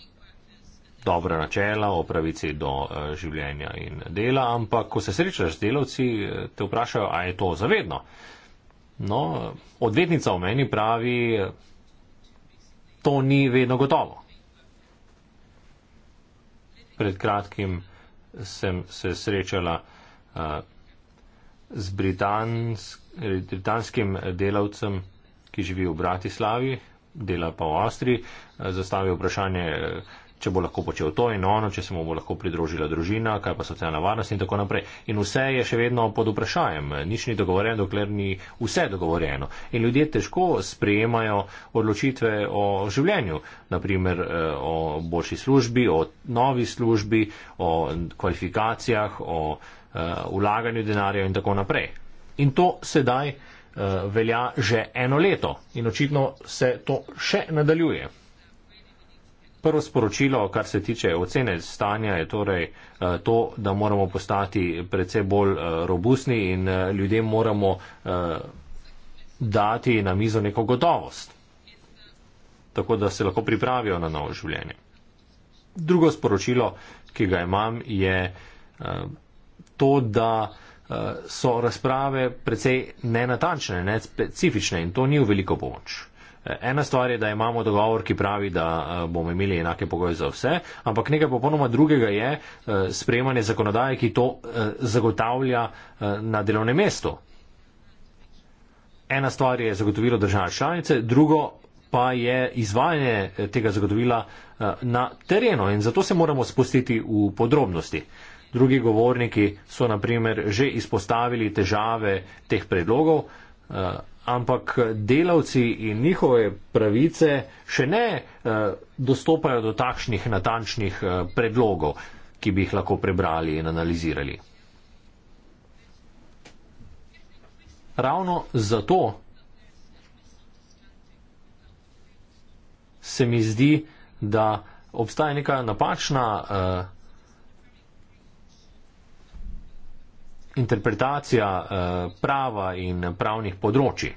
dobra načela o pravici do eh, življenja in dela, ampak ko se srečaš z delavci, eh, te vprašajo, a je to zavedno. No, odvetnica v meni pravi, eh, to ni vedno gotovo. Pred kratkim sem se srečala uh, z britansk, britanskim delavcem, ki živi v Bratislavi, uh, dela pa v Avstriji, eh, zastavi vprašanje, eh, če bo lahko počel to in ono, če se mu bo lahko pridružila družina, kaj pa socialna varnost in tako naprej. In vse je še vedno pod vprašanjem, nič ni dogovorjeno, dokler ni vse dogovorjeno. In ljudje težko sprejemajo odločitve o življenju, naprimer eh, o boljši službi, o novi službi, o kvalifikacijah, o vlaganju denarja in tako naprej. In to sedaj Eh, velja že eno leto in očitno se to še nadaljuje. Prvo sporočilo, kar se tiče ocene stanja, je torej eh, to, da moramo postati predvsej bolj eh, robustni in ljudem moramo dati na mizo neko gotovost, tako da se lahko pripravijo na novo življenje. Drugo sporočilo, ki ga imam, je to, da Eh, so razprave precej nenatančne, nespecifične in to ni v veliko pomoč. Eh, ena stvar je, da imamo dogovor, ki pravi, da eh, bomo imeli enake pogoje za vse, ampak nekaj popolnoma drugega je sprejemanje zakonodaje, ki to zagotavlja na delovnem mestu. Ena stvar je zagotovilo države članice, drugo pa je izvajanje tega zagotovila na terenu in zato se moramo spustiti v podrobnosti drugi govorniki so naprimer že izpostavili težave teh predlogov, eh, ampak delavci in njihove pravice še ne eh, dostopajo do takšnih natančnih eh, predlogov, ki bi jih lahko prebrali in analizirali. Ravno zato se mi zdi, da obstaja neka napačna uh, interpretacija eh, prava in pravnih področji.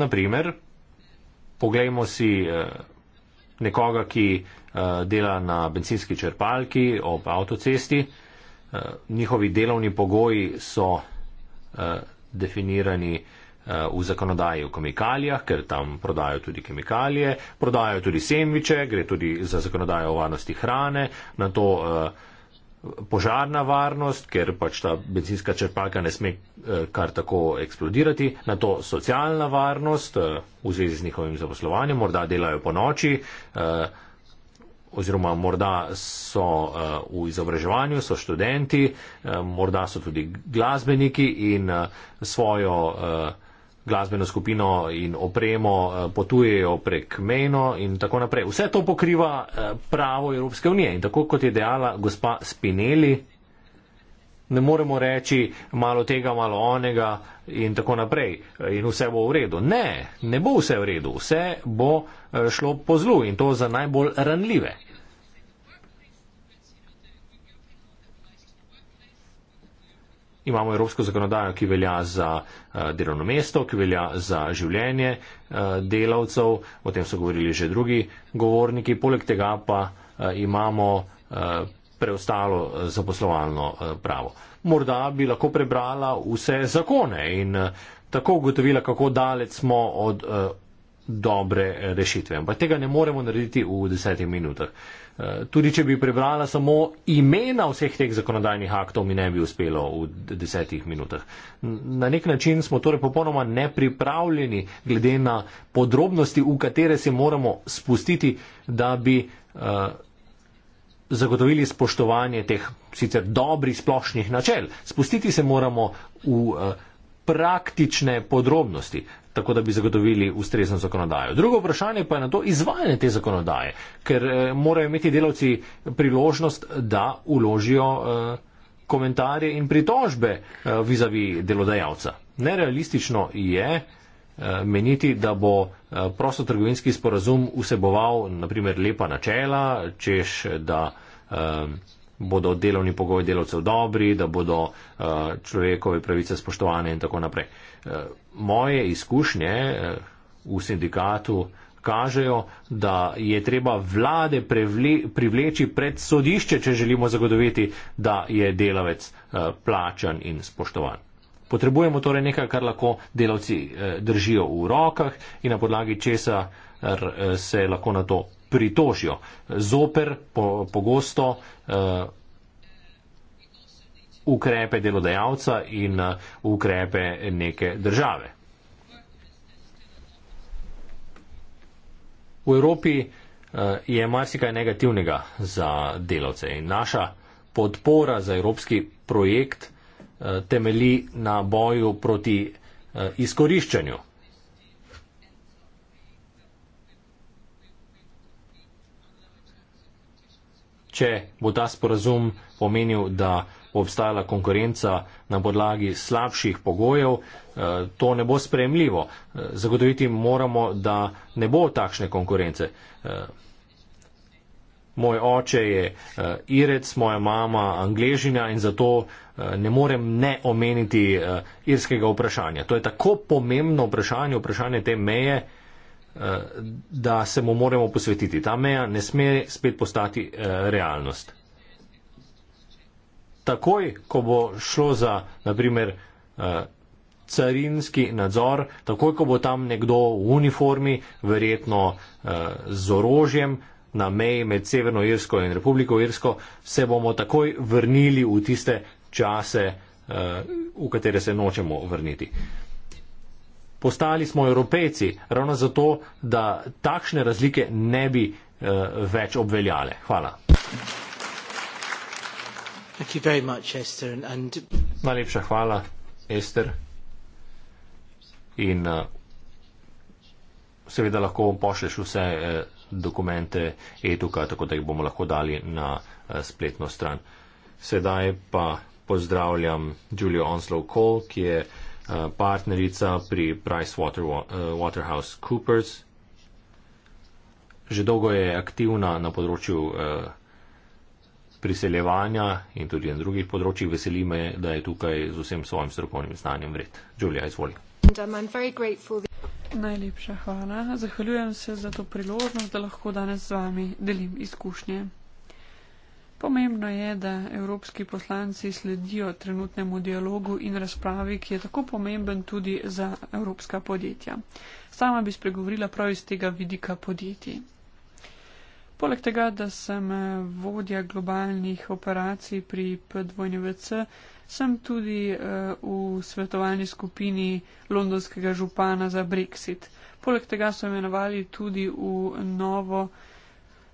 Naprimer, poglejmo si eh, nekoga, ki eh, dela na bencinski črpalki ob avtocesti. Njihovi delovni pogoji so definirani Eh, v zakonodaji o kemikalijah, ker tam prodajo tudi kemikalije, prodajo tudi semviče, gre tudi za zakonodajo o varnosti hrane, na to eh, požarna varnost, ker pač ta benzinska črpalka ne sme eh, kar tako eksplodirati, na to socialna varnost v zvezi z njihovim zaposlovanjem, morda delajo po noči oziroma morda so v izobraževanju, so študenti, morda so tudi glasbeniki in svojo glasbeno skupino in opremo, eh, potujejo prek mejno in tako naprej. Vse to pokriva eh, pravo Evropske unije in tako kot je dejala gospa Spinelli, ne moremo reči malo tega, malo onega in tako naprej in vse bo v redu. Ne, ne bo vse v redu, vse bo eh, šlo po zlu in to za najbolj ranljive. imamo evropsko zakonodajo, ki velja za eh, delovno mesto, ki velja za življenje eh, delavcev, o tem so govorili že drugi govorniki, poleg tega pa eh, imamo preostalo zaposlovalno pravo. Morda bi lahko prebrala vse zakone in tako ugotovila, kako daleč smo od dobre rešitve. Ampak tega ne moremo narediti v desetih minutah. Eh, tudi če bi prebrala samo imena vseh teh zakonodajnih aktov, mi ne bi uspelo v desetih minutah. Na nek način smo torej popolnoma nepripravljeni, glede na podrobnosti, v katere se moramo spustiti, da bi eh, zagotovili spoštovanje teh sicer dobrih splošnih načel. Spustiti se moramo v eh, praktične podrobnosti tako da bi zagotovili ustrezno zakonodajo. Drugo vprašanje pa je na to izvajanje te zakonodaje, ker eh, morajo imeti delavci priložnost, da uložijo eh, komentarje in pritožbe eh, vizavi delodajalca. Nerealistično je eh, meniti, da bo eh, prostotrgovinski sporazum vseboval naprimer lepa načela, češ da. Eh, bodo delovni pogoji delavcev dobri, da bodo uh, človekove pravice spoštovane in tako naprej. Uh, moje izkušnje uh, v sindikatu kažejo, da je treba vlade prevle, privleči pred sodišče, če želimo zagotoviti, da je delavec uh, plačan in spoštovan. Potrebujemo torej nekaj, kar lahko delavci držijo v rokah in na podlagi česa se lahko na to pritožijo. Zoper pogosto po uh, eh, ukrepe delodajalca in uh, ukrepe neke države. V Evropi uh, je marsikaj negativnega za delavce in naša podpora za evropski projekt uh, temeli na boju proti uh, izkoriščanju. če bo ta sporazum pomenil, da bo obstajala konkurenca na podlagi slabših pogojev, eh, to ne bo sprejemljivo. Eh, zagotoviti moramo, da ne bo takšne konkurence. Eh, moj oče je Irec, moja mama Angležina in zato ne morem ne omeniti irskega vprašanja. To je tako pomembno vprašanje, vprašanje te meje. Eh, da se mu moramo posvetiti. Ta meja ne sme spet postati eh, realnost. Takoj, ko bo šlo za, naprimer, eh, carinski nadzor, takoj, ko bo tam nekdo v uniformi, verjetno z orožjem, na meji med Severno Irsko in Republiko Irsko, se bomo takoj vrnili v tiste čase, v katere se nočemo vrniti postali smo evropejci, ravno zato, da takšne razlike ne bi uh, več obveljale. Hvala. Much, and... Najlepša hvala, Ester. In uh, seveda lahko pošleš vse uh, dokumente etuka, tako da jih bomo lahko dali na uh, spletno stran. Sedaj pa pozdravljam Julio Onslow Cole, ki je uh, Eh, partnerica pri PricewaterhouseCoopers. Že dolgo je aktivna na področju eh, priseljevanja in tudi na drugih področjih. Veseli me, da je tukaj z vsem svojim strokovnim znanjem vred. Julia, izvoli. Um, Najlepša hvala. Zahvaljujem se za to priložnost, da lahko danes z vami delim izkušnje. Pomembno je, da evropski poslanci sledijo trenutnemu dialogu in razpravi, ki je tako pomemben tudi za evropska podjetja. Sama bi spregovorila prav iz tega vidika podjetij. Poleg tega, da sem vodja globalnih operacij pri P2NVC, sem tudi v svetovalni skupini londonskega župana za Brexit. Poleg tega so imenovali tudi v novo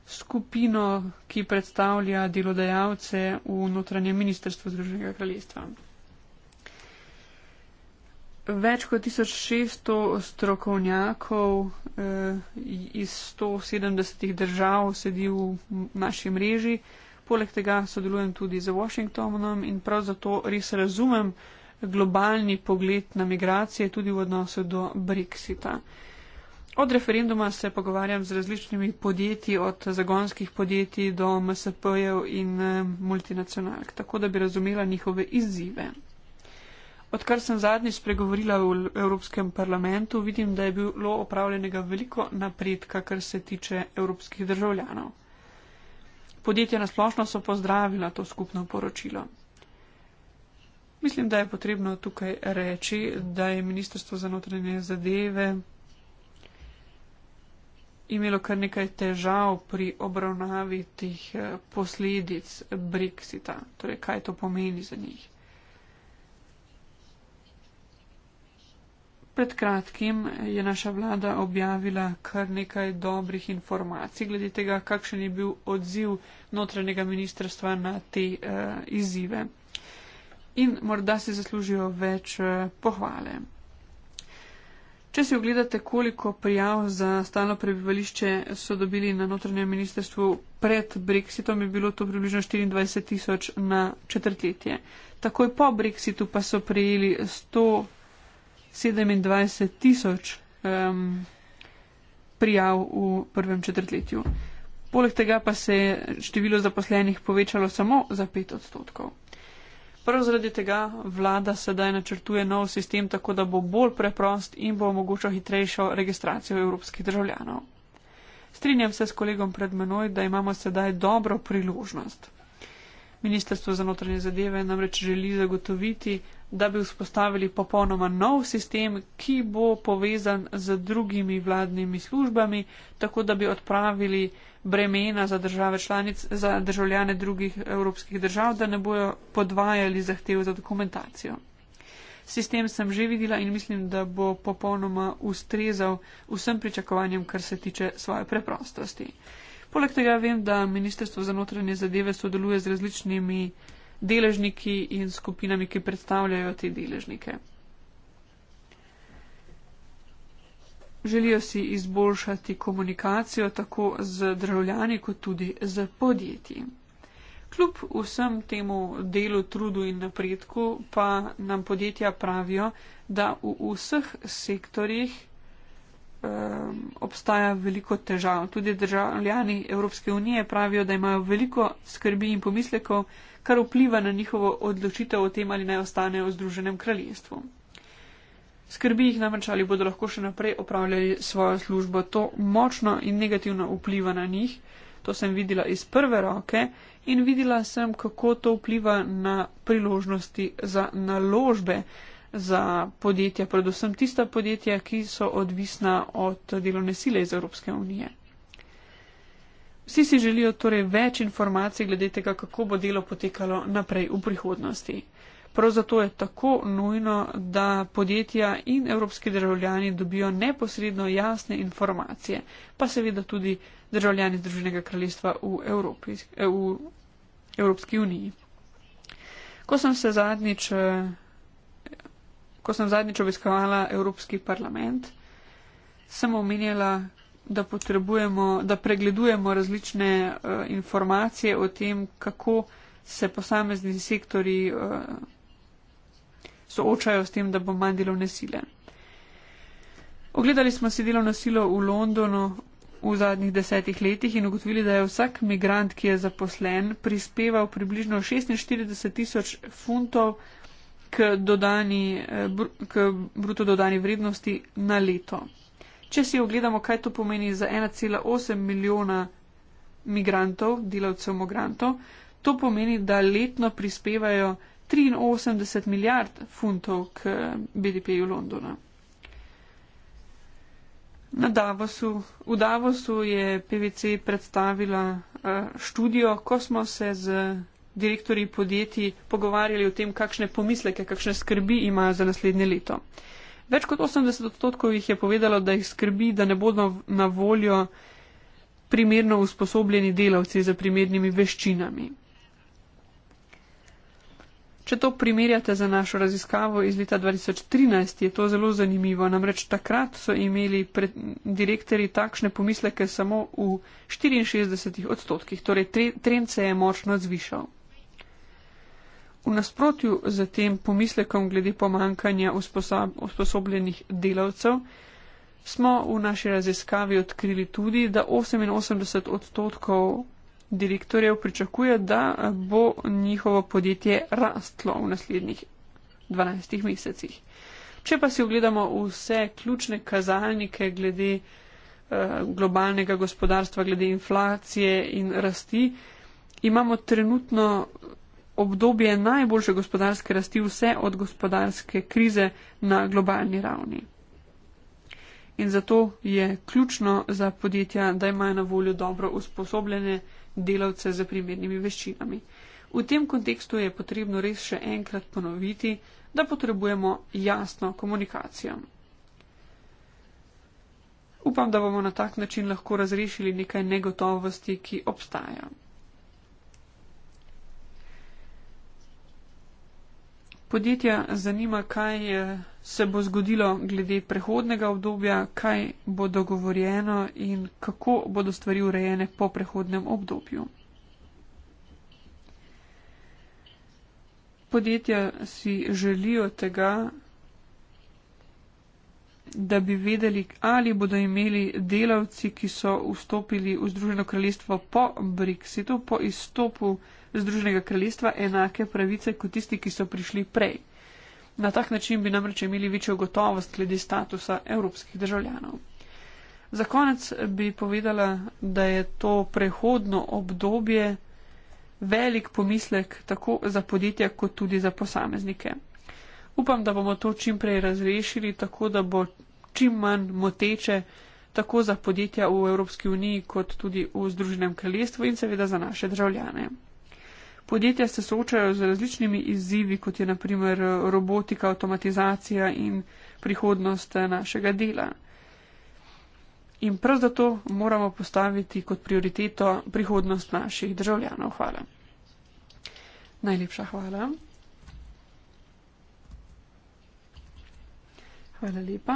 skupino, ki predstavlja delodajalce v notranjem ministrstvu Združenega kraljestva. Več kot 1600 strokovnjakov eh, iz 170 držav sedi v naši mreži, poleg tega sodelujem tudi z Washingtonom in prav zato res razumem globalni pogled na migracije tudi v odnosu do Brexita. Eh, Od referenduma se pogovarjam z različnimi podjetji, od zagonskih podjetij do MSP-jev in eh, multinacionalk, tako da bi razumela njihove izzive. Odkar sem zadnji spregovorila v Evropskem parlamentu, vidim, da je bilo opravljenega veliko napredka, kar se tiče evropskih državljanov. Podjetja nasplošno so pozdravila to skupno poročilo. Mislim, da je potrebno tukaj reči, da je Ministrstvo za notranje zadeve imelo kar nekaj težav pri obravnavi teh eh, posledic Brexita, torej kaj to pomeni za njih. Pred kratkim je naša vlada objavila kar nekaj dobrih informacij glede tega, kakšen je bil odziv notranjega ministrstva na te uh, izzive. In morda si zaslužijo več uh, pohvale. Če si ogledate, koliko prijav za stalno prebivališče so dobili na notranjem ministrstvu pred Brexitom, je bilo to približno 24 tisoč na četrtletje. Takoj po Brexitu pa so prejeli 127 tisoč um, prijav v prvem četrtletju. Poleg tega pa se je število zaposlenih povečalo samo za 5 odstotkov. Prav zaradi tega vlada sedaj načrtuje nov sistem, tako da bo bolj preprost in bo omogočal hitrejšo registracijo evropskih državljanov. Strinjam se s kolegom pred menoj, da imamo sedaj dobro priložnost. Ministrstvo za notranje zadeve namreč želi zagotoviti, da bi vzpostavili popolnoma nov sistem, ki bo povezan z drugimi vladnimi službami, tako da bi odpravili bremena za države članic, za državljane drugih evropskih držav, da ne bojo podvajali zahtev za dokumentacijo. Sistem sem že videla in mislim, da bo popolnoma ustrezal vsem pričakovanjem, kar se tiče svoje preprostosti. Poleg tega vem, da Ministrstvo za notranje zadeve sodeluje z različnimi deležniki in skupinami, ki predstavljajo te deležnike. Želijo si izboljšati komunikacijo tako z državljani, kot tudi z podjetji. Kljub vsem temu delu, trudu in napredku pa nam podjetja pravijo, da v vseh sektorjih um, obstaja veliko težav. Tudi državljani Evropske unije pravijo, da imajo veliko skrbi in pomislekov, kar vpliva na njihovo odločitev o tem, ali naj ostanejo v Združenem kraljestvu. Skrbi jih namreč, ali bodo lahko še naprej opravljali svojo službo. To močno in negativno vpliva na njih. To sem videla iz prve roke in videla sem, kako to vpliva na priložnosti za naložbe za podjetja, predvsem tista podjetja, ki so odvisna od delovne sile iz Evropske unije. Vsi si želijo torej več informacij glede tega, kako bo delo potekalo naprej v prihodnosti. Prav zato je tako nujno, da podjetja in evropski državljani dobijo neposredno jasne informacije, pa seveda tudi državljani Združenega kraljestva v, Evropi, eh, v Evropski uniji. Ko sem se zadnjič, eh, ko sem zadnjič obiskovala Evropski parlament, sem omenjala, da potrebujemo, da pregledujemo različne uh, informacije o tem, kako se posamezni sektori uh, soočajo s tem, da bo manj delovne sile. Ogledali smo si delovno silo v Londonu v zadnjih desetih letih in ugotovili, da je vsak migrant, ki je zaposlen, prispeval približno 46 tisoč funtov k, dodani, eh, k bruto dodani vrednosti na leto. Če si ogledamo, kaj to pomeni za 1,8 milijona migrantov, delavcev migrantov, to pomeni, da letno prispevajo 83 milijard funtov k eh, BDP-ju Londona. Na Davosu, v Davosu je PVC predstavila eh, študijo, ko smo se z direktori podjetij pogovarjali o tem, kakšne pomisleke, kakšne skrbi imajo za naslednje leto. Več kot 80 odstotkov jih je povedalo, da jih skrbi, da ne bodo na voljo primerno usposobljeni delavci z primernimi veščinami. Če to primerjate za našo raziskavo iz leta 2013, je to zelo zanimivo. Namreč takrat so imeli pred, direktori takšne pomisleke samo v 64 odstotkih, torej trend se je močno zvišal. V nasprotju z tem pomislekom glede pomankanja usposobljenih delavcev smo v naši raziskavi odkrili tudi, da 88 odstotkov direktorjev pričakuje, da bo njihovo podjetje rastlo v naslednjih 12 mesecih. Če pa si ogledamo vse ključne kazalnike glede eh, globalnega gospodarstva, glede inflacije in rasti, imamo trenutno obdobje najboljše gospodarske rasti vse od gospodarske krize na globalni ravni. In zato je ključno za podjetja, da imajo na voljo dobro usposobljene delavce z primernimi veščinami. V tem kontekstu je potrebno res še enkrat ponoviti, da potrebujemo jasno komunikacijo. Upam, da bomo na tak način lahko razrešili nekaj negotovosti, ki obstajajo. podjetja zanima, kaj eh, se bo zgodilo glede prehodnega obdobja, kaj bo dogovorjeno in kako bodo stvari urejene po prehodnem obdobju. Podjetja si želijo tega, da bi vedeli, ali bodo imeli delavci, ki so vstopili v Združeno kraljestvo po Brexitu, po izstopu Združenega kraljestva, enake pravice kot tisti, ki so prišli prej. Na tak način bi namreč imeli večjo gotovost glede statusa evropskih državljanov. Za konec bi povedala, da je to prehodno obdobje velik pomislek tako za podjetja kot tudi za posameznike. Upam, da bomo to čim prej razrešili, tako da bo čim manj moteče tako za podjetja v Evropski uniji, kot tudi v Združenem kraljestvu in seveda za naše državljane. Podjetja se soočajo z različnimi izzivi, kot je naprimer robotika, avtomatizacija in prihodnost našega dela. In prav zato moramo postaviti kot prioriteto prihodnost naših državljanov. Hvala. Najlepša hvala. Hvala lepa.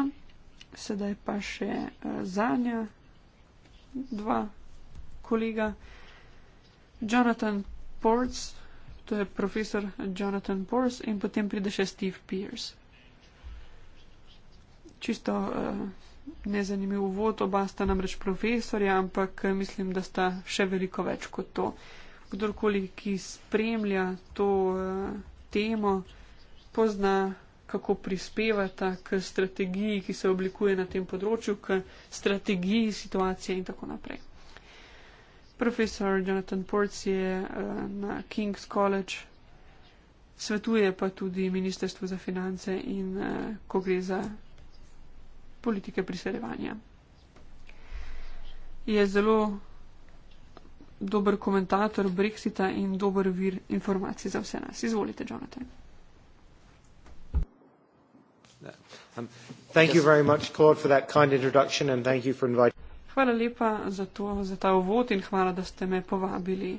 Sedaj pa še eh, zadnja dva kolega. Jonathan Ports, to je profesor Jonathan Ports in potem pride še Steve Pears. Čisto uh, nezanimiv uvod, oba sta namreč profesorja, ampak eh, mislim, da sta še veliko več kot to. Kdorkoli, ki spremlja to uh, temo, pozna kako prispevata k strategiji, ki se oblikuje na tem področju, k strategiji situacije in tako naprej. Profesor Jonathan Ports je eh, na King's College, svetuje pa tudi Ministrstvo za finance in eh, ko gre za politike priseljevanja. Je zelo dober komentator Brexita in dober vir informacij za vse nas. Izvolite, Jonathan. Um, thank you very much, Claude, for that kind introduction and thank you for inviting me. Hvala lepa za, to, za ta uvod in hvala, da ste me povabili.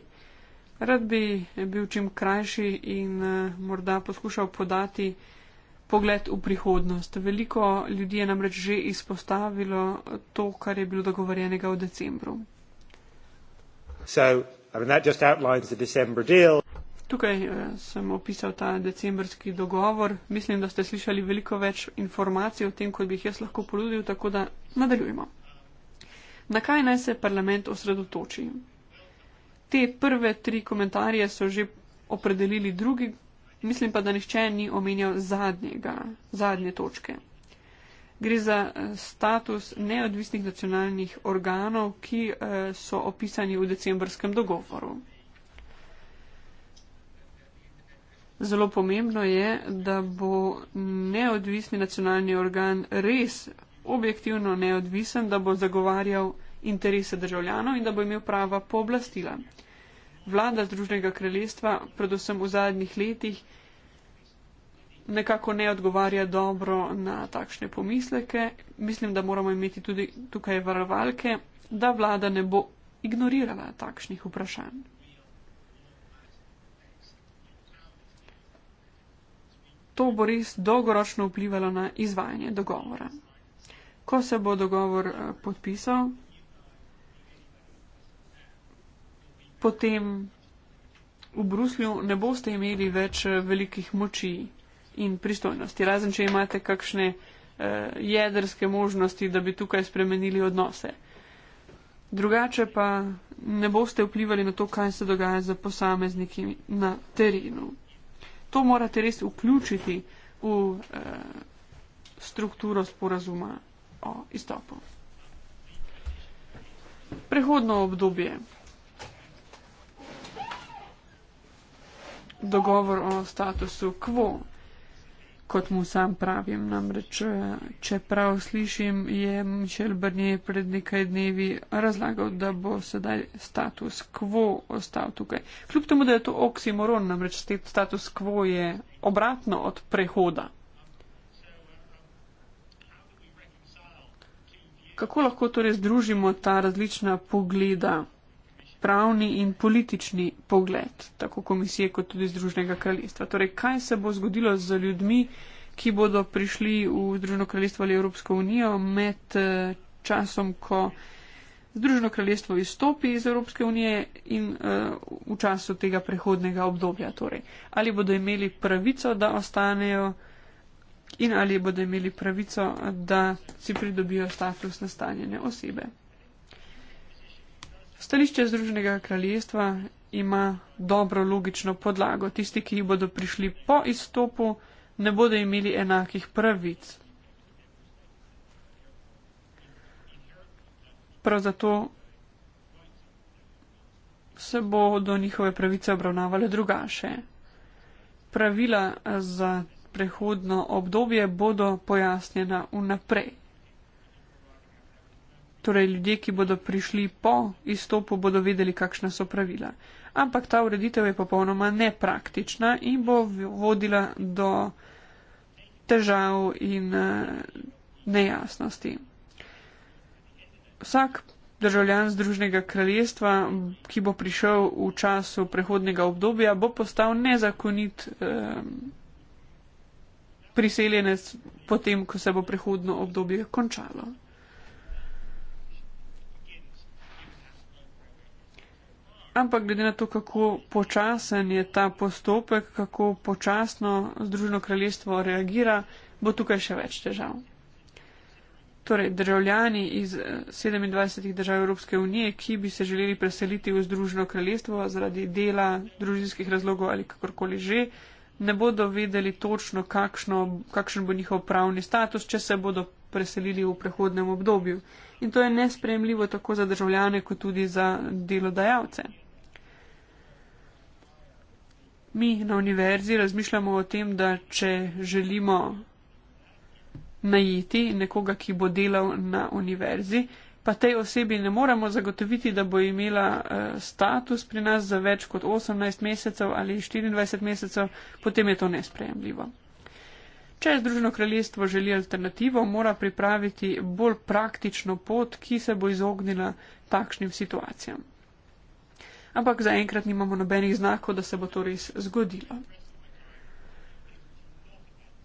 Rad bi bil čim krajši in eh, morda poskušal podati pogled v prihodnost. Veliko ljudi je namreč že izpostavilo to, kar je bilo dogovorjenega v decembru. So, I mean, Tukaj eh, sem opisal ta decembrski dogovor. Mislim, da ste slišali veliko več informacij o tem, kot bi jih jaz lahko ponudil, tako da nadaljujemo. Na kaj naj se parlament osredotoči? Te prve tri komentarje so že opredelili drugi, mislim pa, da nišče ni omenjal zadnjega, zadnje točke. Gre za eh, status neodvisnih nacionalnih organov, ki eh, so opisani v decembrskem dogovoru. Zelo pomembno je, da bo neodvisni nacionalni organ res objektivno neodvisen, da bo zagovarjal interese državljanov in da bo imel prava pooblastila. Vlada Združenega kraljestva, predvsem v zadnjih letih, nekako ne odgovarja dobro na takšne pomisleke. Mislim, da moramo imeti tudi tukaj varovalke, da vlada ne bo ignorirala takšnih vprašanj. To bo res dolgoročno vplivalo na izvajanje dogovora. Ko se bo dogovor eh, podpisal, potem v Bruslju ne boste imeli več eh, velikih moči in pristojnosti, razen če imate kakšne eh, jedrske možnosti, da bi tukaj spremenili odnose. Drugače pa ne boste vplivali na to, kaj se dogaja za posamezniki na terenu to morate res vključiti v eh, strukturo sporazuma o izstopu. Prehodno obdobje. Dogovor o statusu quo kot mu sam pravim. Namreč, eh, če prav slišim, je Mišel Brnje pred nekaj dnevi razlagal, da bo sedaj status quo ostal tukaj. Kljub temu, da je to oksimoron, namreč status quo je obratno od prehoda. Kako lahko torej združimo ta različna pogleda? pravni in politični pogled, tako komisije kot tudi Združnega kraljestva. Torej, kaj se bo zgodilo z ljudmi, ki bodo prišli v Združeno kraljestvo ali Evropsko unijo med eh, časom, ko Združeno kraljestvo izstopi iz Evropske unije in uh, v času tega prehodnega obdobja. Torej. Ali bodo imeli pravico, da ostanejo in ali bodo imeli pravico, da si pridobijo status nastanjene osebe. Stališče Združenega kraljestva ima dobro logično podlago. Tisti, ki bodo prišli po izstopu, ne bodo imeli enakih pravic. Prav zato se bodo njihove pravice obravnavale drugače. Pravila za prehodno obdobje bodo pojasnjena vnaprej. Torej, ljudje, ki bodo prišli po izstopu, bodo vedeli, kakšna so pravila. Ampak ta ureditev je popolnoma nepraktična in bo vodila do težav in eh, nejasnosti. Vsak državljan Združnega kraljestva, ki bo prišel v času prehodnega obdobja, bo postal nezakonit eh, priseljenec potem, ko se bo prehodno obdobje končalo. Ampak glede na to, kako počasen je ta postopek, kako počasno Združeno kraljestvo reagira, bo tukaj še več težav. Torej, državljani iz 27 eh, držav Evropske unije, ki bi se želeli preseliti v Združeno kraljestvo zaradi dela, družinskih razlogov ali kakorkoli že, ne bodo vedeli točno, kakšno, kakšen bo njihov pravni status, če se bodo preselili v prehodnem obdobju. In to je nespremljivo tako za državljane, kot tudi za delodajalce mi na univerzi razmišljamo o tem, da če želimo najeti nekoga, ki bo delal na univerzi, pa tej osebi ne moremo zagotoviti, da bo imela uh, status pri nas za več kot 18 mesecev ali 24 mesecev, potem je to nesprejemljivo. Če Združeno kraljestvo želi alternativo, mora pripraviti bolj praktično pot, ki se bo izognila takšnim situacijam ampak zaenkrat nimamo nobenih znakov, da se bo to res zgodilo.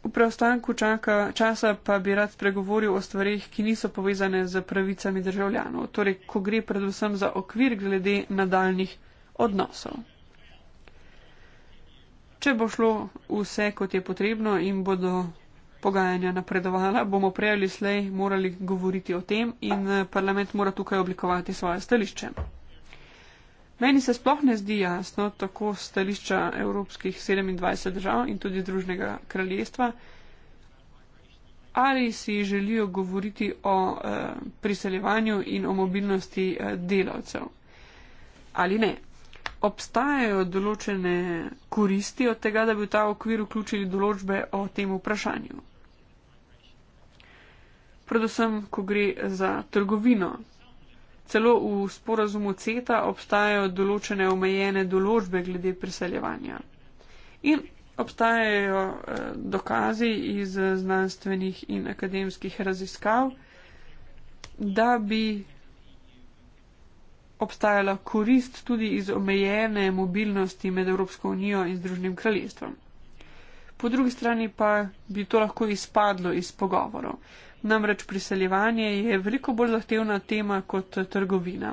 V preostanku čaka, časa pa bi rad spregovoril o stvarih, ki niso povezane z pravicami državljanov, torej ko gre predvsem za okvir glede nadaljnih odnosov. Če bo šlo vse, kot je potrebno in bodo pogajanja napredovala, bomo prej ali slej morali govoriti o tem in eh, parlament mora tukaj oblikovati svoje stališče. Meni se sploh ne zdi jasno tako stališča evropskih 27 držav in tudi Združnega kraljestva, ali si želijo govoriti o eh, priseljevanju in o mobilnosti eh, delavcev ali ne. Obstajajo določene koristi od tega, da bi v ta okvir vključili določbe o tem vprašanju. Predvsem, ko gre za trgovino, Celo v sporazumu CETA obstajajo določene omejene določbe glede priseljevanja. In obstajajo eh, dokazi iz znanstvenih in akademskih raziskav, da bi obstajala korist tudi iz omejene mobilnosti med Evropsko unijo in Združenim kraljestvom. Po drugi strani pa bi to lahko izpadlo iz pogovorov. Namreč priseljevanje je veliko bolj zahtevna tema kot trgovina.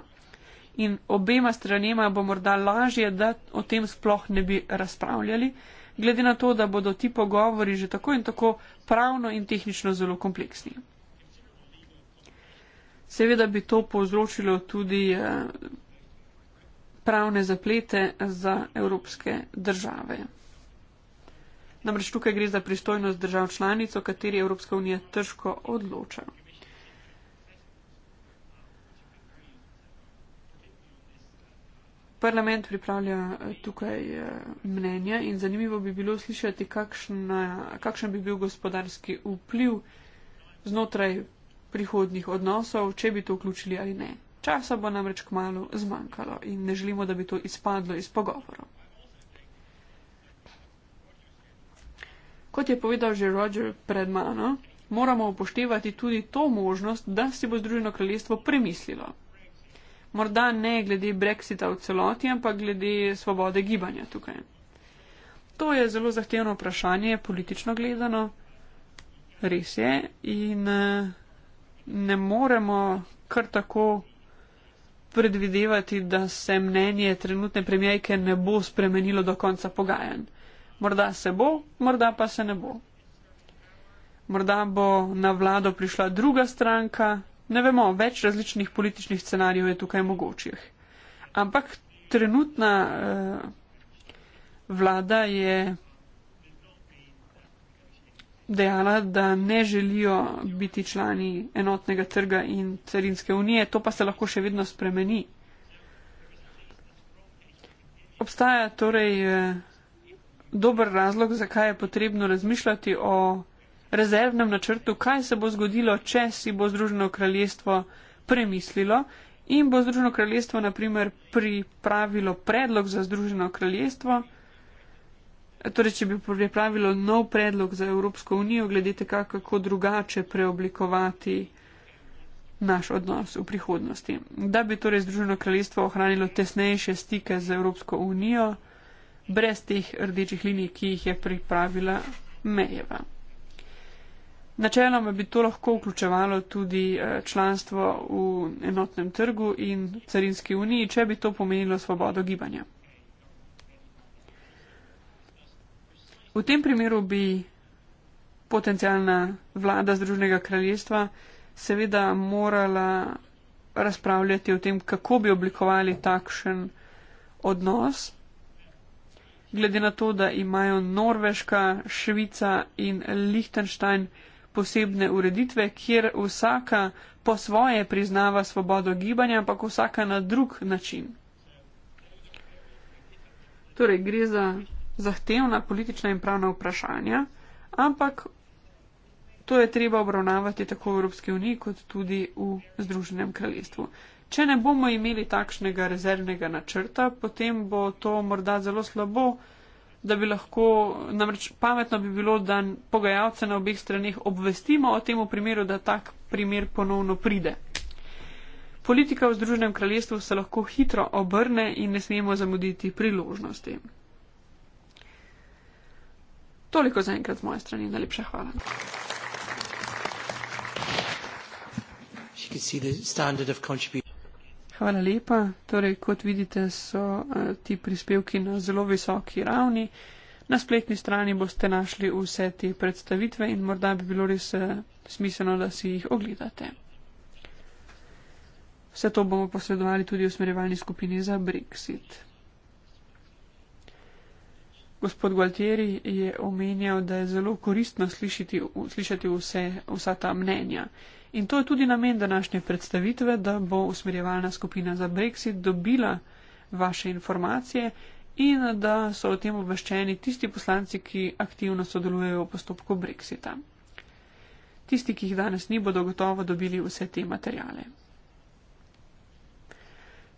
In obema stranema bo morda lažje, da o tem sploh ne bi razpravljali, glede na to, da bodo ti pogovori že tako in tako pravno in tehnično zelo kompleksni. Seveda bi to povzročilo tudi eh, pravne zaplete za evropske države. Namreč tukaj gre za pristojnost držav članic, o kateri Evropska unija težko odloča. Parlament pripravlja eh, tukaj eh, mnenja in zanimivo bi bilo slišati, kakšna, kakšen bi bil gospodarski vpliv znotraj prihodnih odnosov, če bi to vključili ali ne. Časa bo namreč k malu zmanjkalo in ne želimo, da bi to izpadlo iz pogovorov. Kot je povedal že Roger pred mano, moramo upoštevati tudi to možnost, da si bo Združeno kraljestvo premislilo. Morda ne glede Brexita v celoti, ampak glede svobode gibanja tukaj. To je zelo zahtevno vprašanje, politično gledano, res je, in eh, ne moremo kar tako predvidevati, da se mnenje trenutne premijajke ne bo spremenilo do konca pogajanj. Morda se bo, morda pa se ne bo. Morda bo na vlado prišla druga stranka, ne vemo, več različnih političnih scenarijev je tukaj mogočih. Ampak trenutna eh, vlada je dejala, da ne želijo biti člani enotnega trga in carinske unije, to pa se lahko še vedno spremeni. Obstaja torej. Eh, dober razlog, zakaj je potrebno razmišljati o rezervnem načrtu, kaj se bo zgodilo, če si bo Združeno kraljestvo premislilo in bo Združeno kraljestvo, naprimer, pripravilo predlog za Združeno kraljestvo, torej, če bi pripravilo nov predlog za Evropsko unijo, gledite, kako drugače preoblikovati naš odnos v prihodnosti. Da bi torej Združeno kraljestvo ohranilo tesnejše stike z Evropsko unijo, brez teh rdečih linij, ki jih je pripravila Mejeva. Načeloma bi to lahko vključevalo tudi eh, članstvo v enotnem trgu in carinski uniji, če bi to pomenilo svobodo gibanja. V tem primeru bi potencijalna vlada Združnega kraljestva seveda morala razpravljati o tem, kako bi oblikovali takšen odnos glede na to, da imajo Norveška, Švica in Liechtenstein posebne ureditve, kjer vsaka po svoje priznava svobodo gibanja, ampak vsaka na drug način. Torej, gre za zahtevna politična in pravna vprašanja, ampak to je treba obravnavati tako v Evropski uniji kot tudi v Združenem kraljestvu. Če ne bomo imeli takšnega rezervnega načrta, potem bo to morda zelo slabo, da bi lahko, namreč pametno bi bilo, da pogajalce na obeh straneh obvestimo o tem v primeru, da tak primer ponovno pride. Politika v Združenem kraljestvu se lahko hitro obrne in ne smemo zamuditi priložnosti. Toliko za enkrat z moje strani. Najlepša hvala. She could see the standard of contribution. Hvala lepa. Torej, kot vidite, so eh, ti prispevki na zelo visoki ravni. Na spletni strani boste našli vse te predstavitve in morda bi bilo res eh, smiselno, da si jih ogledate. Vse to bomo posredovali tudi v smerjevalni skupini za Brexit. Gospod Gualtieri je omenjal, da je zelo koristno slišati, slišati vse, vsa ta mnenja. In to je tudi namen današnje predstavitve, da bo usmerjevalna skupina za Brexit dobila vaše informacije in da so o tem obveščeni tisti poslanci, ki aktivno sodelujejo v postopku Brexita. Tisti, ki jih danes ni, bodo gotovo dobili vse te materijale.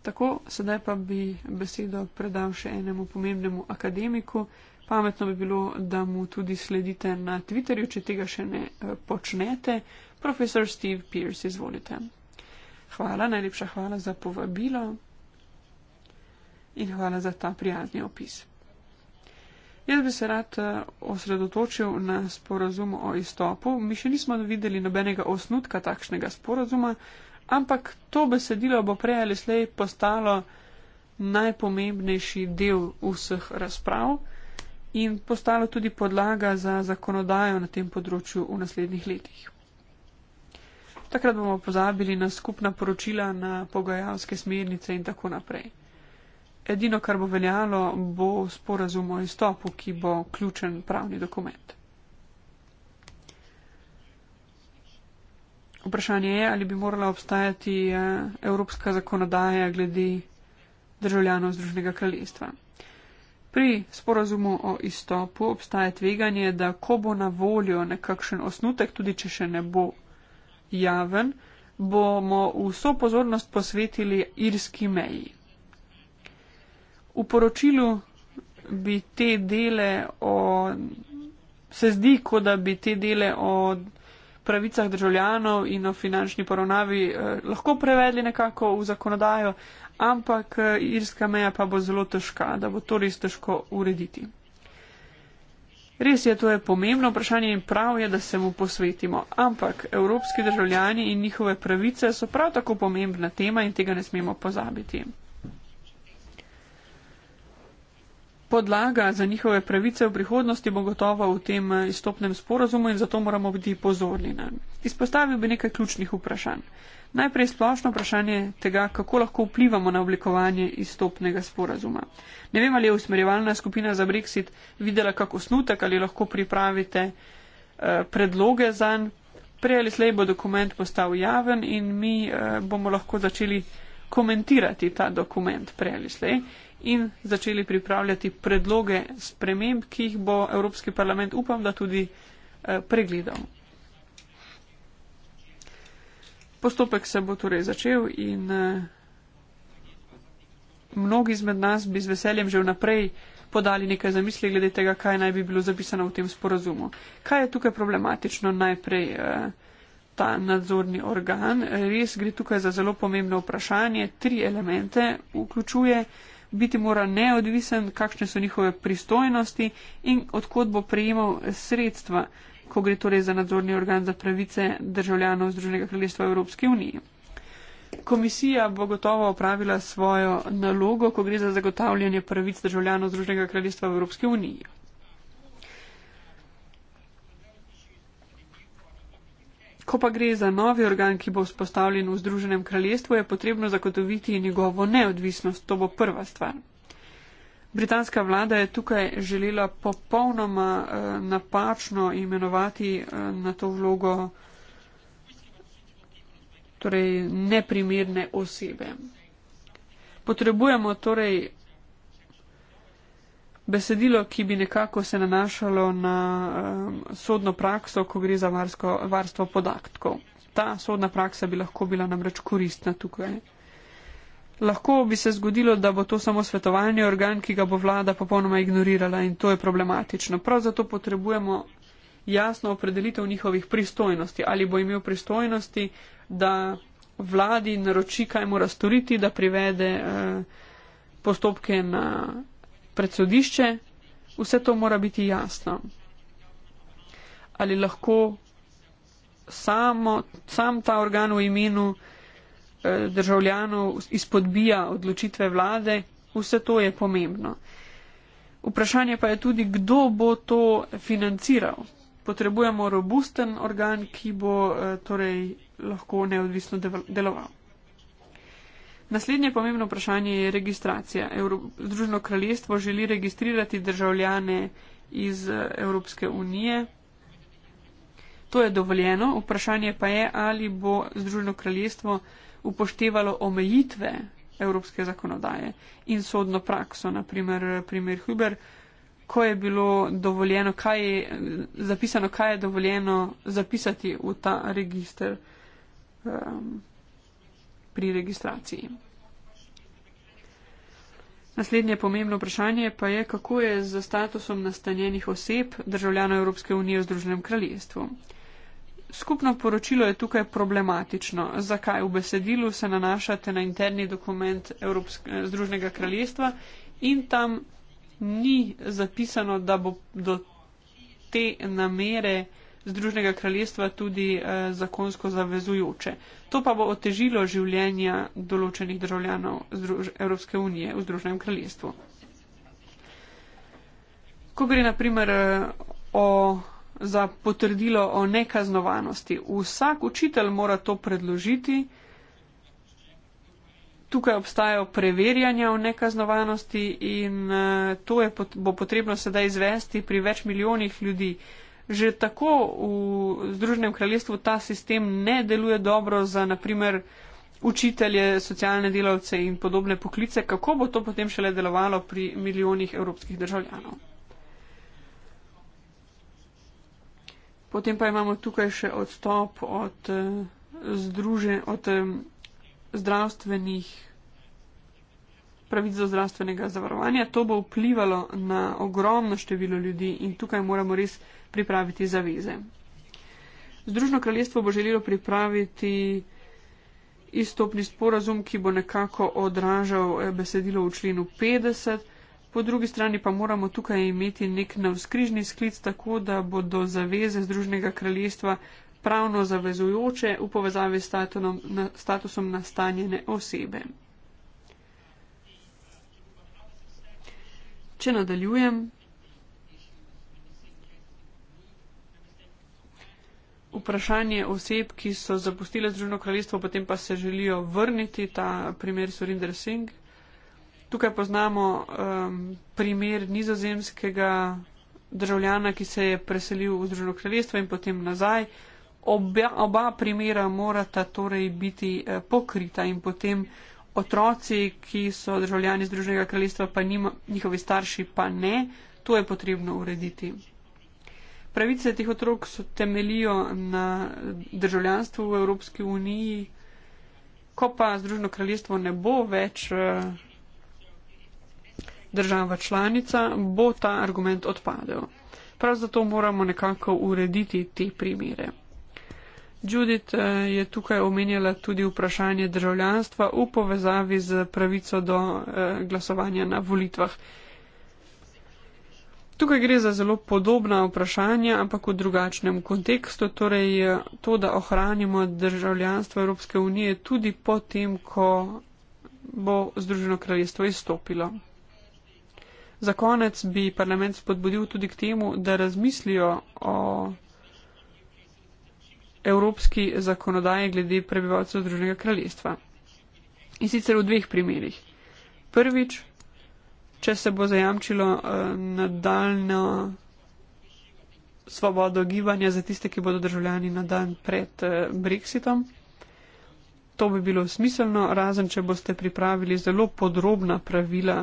Tako, sedaj pa bi besedo predal še enemu pomembnemu akademiku. Pametno bi bilo, da mu tudi sledite na Twitterju, če tega še ne eh, počnete profesor Steve Pierce, izvolite. Hvala, najlepša hvala za povabilo in hvala za ta prijazni opis. Jaz bi se rad eh, osredotočil na sporazum o izstopu. Mi še nismo videli nobenega osnutka takšnega sporazuma, ampak to besedilo bo prej ali slej postalo najpomembnejši del vseh razprav in postalo tudi podlaga za zakonodajo na tem področju v naslednjih letih takrat bomo pozabili na skupna poročila, na pogajalske smernice in tako naprej. Edino, kar bo veljalo, bo sporazum o izstopu, ki bo ključen pravni dokument. Vprašanje je, ali bi morala obstajati eh, evropska zakonodaja glede državljanov Združenega kraljestva. Pri sporazumu o izstopu obstaja tveganje, da ko bo na voljo nekakšen osnutek, tudi če še ne bo javen, bomo vso pozornost posvetili irski meji. V poročilu bi te dele o, se zdi, kot da bi te dele o pravicah državljanov in o finančni poravnavi eh, lahko prevedli nekako v zakonodajo, ampak eh, irska meja pa bo zelo težka, da bo to res težko urediti. Res je, to je pomembno vprašanje in prav je, da se mu posvetimo. Ampak evropski državljani in njihove pravice so prav tako pomembna tema in tega ne smemo pozabiti. Podlaga za njihove pravice v prihodnosti bo gotova v tem eh, izstopnem sporazumu in zato moramo biti pozorni na. Izpostavil bi nekaj ključnih vprašanj. Najprej splošno vprašanje tega, kako lahko vplivamo na oblikovanje izstopnega sporazuma. Ne vem, ali je usmerjevalna skupina za Brexit videla kak osnutek ali lahko pripravite eh, predloge za njen. Prej ali slej bo dokument postal javen in mi eh, bomo lahko začeli komentirati ta dokument prej ali slej in začeli pripravljati predloge sprememb, ki jih bo Evropski parlament upam, da tudi eh, pregledal. Postopek se bo torej začel in eh, mnogi izmed nas bi z veseljem že vnaprej podali nekaj zamisli glede tega, kaj naj bi bilo zapisano v tem sporazumu. Kaj je tukaj problematično najprej eh, ta nadzorni organ? Res gre tukaj za zelo pomembno vprašanje. Tri elemente vključuje. Biti mora neodvisen, kakšne so njihove pristojnosti in odkot bo prejemal sredstva ko gre torej za nadzorni organ za pravice državljanov Združenega kraljestva v Evropski uniji. Komisija bo gotovo opravila svojo nalogo, ko gre za zagotavljanje pravic državljanov Združenega kraljestva v Evropski uniji. Ko pa gre za novi organ, ki bo vzpostavljen v Združenem kraljestvu, je potrebno zagotoviti njegovo neodvisnost. To bo prva stvar. Britanska vlada je tukaj želela popolnoma uh, napačno imenovati uh, na to vlogo torej, neprimerne osebe. Potrebujemo torej besedilo, ki bi nekako se nanašalo na um, sodno prakso, ko gre za varsko, varstvo podatkov. Ta sodna praksa bi lahko bila namreč koristna tukaj. Lahko bi se zgodilo, da bo to samo svetovalni organ, ki ga bo vlada popolnoma ignorirala in to je problematično. Prav zato potrebujemo jasno opredelitev njihovih pristojnosti. Ali bo imel pristojnosti, da vladi naroči, kaj mora storiti, da privede eh, postopke na predsodišče. Vse to mora biti jasno. Ali lahko samo, sam ta organ v imenu. Eh, državljanov izpodbija odločitve vlade, vse to je pomembno. Vprašanje pa je tudi, kdo bo to financiral. Potrebujemo robusten organ, ki bo eh, torej, lahko neodvisno deloval. Naslednje pomembno vprašanje je registracija. Združeno kraljestvo želi registrirati državljane iz eh, Evropske unije. To je dovoljeno. Vprašanje pa je, ali bo Združeno kraljestvo upoštevalo omejitve evropske zakonodaje in sodno prakso, naprimer primer Huber, ko je bilo dovoljeno, kaj je zapisano, kaj je dovoljeno zapisati v ta registr um, ehm, pri registraciji. Naslednje pomembno vprašanje pa je, kako je z statusom nastanjenih oseb državljanov Evropske unije v Združenem kraljestvu skupno poročilo je tukaj problematično. Zakaj v besedilu se nanašate na interni dokument Evropske, eh, Združnega kraljestva in tam ni zapisano, da bo do te namere Združnega kraljestva tudi eh, zakonsko zavezujoče. To pa bo otežilo življenja določenih državljanov Združ Evropske unije v Združnem kraljestvu. Ko gre naprimer eh, o za potrdilo o nekaznovanosti. Vsak učitelj mora to predložiti. Tukaj obstajajo preverjanja o nekaznovanosti in eh, to je, bo potrebno sedaj izvesti pri več milijonih ljudi. Že tako v Združenem kraljestvu ta sistem ne deluje dobro za naprimer učitelje, socialne delavce in podobne poklice. Kako bo to potem šele delovalo pri milijonih evropskih državljanov? Potem pa imamo tukaj še odstop od, eh, združe, od eh, zdravstvenih pravic do zdravstvenega zavarovanja. To bo vplivalo na ogromno število ljudi in tukaj moramo res pripraviti zaveze. Združno kraljestvo bo želelo pripraviti izstopni sporazum, ki bo nekako odražal eh, besedilo v členu 50. Po drugi strani pa moramo tukaj imeti nek navskrižni sklic, tako da bodo zaveze Združenega kraljestva pravno zavezujoče v povezavi s statusom, na, statusom nastanjene osebe. Če nadaljujem, vprašanje oseb, ki so zapustile Združeno kraljestvo, potem pa se želijo vrniti, ta primer Surinder Singh. Tukaj poznamo um, primer nizozemskega državljana, ki se je preselil v Združeno kraljestvo in potem nazaj. Oba, oba primera morata torej biti eh, pokrita in potem otroci, ki so državljani Združenega kraljestva, pa nima, njihovi starši pa ne, to je potrebno urediti. Pravice teh otrok so temelijo na državljanstvu v Evropski uniji. Ko pa Združeno kraljestvo ne bo več. Eh, država članica, bo ta argument odpadel. Prav zato moramo nekako urediti te primere. Judith eh, je tukaj omenjala tudi vprašanje državljanstva v povezavi z pravico do eh, glasovanja na volitvah. Tukaj gre za zelo podobna vprašanja, ampak v drugačnem kontekstu, torej eh, to, da ohranimo državljanstvo Evropske unije tudi potem, ko bo Združeno kraljestvo izstopilo. Za konec bi parlament spodbudil tudi k temu, da razmislijo o evropski zakonodaji glede prebivalcev Združenega kraljestva. In sicer v dveh primerjih. Prvič, če se bo zajamčilo uh, eh, nadaljno svobodo gibanja za tiste, ki bodo državljani na dan pred uh, Brexitom. To bi bilo smiselno, razen če boste pripravili zelo podrobna pravila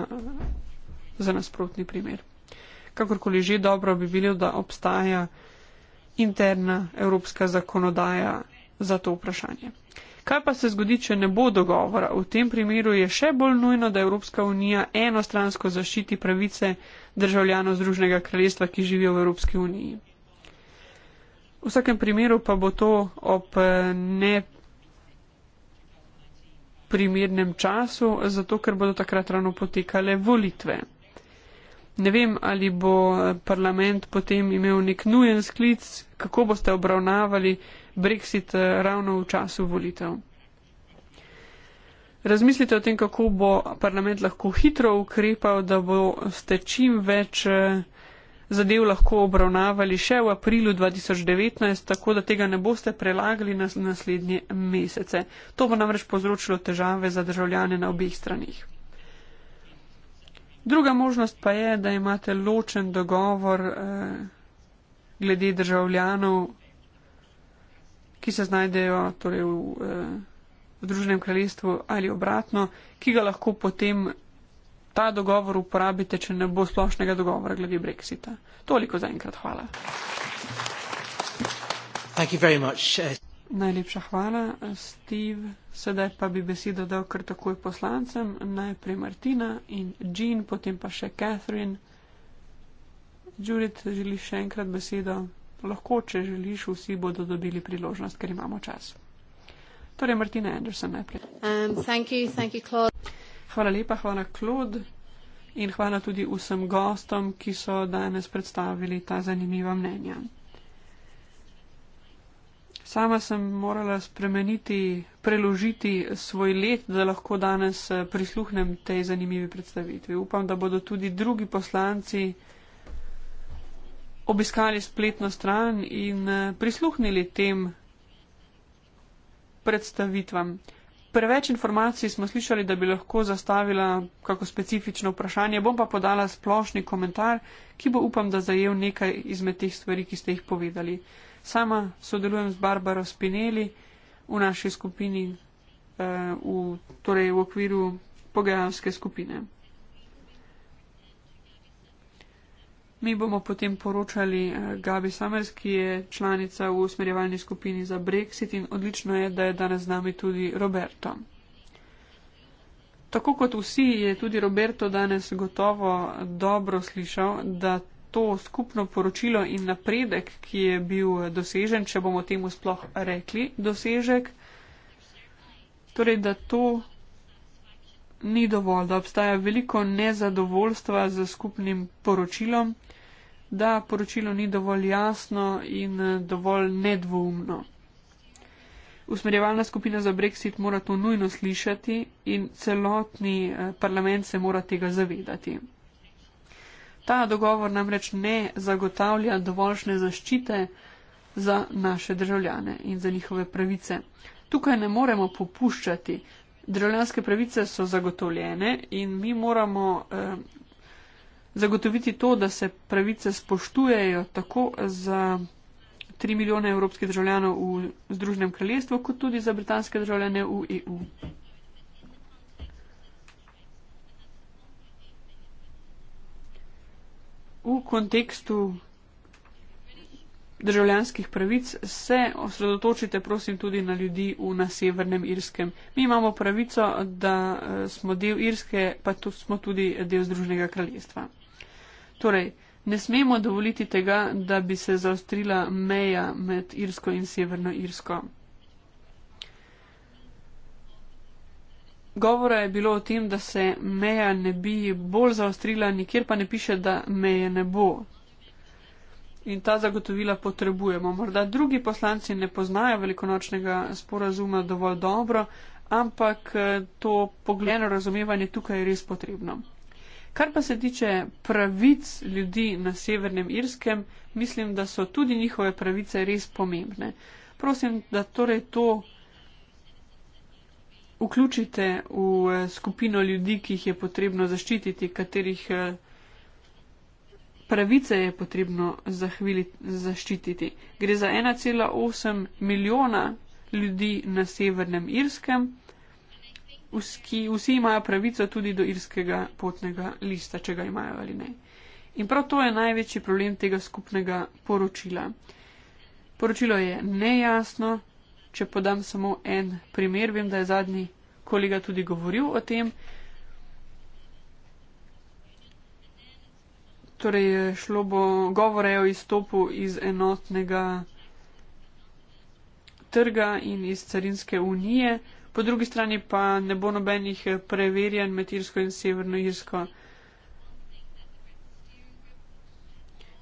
za nasprotni primer. Kakorkoli že dobro bi bilo, da obstaja interna evropska zakonodaja za to vprašanje. Kaj pa se zgodi, če ne bo dogovora? V tem primeru je še bolj nujno, da Evropska unija enostransko zaščiti pravice državljanov Združnega kraljestva, ki živijo v Evropski uniji. V vsakem primeru pa bo to ob ne primernem času, zato ker bodo takrat ravno potekale volitve. Ne vem, ali bo parlament potem imel nek nujen sklic, kako boste obravnavali brexit eh, ravno v času volitev. Razmislite o tem, kako bo parlament lahko hitro ukrepal, da boste čim več eh, zadev lahko obravnavali še v aprilu 2019, tako da tega ne boste prelagali na naslednje mesece. To bo namreč povzročilo težave za državljane na obeh stranih. Druga možnost pa je, da imate ločen dogovor eh, glede državljanov, ki se znajdejo torej v, eh, v Združenem kraljestvu ali obratno, ki ga lahko potem ta dogovor uporabite, če ne bo splošnega dogovora glede Brexita. Toliko za enkrat. Hvala. Thank you very much. Najlepša hvala, Steve. Sedaj pa bi besedo dal kar takoj poslancem, najprej Martina in Jean, potem pa še Catherine. Judith, želiš še enkrat besedo? Lahko, če želiš, vsi bodo dobili priložnost, ker imamo čas. Torej, Martina Anderson najprej. Um, thank you, thank you, hvala lepa, hvala Claude in hvala tudi vsem gostom, ki so danes predstavili ta zanimiva mnenja. Sama sem morala spremeniti, preložiti svoj let, da lahko danes eh, prisluhnem tej zanimivi predstavitvi. Upam, da bodo tudi drugi poslanci obiskali spletno stran in eh, prisluhnili tem predstavitvam. Preveč informacij smo slišali, da bi lahko zastavila kako specifično vprašanje, bom pa podala splošni komentar, ki bo upam, da zajel nekaj izmed teh stvari, ki ste jih povedali. Sama sodelujem z Barbaro Spinelli v naši skupini, eh, v, torej v okviru pogajalske skupine. Mi bomo potem poročali eh, Gabi Summers, ki je članica v usmerjevalni skupini za Brexit in odlično je, da je danes z nami tudi Roberto. Tako kot vsi je tudi Roberto danes gotovo dobro slišal, da to skupno poročilo in napredek, ki je bil dosežen, če bomo temu sploh rekli dosežek, torej da to ni dovolj, da obstaja veliko nezadovoljstva z skupnim poročilom, da poročilo ni dovolj jasno in eh, dovolj nedvoumno. Usmerjevalna skupina za brexit mora to nujno slišati in celotni eh, parlament se mora tega zavedati. Ta dogovor namreč ne zagotavlja dovoljšne zaščite za naše državljane in za njihove pravice. Tukaj ne moremo popuščati. Državljanske pravice so zagotovljene in mi moramo eh, zagotoviti to, da se pravice spoštujejo tako za 3 milijone evropskih državljanov v Združenem kraljestvu, kot tudi za britanske državljane v EU. v kontekstu državljanskih pravic se osredotočite prosim tudi na ljudi v na severnem Irskem. Mi imamo pravico, da eh, smo del Irske, pa tudi smo tudi del Združenega kraljestva. Torej, ne smemo dovoliti tega, da bi se zaostrila meja med Irsko in Severno Irsko. Govora je bilo o tem, da se meja ne bi bolj zaostrila, nikjer pa ne piše, da meje ne bo. In ta zagotovila potrebujemo. Morda drugi poslanci ne poznajo velikonočnega sporazuma dovolj dobro, ampak eh, to pogledno razumevanje tukaj je res potrebno. Kar pa se tiče pravic ljudi na Severnem Irskem, mislim, da so tudi njihove pravice res pomembne. Prosim, da torej to vključite v eh, skupino ljudi, ki jih je potrebno zaščititi, katerih eh, pravice je potrebno zaščititi. Gre za 1,8 milijona ljudi na severnem Irskem, ki vsi imajo pravico tudi do irskega potnega lista, če ga imajo ali ne. In prav to je največji problem tega skupnega poročila. Poročilo je nejasno, če podam samo en primer, vem, da je zadnji kolega tudi govoril o tem. Torej, šlo bo govore o izstopu iz enotnega trga in iz carinske unije, po drugi strani pa ne bo nobenih preverjen med Irsko in Severno Irsko.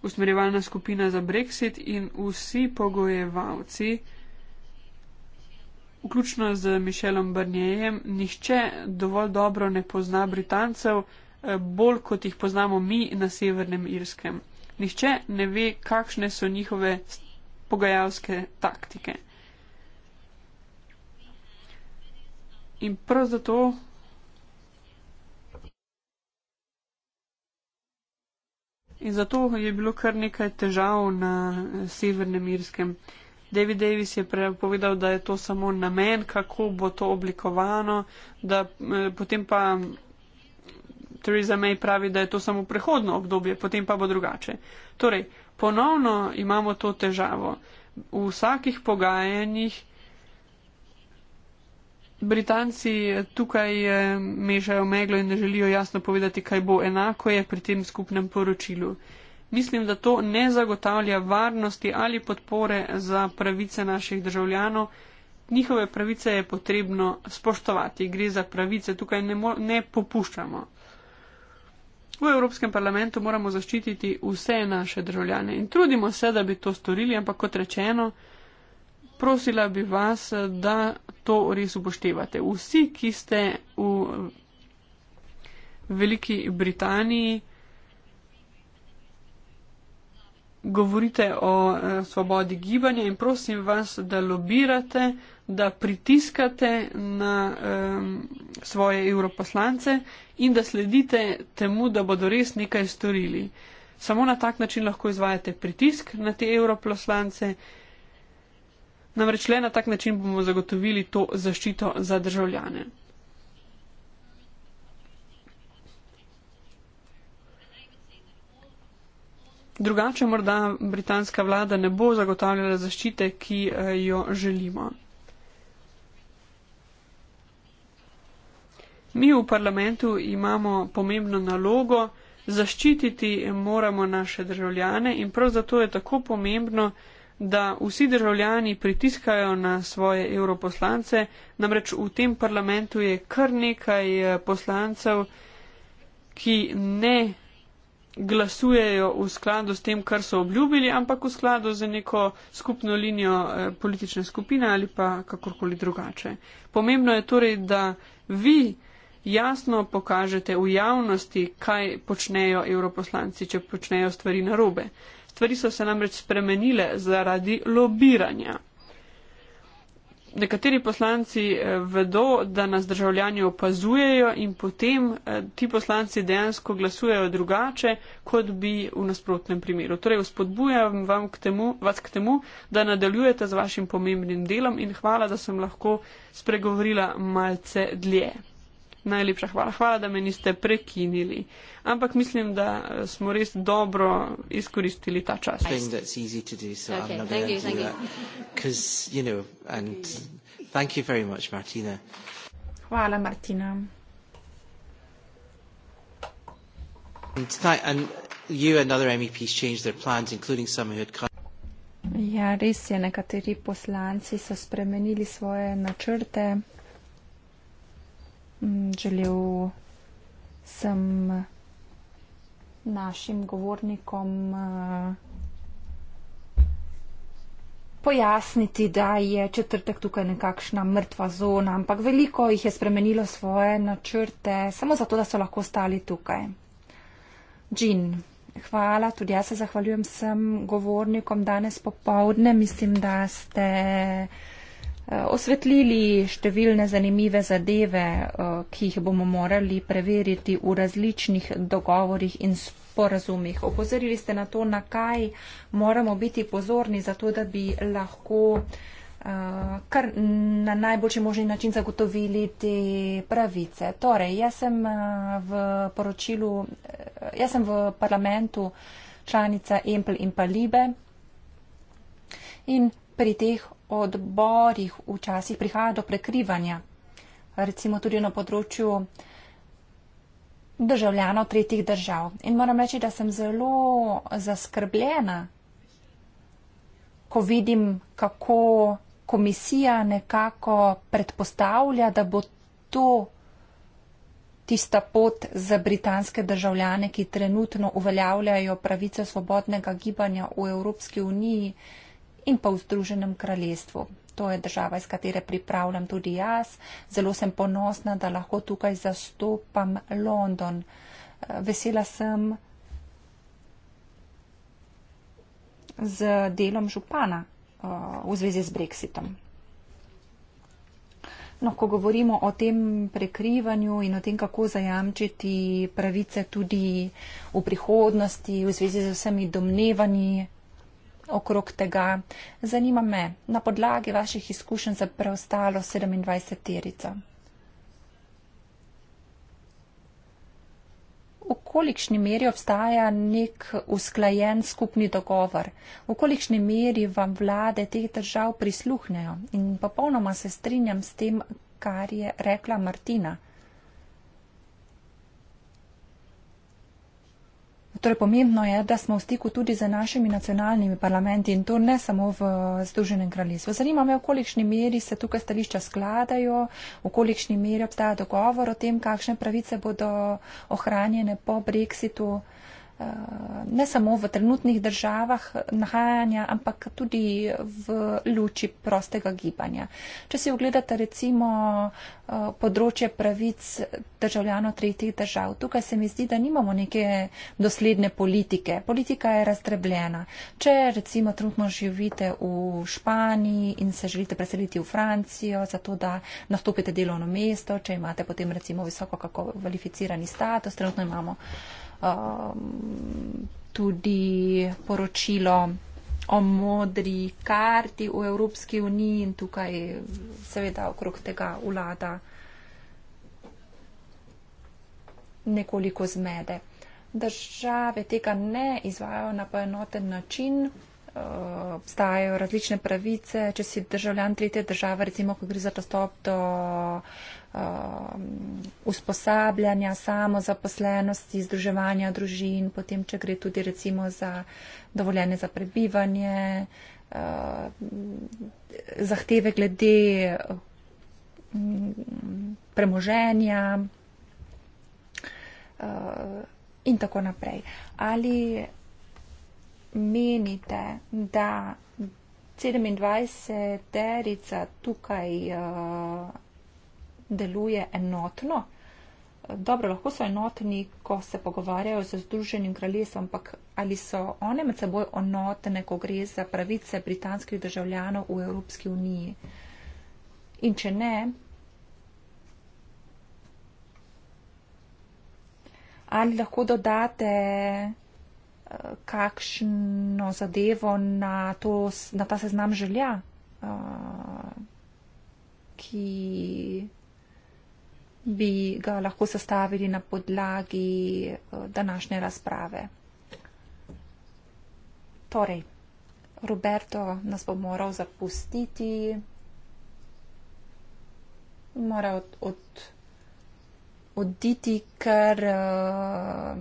Usmerjevalna skupina za Brexit in vsi pogojevalci vključno z Mišelom Barnijem, nihče dovolj dobro ne pozna Britancev, eh, bolj kot jih poznamo mi na Severnem Irskem. Nihče ne ve, kakšne so njihove pogajalske taktike. In prav zato. In zato je bilo kar nekaj težav na eh, Severnem Irskem. David Davis je povedal, da je to samo namen, kako bo to oblikovano, da eh, potem pa Theresa May pravi, da je to samo prehodno obdobje, potem pa bo drugače. Torej, ponovno imamo to težavo. V vsakih pogajanjih Britanci eh, tukaj eh, mešajo meglo in ne želijo jasno povedati, kaj bo enako je pri tem skupnem poročilu. Mislim, da to ne zagotavlja varnosti ali podpore za pravice naših državljanov. Njihove pravice je potrebno spoštovati. Gre za pravice, tukaj ne, ne popuščamo. V Evropskem parlamentu moramo zaščititi vse naše državljane in trudimo se, da bi to storili, ampak kot rečeno, prosila bi vas, da to res upoštevate. Vsi, ki ste v Veliki Britaniji, govorite o eh, svobodi gibanja in prosim vas, da lobirate, da pritiskate na eh, svoje europoslance in da sledite temu, da bodo res nekaj storili. Samo na tak način lahko izvajate pritisk na te europoslance. Namreč le na tak način bomo zagotovili to zaščito za državljane. Drugače morda britanska vlada ne bo zagotavljala zaščite, ki eh, jo želimo. Mi v parlamentu imamo pomembno nalogo, zaščititi moramo naše državljane in prav zato je tako pomembno, da vsi državljani pritiskajo na svoje europoslance, namreč v tem parlamentu je kar nekaj eh, poslancev, ki ne glasujejo v skladu s tem, kar so obljubili, ampak v skladu z neko skupno linijo eh, politične skupine ali pa kakorkoli drugače. Pomembno je torej, da vi jasno pokažete v javnosti, kaj počnejo europoslanci, če počnejo stvari narobe. Stvari so se namreč spremenile zaradi lobiranja nekateri poslanci eh, vedo, da nas državljani opazujejo in potem eh, ti poslanci dejansko glasujejo drugače, kot bi v nasprotnem primeru. Torej, vzpodbujam vam k temu, vas k temu, da nadaljujete z vašim pomembnim delom in hvala, da sem lahko spregovorila malce dlje. Najlepša hvala. Hvala, da me niste prekinili. Ampak mislim, da eh, smo res dobro izkoristili ta čas. Hvala, Martina. E ja, res je, nekateri poslanci so spremenili svoje načrte. Mm, želel sem našim govornikom eh, pojasniti, da je četrtek tukaj nekakšna mrtva zona, ampak veliko jih je spremenilo svoje načrte, samo zato, da so lahko stali tukaj. Džin, hvala, tudi jaz se zahvaljujem vsem govornikom danes popovdne, mislim, da ste. Eh, osvetlili številne zanimive zadeve, eh, ki jih bomo morali preveriti v različnih dogovorih in sporazumih. Opozorili ste na to, na kaj moramo biti pozorni, zato da bi lahko eh, kar na najboljši možni način zagotovili te pravice. Torej, jaz sem v poročilu, jaz sem v parlamentu članica Empel in pa Libe in pri teh odborih včasih prihaja do prekrivanja, recimo tudi na področju državljanov tretjih držav. In moram reči, da sem zelo zaskrbljena, ko vidim, kako komisija nekako predpostavlja, da bo to tista pot za britanske državljane, ki trenutno uveljavljajo pravice svobodnega gibanja v Evropski uniji, in pa v Združenem kraljestvu. To je država, iz katere pripravljam tudi jaz. Zelo sem ponosna, da lahko tukaj zastopam London. Eh, vesela sem z delom župana eh, v zvezi z Brexitom. No, ko govorimo o tem prekrivanju in o tem, kako zajamčiti pravice tudi v prihodnosti v zvezi z vsemi domnevanji okrog tega. Zanima me na podlagi vaših izkušenj za preostalo 27 terica. V kolikšni meri obstaja nek usklajen skupni dogovor? V kolikšni meri vam vlade teh držav prisluhnejo? In popolnoma se strinjam s tem, kar je rekla Martina. Torej, pomembno je, da smo v stiku tudi z našimi nacionalnimi parlamenti in to ne samo v Združenem kraljestvu. Zanima me, v kolikšni meri se tukaj stališča skladajo, v kolikšni meri obstaja dogovor o tem, kakšne pravice bodo ohranjene po brexitu. Uh, Eh, ne samo v trenutnih državah nahajanja, ampak tudi v luči prostega gibanja. Če si ogledate recimo eh, področje pravic državljanov tretjih držav, tukaj se mi zdi, da nimamo neke dosledne politike. Politika je razdrebljena. Če recimo trenutno živite v Španiji in se želite preseliti v Francijo, zato da nastopite delovno mesto, če imate potem recimo visoko kakovalificirani status, trenutno imamo. Um, tudi poročilo o modri karti v Evropski uniji in tukaj seveda okrog tega vlada nekoliko zmede. Države tega ne izvajajo na poenoten način, uh, obstajajo različne pravice, če si državljan tretje države, recimo, ko gre za dostop do Um, usposabljanja, samozaposlenosti, združevanja družin, potem, če gre tudi recimo za dovoljene za prebivanje, uh, zahteve glede mm, premoženja uh, in tako naprej. Ali menite, da 27 terica tukaj uh, deluje enotno. Dobro, lahko so enotni, ko se pogovarjajo z Združenim kraljestvom, ampak ali so one med seboj enotne, ko gre za pravice britanskih državljanov v Evropski uniji? In če ne, ali lahko dodate eh, kakšno zadevo na, to, na ta seznam želja, eh, ki bi ga lahko sestavili na podlagi eh, današnje razprave. Torej, Roberto nas bo moral zapustiti, mora od, od, oditi, ker uh,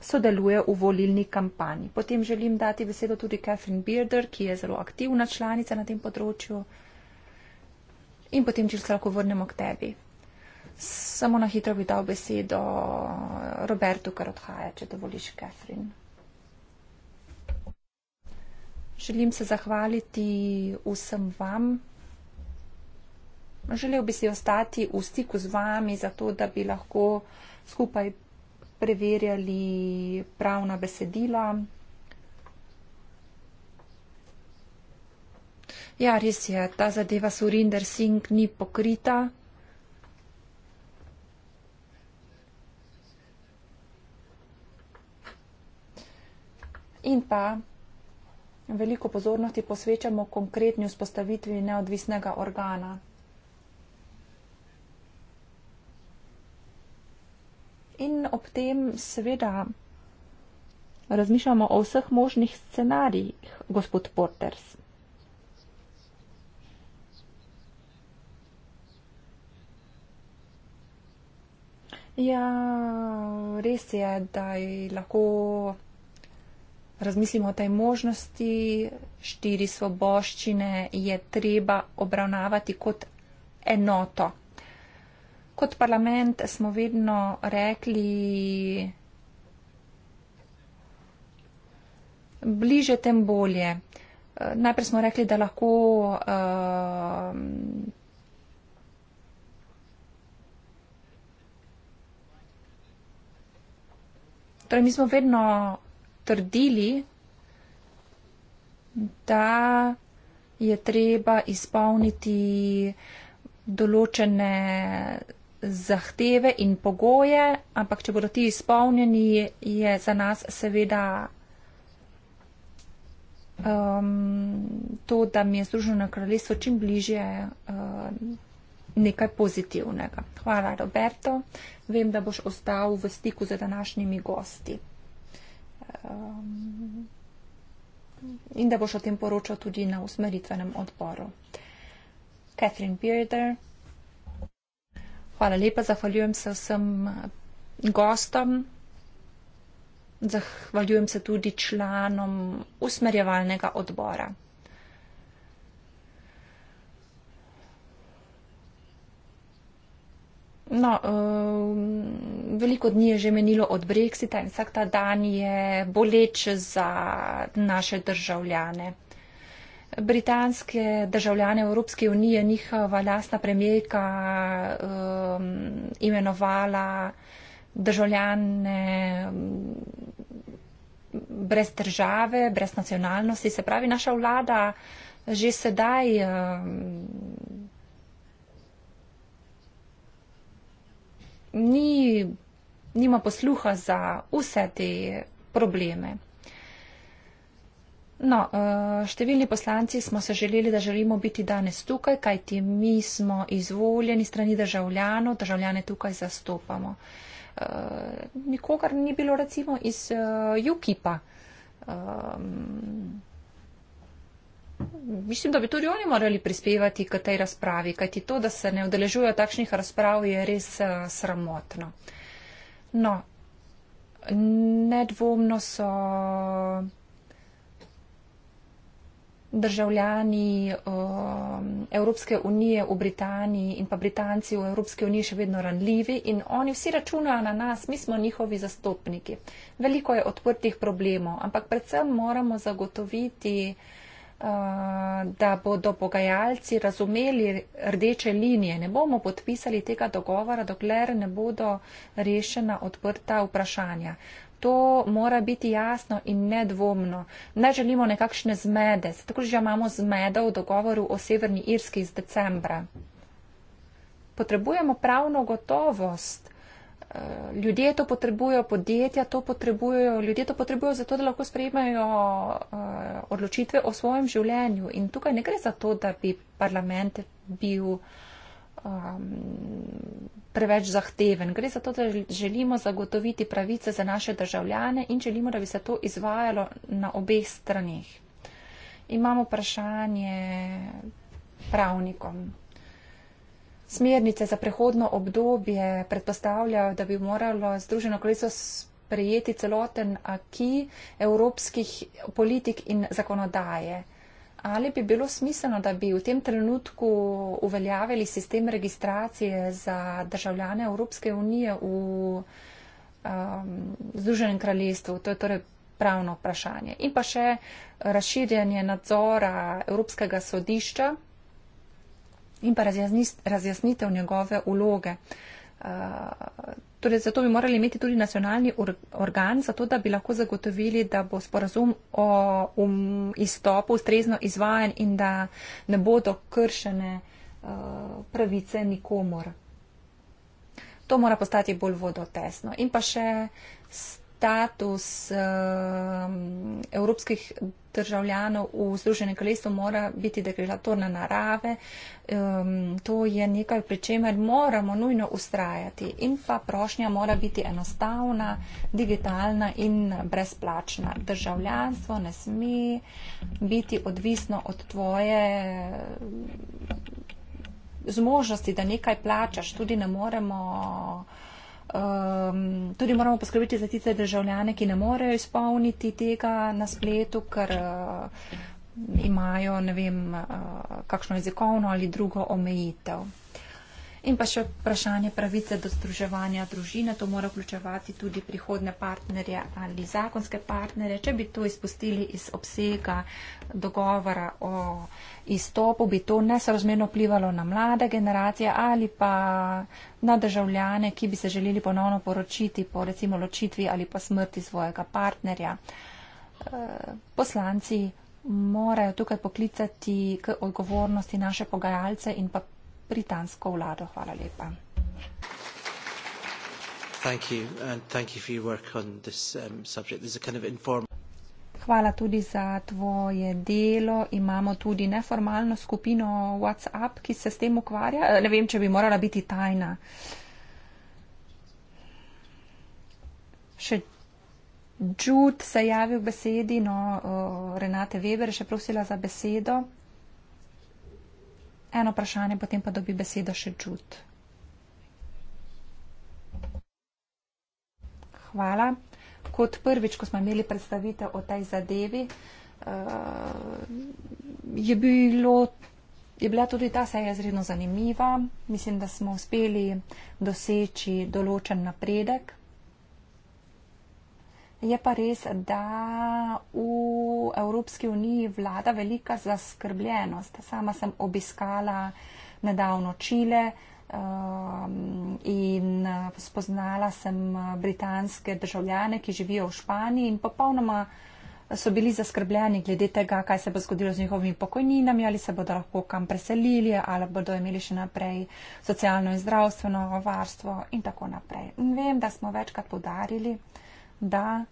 sodeluje v volilni kampanji. Potem želim dati besedo tudi Catherine Bearder, ki je zelo aktivna članica na tem področju. In potem, če se lahko vrnemo k tebi. Samo na hitro bi dal besedo Robertu, kar odhaja, če dovoliš, Kefrin. Želim se zahvaliti vsem vam. Želel bi si ostati v stiku z vami, zato da bi lahko skupaj preverjali pravna besedila. Ja, res je, ta zadeva Surinder Singh ni pokrita. in pa veliko pozornosti posvečamo konkretni vzpostavitvi neodvisnega organa. In ob tem seveda razmišljamo o vseh možnih scenarijih, gospod Porters. Ja, res je, da je lahko razmislimo o tej možnosti, štiri svoboščine je treba obravnavati kot enoto. Kot parlament smo vedno rekli, bliže tem bolje. Najprej smo rekli, da lahko uh, torej mi smo vedno trdili, da je treba izpolniti določene zahteve in pogoje, ampak če bodo ti izpolnjeni, je za nas seveda um, to, da mi je Združeno kraljestvo čim bližje um, nekaj pozitivnega. Hvala, Roberto. Vem, da boš ostal v stiku z današnjimi gosti um, in da boš o tem poročal tudi na usmeritvenem odboru. Catherine Bearder, hvala lepa, zahvaljujem se vsem gostom. Zahvaljujem se tudi članom usmerjevalnega odbora. No, ehm, veliko dni je že menilo od Brexita in vsak ta dan je boleč za naše državljane. Britanske državljane Evropske unije njihova lastna premijerka um, ehm, imenovala državljane ehm, brez države, brez nacionalnosti. Se pravi, naša vlada že sedaj. Um, ni, nima posluha za vse te probleme. No, eh, številni poslanci smo se želeli, da želimo biti danes tukaj, kajti mi smo izvoljeni strani državljanov, državljane tukaj zastopamo. Eh, nikogar ni bilo recimo iz eh, UKIP-a. Mislim, da bi tudi oni morali prispevati k tej razpravi, kajti to, da se ne odeležujo takšnih razprav, je res eh, sramotno. No, nedvomno so državljani eh, Evropske unije v Britaniji in pa Britanci v Evropske unije še vedno ranljivi in oni vsi računajo na nas, mi smo njihovi zastopniki. Veliko je odprtih problemov, ampak predvsem moramo zagotoviti, Eh, da bodo pogajalci razumeli rdeče linije. Ne bomo podpisali tega dogovora, dokler ne bodo rešena odprta vprašanja. To mora biti jasno in nedvomno. Ne želimo nekakšne zmede. Tako že imamo zmedo v dogovoru o Severni Irski iz decembra. Potrebujemo pravno gotovost. Eh, ljudje to potrebujejo, podjetja to potrebujejo, ljudje to potrebujejo zato, da lahko sprejmejo eh, odločitve o svojem življenju. In tukaj ne gre za to, da bi parlament bil ehm, preveč zahteven. Gre za to, da želimo zagotoviti pravice za naše državljane in želimo, da bi se to izvajalo na obeh stranih. Imamo vprašanje pravnikom smernice za prehodno obdobje predpostavljajo, da bi moralo Združeno kraljestvo sprejeti celoten aki evropskih politik in zakonodaje. Ali bi bilo smiselno, da bi v tem trenutku uveljavili sistem registracije za državljane Evropske unije v um, Združenem kraljestvu? To je torej pravno vprašanje. In pa še razširjanje nadzora Evropskega sodišča in pa razjasnitev njegove uloge. Eh, torej, zato bi morali imeti tudi nacionalni organ, zato da bi lahko zagotovili, da bo sporazum o um, izstopu ustrezno izvajan in da ne bodo kršene eh, pravice nikomor. To mora postati bolj vodotesno. In pa še status um, evropskih državljanov v Združenem kraljestvu mora biti deklaratorna narave. Um, to je nekaj, pri čemer moramo nujno ustrajati. In pa prošnja mora biti enostavna, digitalna in brezplačna. Državljanstvo ne sme biti odvisno od tvoje ehm, zmožnosti, da nekaj plačaš. Tudi ne moremo. Um, tudi moramo poskrbeti za tiste državljane, ki ne morejo izpolniti tega na spletu, ker uh, imajo ne vem, uh, kakšno jezikovno ali drugo omejitev. In pa še vprašanje pravice do združevanja družine, to mora vključevati tudi prihodne partnerje ali zakonske partnerje. Če bi to izpustili iz obsega dogovora o izstopu, bi to nesorazmerno vplivalo na mlade generacije ali pa na državljane, ki bi se želeli ponovno poročiti po recimo ločitvi ali pa smrti svojega partnerja. Eh, poslanci morajo tukaj poklicati k odgovornosti naše pogajalce in pa britansko vlado. Hvala lepa. Um, Hvala tudi za tvoje delo. Imamo tudi neformalno skupino WhatsApp, ki se s tem ukvarja. Eh, ne vem, če bi morala biti tajna. Še Jud se je javil besedi, no, eh, Renate Weber je še prosila za besedo eno vprašanje, potem pa dobi besedo še Čud. Hvala. Kot prvič, ko smo imeli predstavitev o tej zadevi, eh, je, bilo, je bila tudi ta seja izredno zanimiva. Mislim, da smo uspeli doseči določen napredek. Je pa res, da v Evropski uniji vlada velika zaskrbljenost. Sama sem obiskala nedavno Čile um, in uh, spoznala sem uh, britanske državljane, ki živijo v Španiji in popolnoma so bili zaskrbljeni glede tega, kaj se bo zgodilo z njihovimi pokojninami, ali se bodo lahko kam preselili, ali bodo imeli še naprej socialno in zdravstveno varstvo in tako naprej. Vem, da smo večkrat podarili, da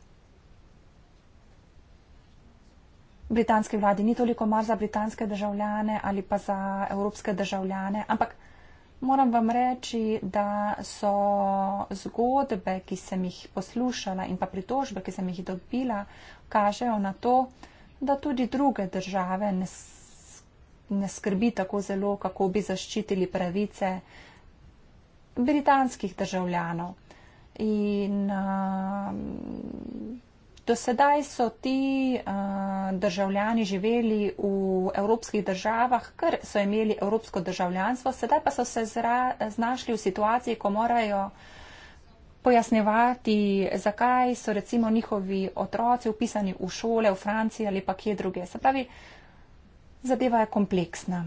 britanske vladi ni toliko mar za britanske državljane ali pa za evropske državljane, ampak moram vam reči, da so zgodbe, ki sem jih poslušala in pa pritožbe, ki sem jih dobila, kažejo na to, da tudi druge države ne, ne skrbi tako zelo, kako bi zaščitili pravice britanskih državljanov. In uh, do sedaj so ti uh, državljani živeli v evropskih državah, ker so imeli evropsko državljanstvo, sedaj pa so se zra, znašli v situaciji, ko morajo pojasnevati, zakaj so recimo njihovi otroci upisani v šole v Franciji ali pa kje druge. Se pravi, zadeva je kompleksna.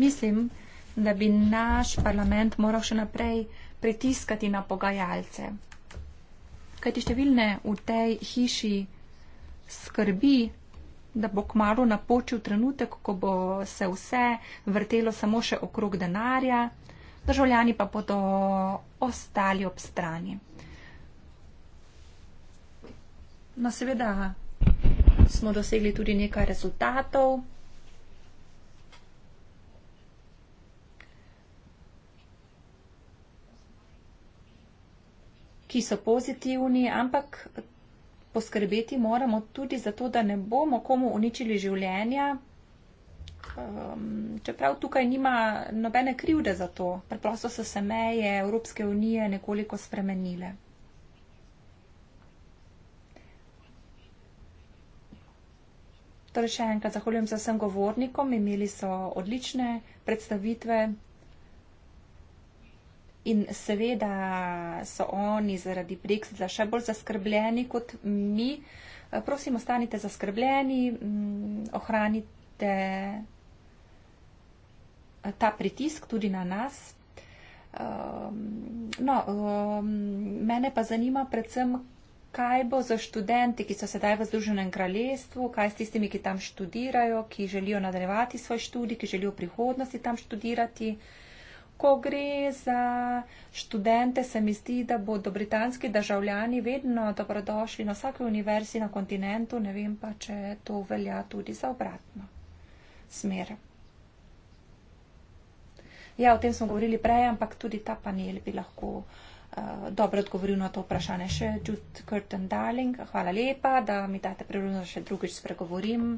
Mislim, da bi naš parlament moral še naprej pritiskati na pogajalce. Kaj ti številne v tej hiši skrbi, da bo kmalo napočil trenutek, ko bo se vse vrtelo samo še okrog denarja, državljani pa bodo ostali ob strani. No, seveda smo dosegli tudi nekaj rezultatov. ki so pozitivni, ampak poskrbeti moramo tudi za to, da ne bomo komu uničili življenja. Ehm, čeprav tukaj nima nobene krivde za to, preprosto so se meje Evropske unije nekoliko spremenile. Torej še enkrat zahvaljujem se vsem govornikom, imeli so odlične predstavitve, In seveda so oni zaradi Brexita še bolj zaskrbljeni kot mi. Eh, prosim, ostanite zaskrbljeni, mm, ohranite eh, ta pritisk tudi na nas. Ehm, no, ehm, mene pa zanima predvsem, kaj bo za študente, ki so sedaj v Združenem kraljestvu, kaj s tistimi, ki tam študirajo, ki želijo nadaljevati svoj študij, ki želijo v prihodnosti tam študirati ko gre za študente, se mi zdi, da bodo britanski državljani vedno dobrodošli na vsake univerzi na kontinentu, ne vem pa, če to velja tudi za obratno smer. Ja, o tem smo govorili prej, ampak tudi ta panel bi lahko uh, dobro odgovoril na to vprašanje. Še Jude Curtin Darling, hvala lepa, da mi date priložnost, da še drugič spregovorim.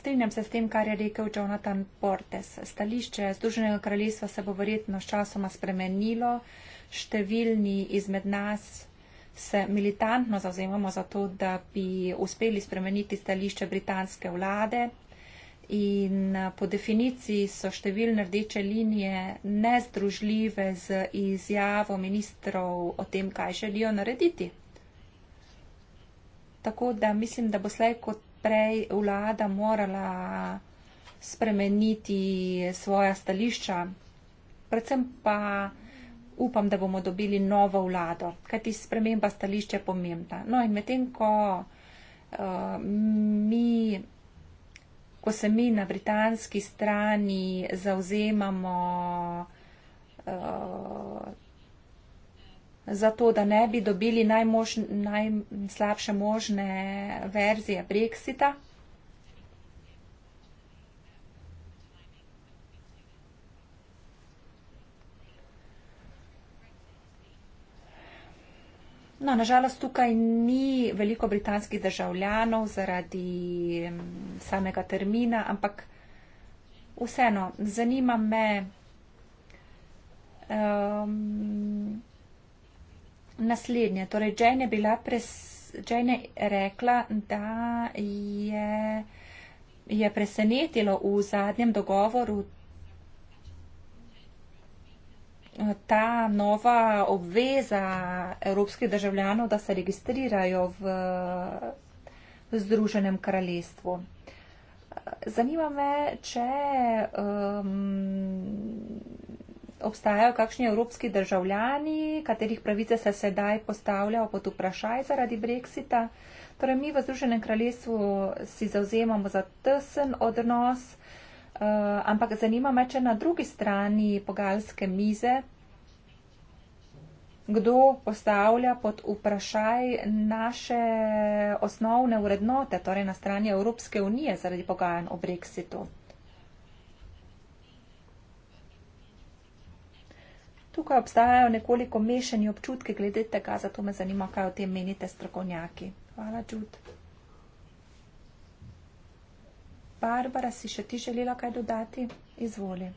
Strinjam se s tem, kar je rekel Jonathan Portes. Stališče Združenega kraljestva se bo verjetno s časoma spremenilo. Številni izmed nas se militantno zauzemamo za to, da bi uspeli spremeniti stališče britanske vlade. In eh, po definiciji so številne rdeče linije nezdružljive z izjavo ministrov o tem, kaj želijo narediti. Tako da mislim, da bo slej kot prej vlada morala spremeniti svoja stališča, predvsem pa upam, da bomo dobili novo vlado, kajti sprememba stališča je pomembna. No in medtem, ko uh, mi. Ko se mi na britanski strani zauzemamo uh, eh, zato da ne bi dobili najmož, najslabše možne verzije Brexita. No, nažalost, tukaj ni veliko britanskih državljanov zaradi mm, samega termina, ampak vseeno, zanima me. Um, naslednje. Torej, Jane je bila pres. Jane je rekla, da je, je presenetilo v zadnjem dogovoru ta nova obveza evropskih državljanov, da se registrirajo v, v Združenem kraljestvu. Zanima me, če um, obstajajo kakšni evropski državljani, katerih pravice se sedaj postavljajo pod vprašaj zaradi Brexita. Torej, mi v Združenem kraljestvu si zauzemamo za tesen odnos, eh, ampak zanima me, če na drugi strani pogalske mize, kdo postavlja pod vprašaj naše osnovne urednote, torej na strani Evropske unije zaradi pogajanj o Brexitu. Tukaj obstajajo nekoliko mešani občutki glede tega, zato me zanima, kaj o tem menite strokovnjaki. Hvala, Čud. Barbara, si še ti želela kaj dodati? Izvoli.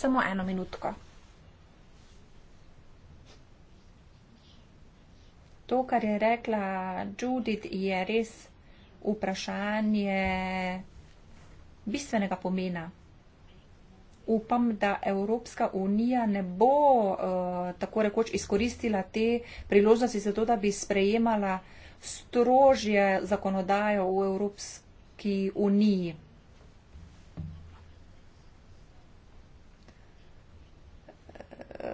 Samo eno minutko. To, kar je rekla Judith, je res vprašanje bistvenega pomena upam, da Evropska unija ne bo uh, tako rekoč izkoristila te priložnosti za to, da bi sprejemala strožje zakonodajo v Evropski uniji.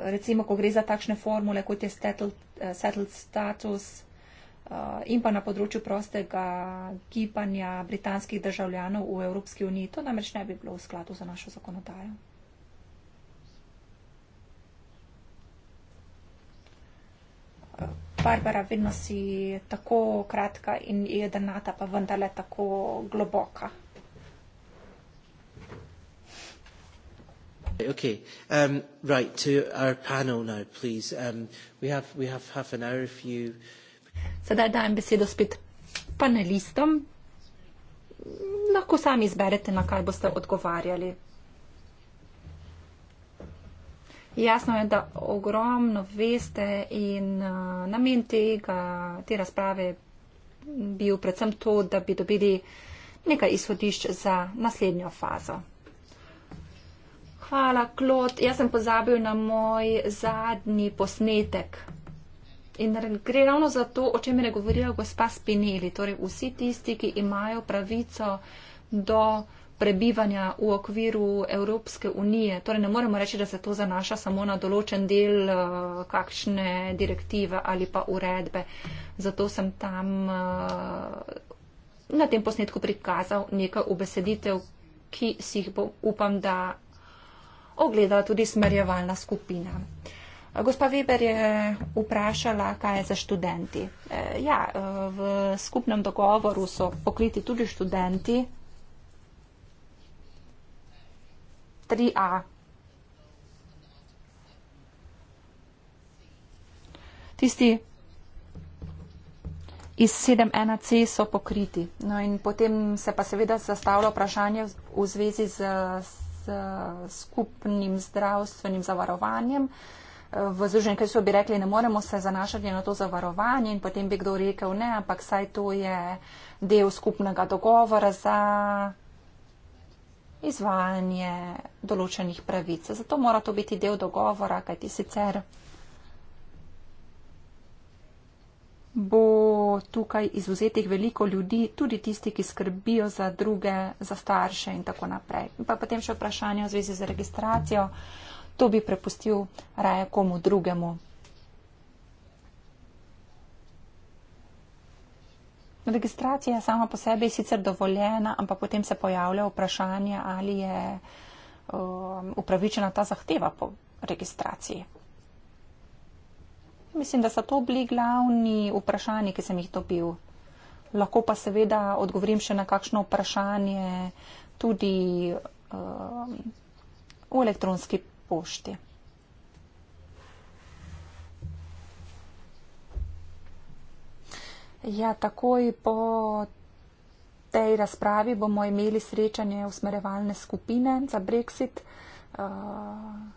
Recimo, ko gre za takšne formule, kot je settled, eh, settled status. Eh, in pa na področju prostega gibanja britanskih državljanov v Evropski uniji. To namreč ne bi bilo v skladu za našo zakonodajo. Barbara, vedno si tako kratka in jedrnata, pa vendarle tako globoka. Okay, um, right, to our panel now, please. Um, we have, we have half an hour if you Sedaj dajem besedo spet panelistom. Lahko sami izberete, na kaj boste odgovarjali. Jasno je, da ogromno veste in eh, namen tega, te razprave bil predvsem to, da bi dobili nekaj izhodišč za naslednjo fazo. Hvala, Klot. Jaz sem pozabil na moj zadnji posnetek. In gre ravno za to, o čem je govorila gospa Spinelli, torej vsi tisti, ki imajo pravico do prebivanja v okviru Evropske unije. Torej ne moremo reči, da se to zanaša samo na določen del eh, kakšne direktive ali pa uredbe. Zato sem tam eh, na tem posnetku prikazal nekaj ubeseditev, ki si jih bo, upam, da ogledala tudi smerjevalna skupina. Gospa Weber je vprašala, kaj je za študenti. E, ja, e, v skupnem dogovoru so pokriti tudi študenti 3A. Tisti iz 7.1c so pokriti. No in potem se pa seveda zastavlja vprašanje v zvezi z, z skupnim zdravstvenim zavarovanjem. Uh, v Združenem kraljestvu bi rekli, ne moremo se zanašati na to zavarovanje in potem bi kdo rekel ne, ampak saj to je del skupnega dogovora za izvajanje določenih pravic. Zato mora to biti del dogovora, kajti sicer bo tukaj izuzetih veliko ljudi, tudi tisti, ki skrbijo za druge, za starše in tako naprej. In pa potem še vprašanje v zvezi z registracijo. Uh, to bi prepustil raje komu drugemu. Registracija sama po sebi je sicer dovoljena, ampak potem se pojavlja vprašanje, ali je um, upravičena ta zahteva po registraciji. Mislim, da so to bili glavni vprašanji, ki sem jih dobil. Lahko pa seveda odgovorim še na kakšno vprašanje tudi um, v elektronski pošti. Ja, takoj po tej razpravi bomo imeli srečanje usmerevalne skupine za brexit. Uh,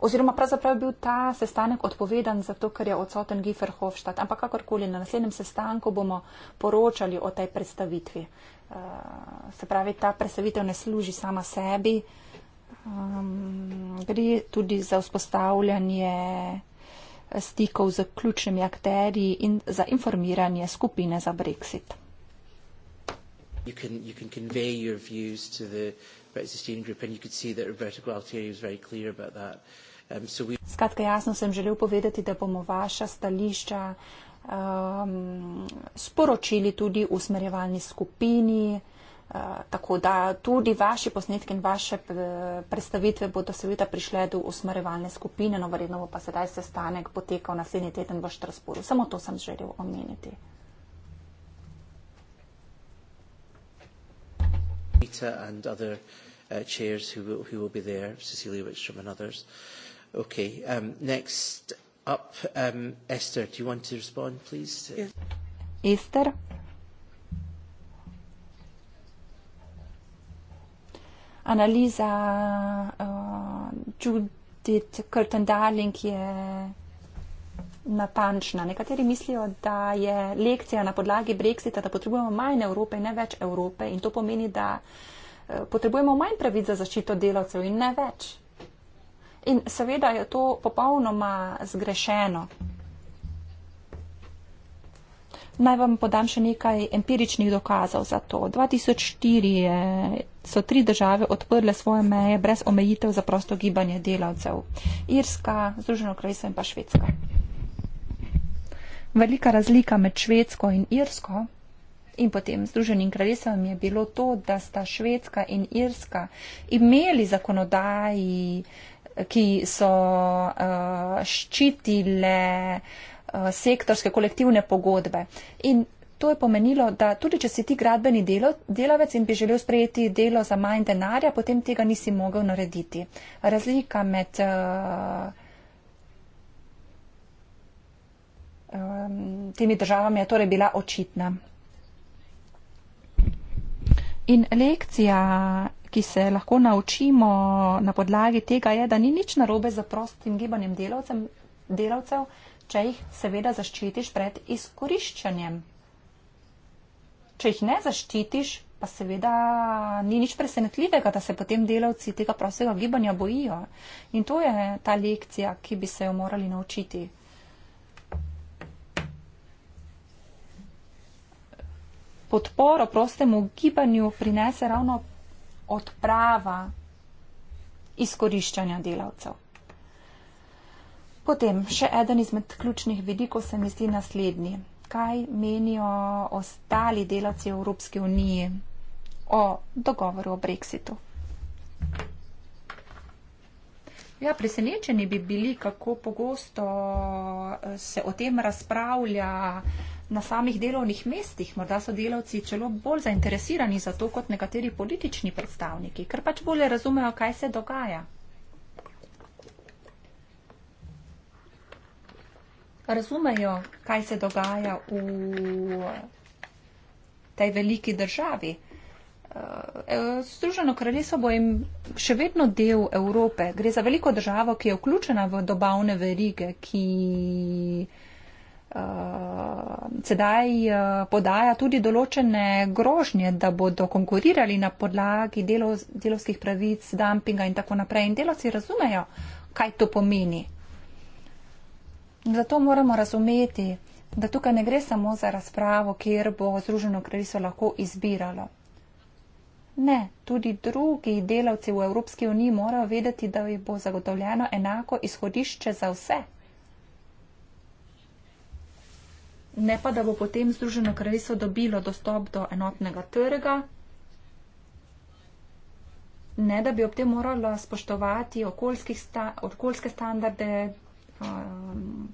oziroma pravzaprav je bil ta sestanek odpovedan zato, ker je odsoten Gifer Hofstadt. Ampak kakorkoli, na naslednjem sestanku bomo poročali o tej predstavitvi. Uh, se pravi, ta predstavitev ne služi sama sebi, um, gre tudi za vzpostavljanje eh, stikov z ključnimi akterji in za informiranje skupine za Brexit. You can, you can convey your views to the Brexit Steering Group, and you could see that Roberto Gualtieri was very clear about that. Uh, Um, Skratka, jasno sem želel povedati, da bomo vaša stališča um, sporočili tudi usmerjevalni skupini, uh, tako da tudi vaši posnetki in vaše eh, predstavitve bodo seveda prišle do usmerjevalne skupine, no verjetno bo pa sedaj sestanek potekal naslednji teden v Štrasburu. Samo to sem želel omeniti. Rita and other uh, chairs who will, who will be there, Cecilia Wittstrom and others. Okay. Um, next up, um, Esther, do you want to respond, please? Yes. Esther? Analiza uh, Judith Curtin Darling je natančna. Nekateri mislijo, da je lekcija na podlagi Brexita, da potrebujemo manj Evrope in ne več Evrope in to pomeni, da uh, potrebujemo manj pravic za zaščito delavcev in ne več. In seveda je to popolnoma zgrešeno. Naj vam podam še nekaj empiričnih dokazov za to. 2004 je, so tri države odprle svoje meje brez omejitev za prosto gibanje delavcev. Irska, Združeno kraljestvo in pa Švedska. Velika razlika med Švedsko in Irsko in potem Združenim kraljestvom je bilo to, da sta Švedska in Irska imeli zakonodaji, ki so uh, ščitile uh, sektorske kolektivne pogodbe. In to je pomenilo, da tudi če si ti gradbeni delo, delavec in bi želel sprejeti delo za manj denarja, potem tega nisi mogel narediti. Razlika med. Uh, temi državami je torej bila očitna. In lekcija ki se lahko naučimo na podlagi tega, je, da ni nič narobe za prostim gibanjem delavcem, delavcev, če jih seveda zaščitiš pred izkoriščanjem. Če jih ne zaščitiš, pa seveda ni nič presenetljivega, da se potem delavci tega prostega gibanja bojijo. In to je ta lekcija, ki bi se jo morali naučiti. Podporo prostemu gibanju prinese ravno odprava izkoriščanja delavcev. Potem, še eden izmed ključnih vidikov se mi zdi naslednji. Kaj menijo ostali delavci Evropske unije o dogovoru o brexitu? Ja, presenečeni bi bili, kako pogosto eh, se o tem razpravlja uh, na samih delovnih mestih. Morda so delavci celo bolj zainteresirani za to kot nekateri politični predstavniki, ker pač bolje razumejo, kaj se dogaja. Razumejo, kaj se dogaja v tej veliki državi. Eh, eh, Združeno kraljestvo bo jim še vedno del Evrope. Gre za veliko državo, ki je vključena v dobavne verige, ki Eh, sedaj eh, podaja tudi določene grožnje, da bodo konkurirali na podlagi delo, delovskih pravic, dumpinga in tako naprej. In delovci razumejo, kaj to pomeni. Zato moramo razumeti, da tukaj ne gre samo za razpravo, kjer bo Združeno kraljestvo lahko izbiralo. Ne, tudi drugi delavci v Evropski uniji morajo vedeti, da jim bo zagotovljeno enako izhodišče za vse. ne pa da bo potem Združeno kraljestvo dobilo dostop do enotnega trga, ne da bi ob tem moralo spoštovati sta, okoljske standarde, um,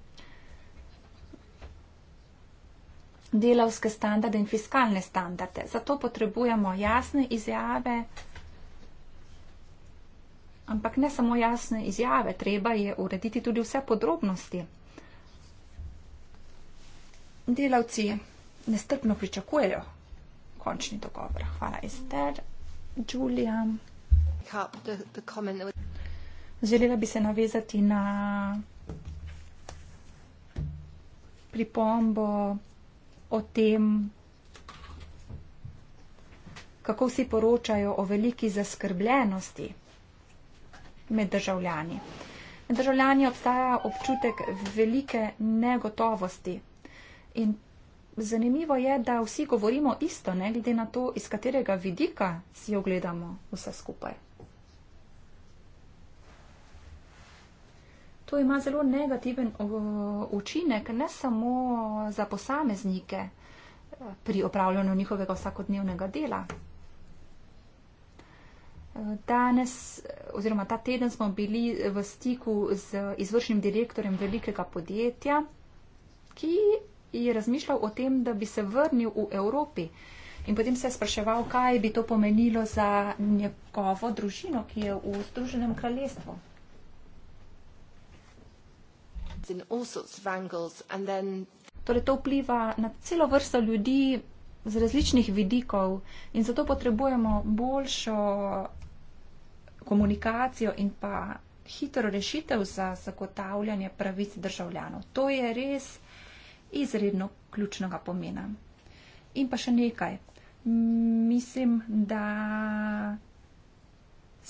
delavske standarde in fiskalne standarde. Zato potrebujemo jasne izjave. Ampak ne samo jasne izjave, treba je urediti tudi vse podrobnosti. Delavci nestrpno pričakujejo končni dogovor. Hvala, Ester. Julija. Želela bi se navezati na pripombo o tem, kako vsi poročajo o veliki zaskrbljenosti med državljani. Med državljani obstaja občutek velike negotovosti In zanimivo je, da vsi govorimo isto, ne glede na to, iz katerega vidika si jo gledamo vse skupaj. To ima zelo negativen učinek ne samo za posameznike eh, pri opravljanju njihovega vsakodnevnega dela. Danes oziroma ta teden smo bili v stiku z izvršnim direktorjem velikega podjetja, ki je razmišljal o tem, da bi se vrnil v Evropi. In potem se je spraševal, kaj bi to pomenilo za njegovo družino, ki je v Združenem kraljestvu. Torej, to vpliva na celo vrsto ljudi z različnih vidikov in zato potrebujemo boljšo komunikacijo in pa hitro rešitev za zagotavljanje pravic državljanov. To je res izredno ključnega pomena. In pa še nekaj. Mislim, da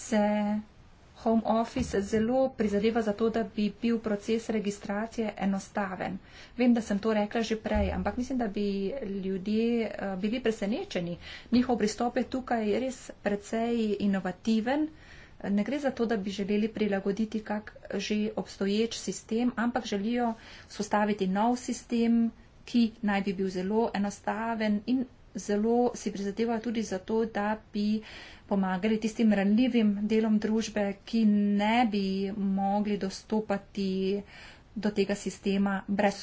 se home office zelo prizadeva za to, da bi bil proces registracije enostaven. Vem, da sem to rekla že prej, ampak mislim, da bi ljudje eh, bili presenečeni. Njihov pristop je tukaj res precej inovativen. Uh, Ne gre za to, da bi želeli prilagoditi kak že obstoječ sistem, ampak želijo vzpostaviti nov sistem, ki naj bi bil zelo enostaven in zelo si prizadeva tudi za to, da bi pomagali tistim ranljivim delom družbe, ki ne bi mogli dostopati do tega sistema brez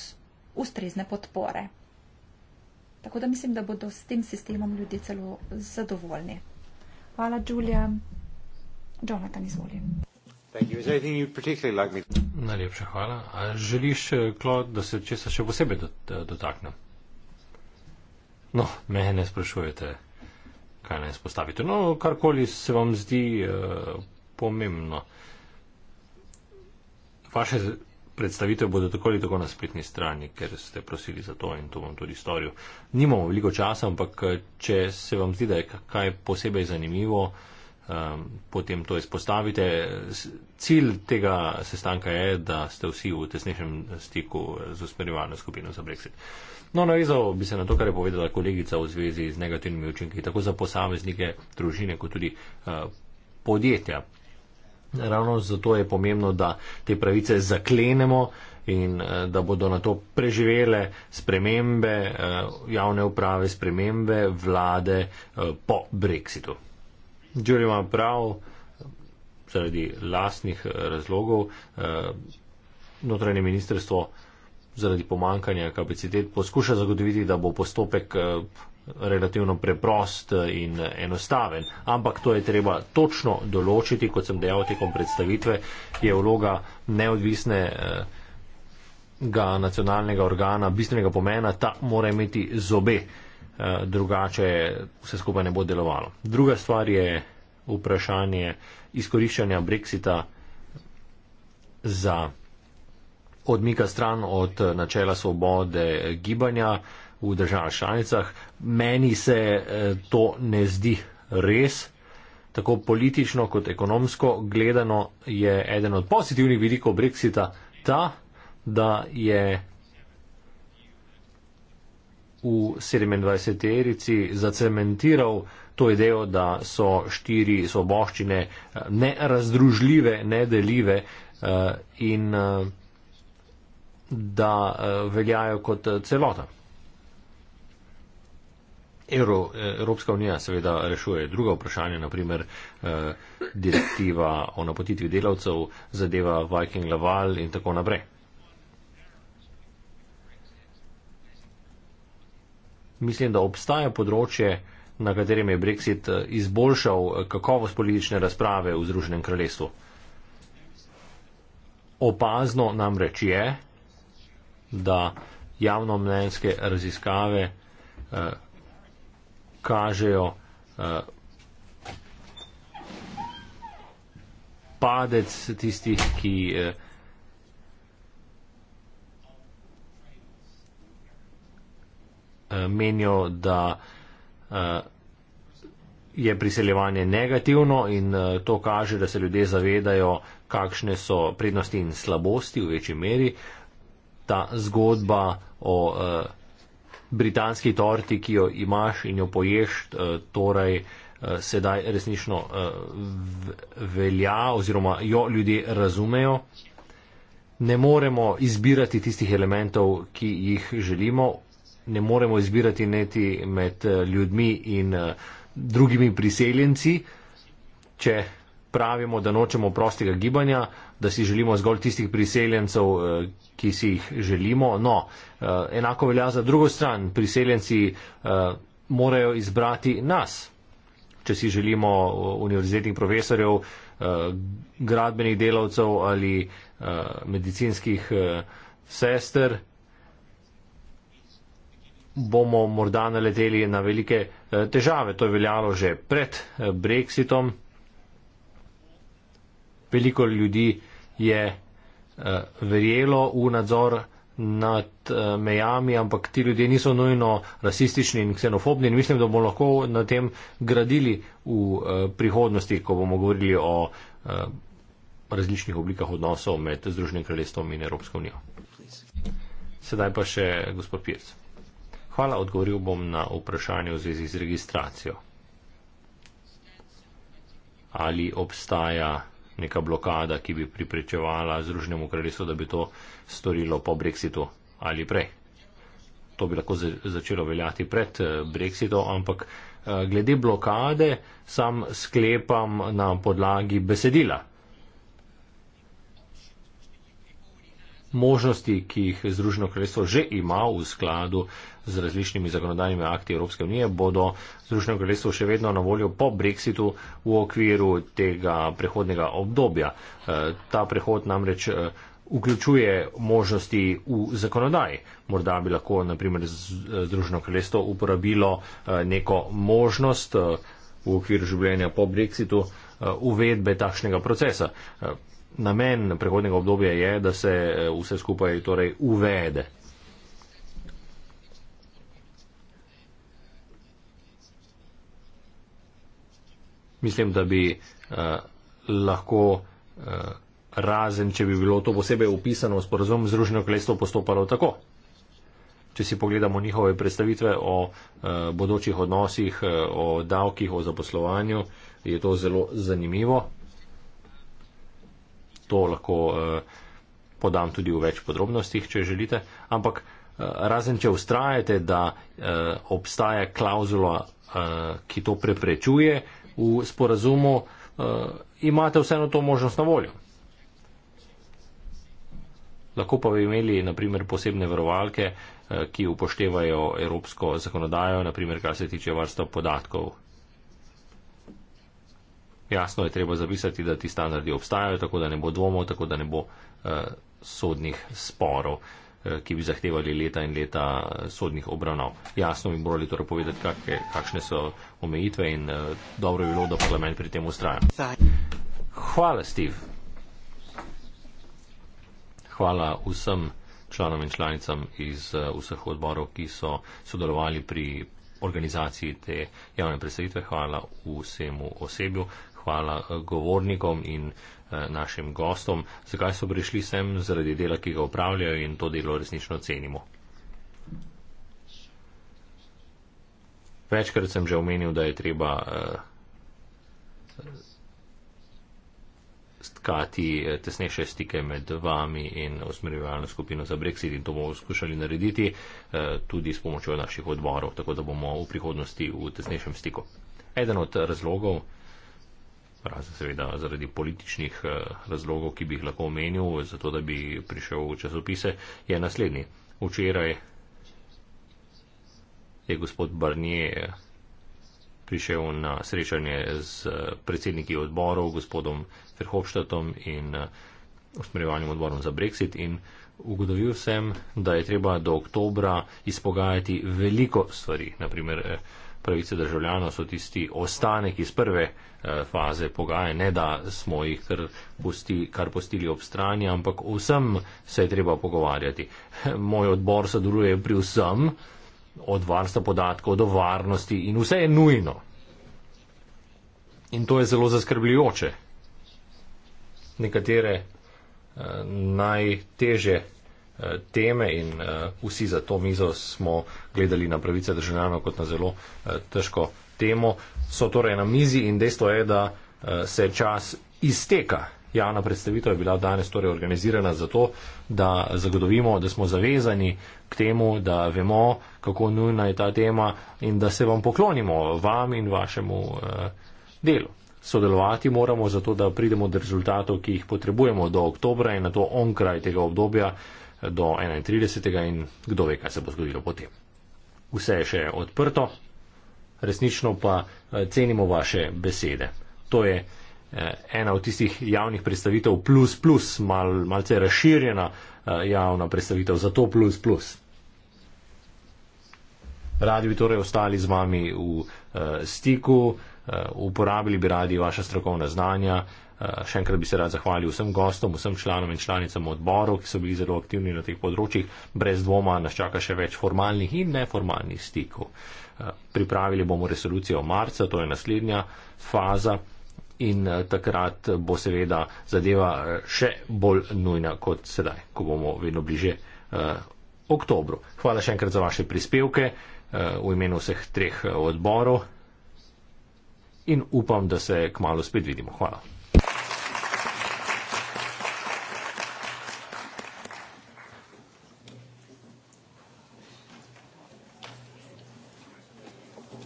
ustrezne podpore. Tako da mislim, da bodo s tem sistemom ljudje celo zadovoljni. Hvala, Julija. Jonathan, izvoli. Najlepša hvala. A želiš, Klod, eh, da se česa še posebej eh, dotaknem? No, me ne sprašujete, kaj naj spostavite. No, karkoli se vam zdi uh, pomembno. Vaše predstavitev bodo tako ali tako na spletni strani, ker ste prosili za to in to bom tudi storil. Nimamo veliko časa, ampak če se vam zdi, da je kaj posebej zanimivo, uh, um, potem to izpostavite. Cilj tega sestanka je, da ste vsi v tesnejšem stiku z usmerjevalno skupino za Brexit. No, navezal bi se na to, kar je povedala kolegica v zvezi z negativnimi učinki, tako za posameznike, družine, kot tudi uh, podjetja. Ravno zato je pomembno, da te pravice zaklenemo in eh, da bodo na to preživele spremembe eh, javne uprave, spremembe vlade po Brexitu. Đuri ima prav zaradi lastnih eh, razlogov. Eh, notranje ministrstvo zaradi pomankanja kapacitet poskuša zagotoviti, da bo postopek eh, relativno preprost in enostaven. Ampak to je treba točno določiti, kot sem dejal tekom predstavitve, je vloga neodvisne ga nacionalnega organa bistvenega pomena, ta mora imeti zobe. Uh, Eh, drugače vse skupaj ne bo delovalo. Druga stvar je vprašanje izkoriščanja Brexita za odmika stran od eh, načela svobode gibanja v državah članicah. Meni se eh, to ne zdi res. Tako politično kot ekonomsko gledano je eden od pozitivnih vidikov Brexita ta, da je v 27. erici zacementiral to idejo, da so štiri svoboščine eh, nerazdružljive, nedeljive eh, in eh, da veljajo kot celota. Euro, Evropska unija seveda rešuje druga vprašanja, naprimer direktiva o napotitvi delavcev, zadeva Viking Laval in tako naprej. mislim, da obstaja področje, na katerem je Brexit eh, izboljšal eh, kakovost politične razprave v Združenem kraljestvu. Opazno namreč je, da javno mnenjske raziskave eh, kažejo eh, padec tistih, ki eh, Eh, menijo, da eh, je priseljevanje negativno in eh, to kaže, da se ljudje zavedajo, kakšne so prednosti in slabosti v večji meri. Ta zgodba o britanski torti, ki jo imaš in jo poješ, torej sedaj resnično velja oziroma jo ljudje razumejo. Ne moremo izbirati tistih elementov, ki jih želimo, ne moremo izbirati neti med eh, ljudmi in eh, drugimi priseljenci, če pravimo, da nočemo prostega gibanja, da si želimo zgolj tistih priseljencev, eh, ki si jih želimo. No, enako velja za drugo stran. Priseljenci morajo izbrati nas. Če si želimo univerzitetnih profesorjev, gradbenih delavcev ali medicinskih sester, bomo morda naleteli na velike eh, težave. To je veljalo že pred eh, Brexitom. Veliko ljudi je eh, verjelo v nadzor nad mejami, ampak ti ljudje niso nujno rasistični in ksenofobni in mislim, da bomo lahko na tem gradili v prihodnosti, ko bomo govorili o različnih oblikah odnosov med Združenim kraljestvom in Evropsko unijo. Sedaj pa še gospod Pirc. Hvala, odgovoril bom na vprašanje v zvezi z registracijo. Ali obstaja neka blokada, ki bi priprečevala Združenemu kraljestvu, da bi to storilo po Brexitu ali prej? To bi lahko začelo veljati pred eh, Brexitom, ampak eh, glede blokade sam sklepam na podlagi besedila. možnosti, ki jih Združeno kraljestvo že ima v skladu z različnimi zakonodajnimi akti Evropske unije, bodo Združeno kraljestvo še vedno na voljo po Brexitu v okviru tega prehodnega obdobja. Eh, ta prehod namreč eh, vključuje možnosti v zakonodaji. Morda bi lahko, na primer, eh, Združeno kraljestvo uporabilo neko možnost v okviru življenja po Brexitu uvedbe takšnega procesa namen prehodnega obdobja je, da se eh, vse skupaj torej uvede. Mislim, da bi uh, lahko uh, razen, če bi bilo to posebej upisano v sporozum, Združeno kraljestvo postopalo tako. Če si pogledamo njihove predstavitve o uh, bodočih odnosih, uh, o davkih, o zaposlovanju, je to zelo zanimivo to lahko eh, podam tudi v več podrobnostih, če želite. Ampak eh, razen, če ustrajate, da eh, obstaja klauzula, ki to preprečuje v sporazumu, imate vseeno to možnost na voljo. Lahko pa bi imeli, naprimer, posebne varovalke, ki upoštevajo evropsko zakonodajo, naprimer, kar se tiče varstva podatkov jasno je treba zapisati, da ti standardi obstajajo, tako da ne bo dvomov, tako da ne bo uh, sodnih sporov, uh, ki bi zahtevali leta in leta eh, sodnih obravnav. Jasno bi morali torej povedati, kakke, kakšne so omejitve in uh, dobro je bilo, da parlament pri tem ustraja. Hvala, Steve. Hvala vsem članom in članicam iz vseh odborov, ki so sodelovali pri organizaciji te javne predstavitve. Hvala vsemu osebju hvala eh, govornikom in eh, našim gostom, zakaj so prišli sem, zaradi dela, ki ga upravljajo in to delo resnično cenimo. Večkrat sem že omenil, da je treba eh, stkati tesnejše stike med vami in usmerjevalno skupino za Brexit in to bomo skušali narediti tudi s pomočjo naših odborov, tako da bomo v prihodnosti v tesnejšem stiku. Eden od razlogov, razen seveda zaradi političnih eh, razlogov, ki bi jih lahko omenil, zato da bi prišel v časopise, je naslednji. Včeraj je gospod Barnier prišel na srečanje z eh, predsedniki odborov, gospodom Verhofstadtom in eh, usmerjevanjem odborom za Brexit in ugotovil sem, da je treba do oktobra izpogajati veliko stvari, naprimer pravice državljanov so tisti ostanek iz prve eh, faze pogajanja, ne da smo jih kar, posti, kar postili ob strani, ampak vsem se je treba pogovarjati. Moj odbor sodeluje pri vsem, od varstva podatkov do varnosti in vse je nujno. In to je zelo zaskrbljujoče. Nekatere eh, najteže uh, teme in uh, vsi za to mizo smo gledali na pravice državljanov kot na zelo uh, težko temo. So torej na mizi in dejstvo je, da uh, se čas izteka. Javna predstavitev je bila danes torej organizirana zato, da zagotovimo, da smo zavezani k temu, da vemo, kako nujna je ta tema in da se vam poklonimo, vam in vašemu uh, delu. Sodelovati moramo zato, da pridemo do rezultatov, ki jih potrebujemo do oktobra in na to onkraj tega obdobja uh, do 31. in kdo ve, kaj se bo zgodilo potem. Vse je še odprto, resnično pa eh, cenimo vaše besede. To je eh, ena od tistih javnih predstavitev plus plus, mal, malce razširjena eh, javna predstavitev za to plus plus. Radi bi torej ostali z vami v stiku, uporabili bi radi vaše strokovne znanja, Eh, še enkrat bi se rad zahvalil vsem gostom, vsem članom in članicam odborov, ki so bili zelo aktivni na teh področjih. Brez dvoma nas čaka še več formalnih in neformalnih stikov. Eh, pripravili bomo resolucijo v marcu, to je naslednja faza in eh, takrat bo seveda zadeva še bolj nujna kot sedaj, ko bomo vedno bliže oktobru. Hvala še enkrat za vaše prispevke v imenu vseh treh odborov in upam, da se k malu spet vidimo. Hvala.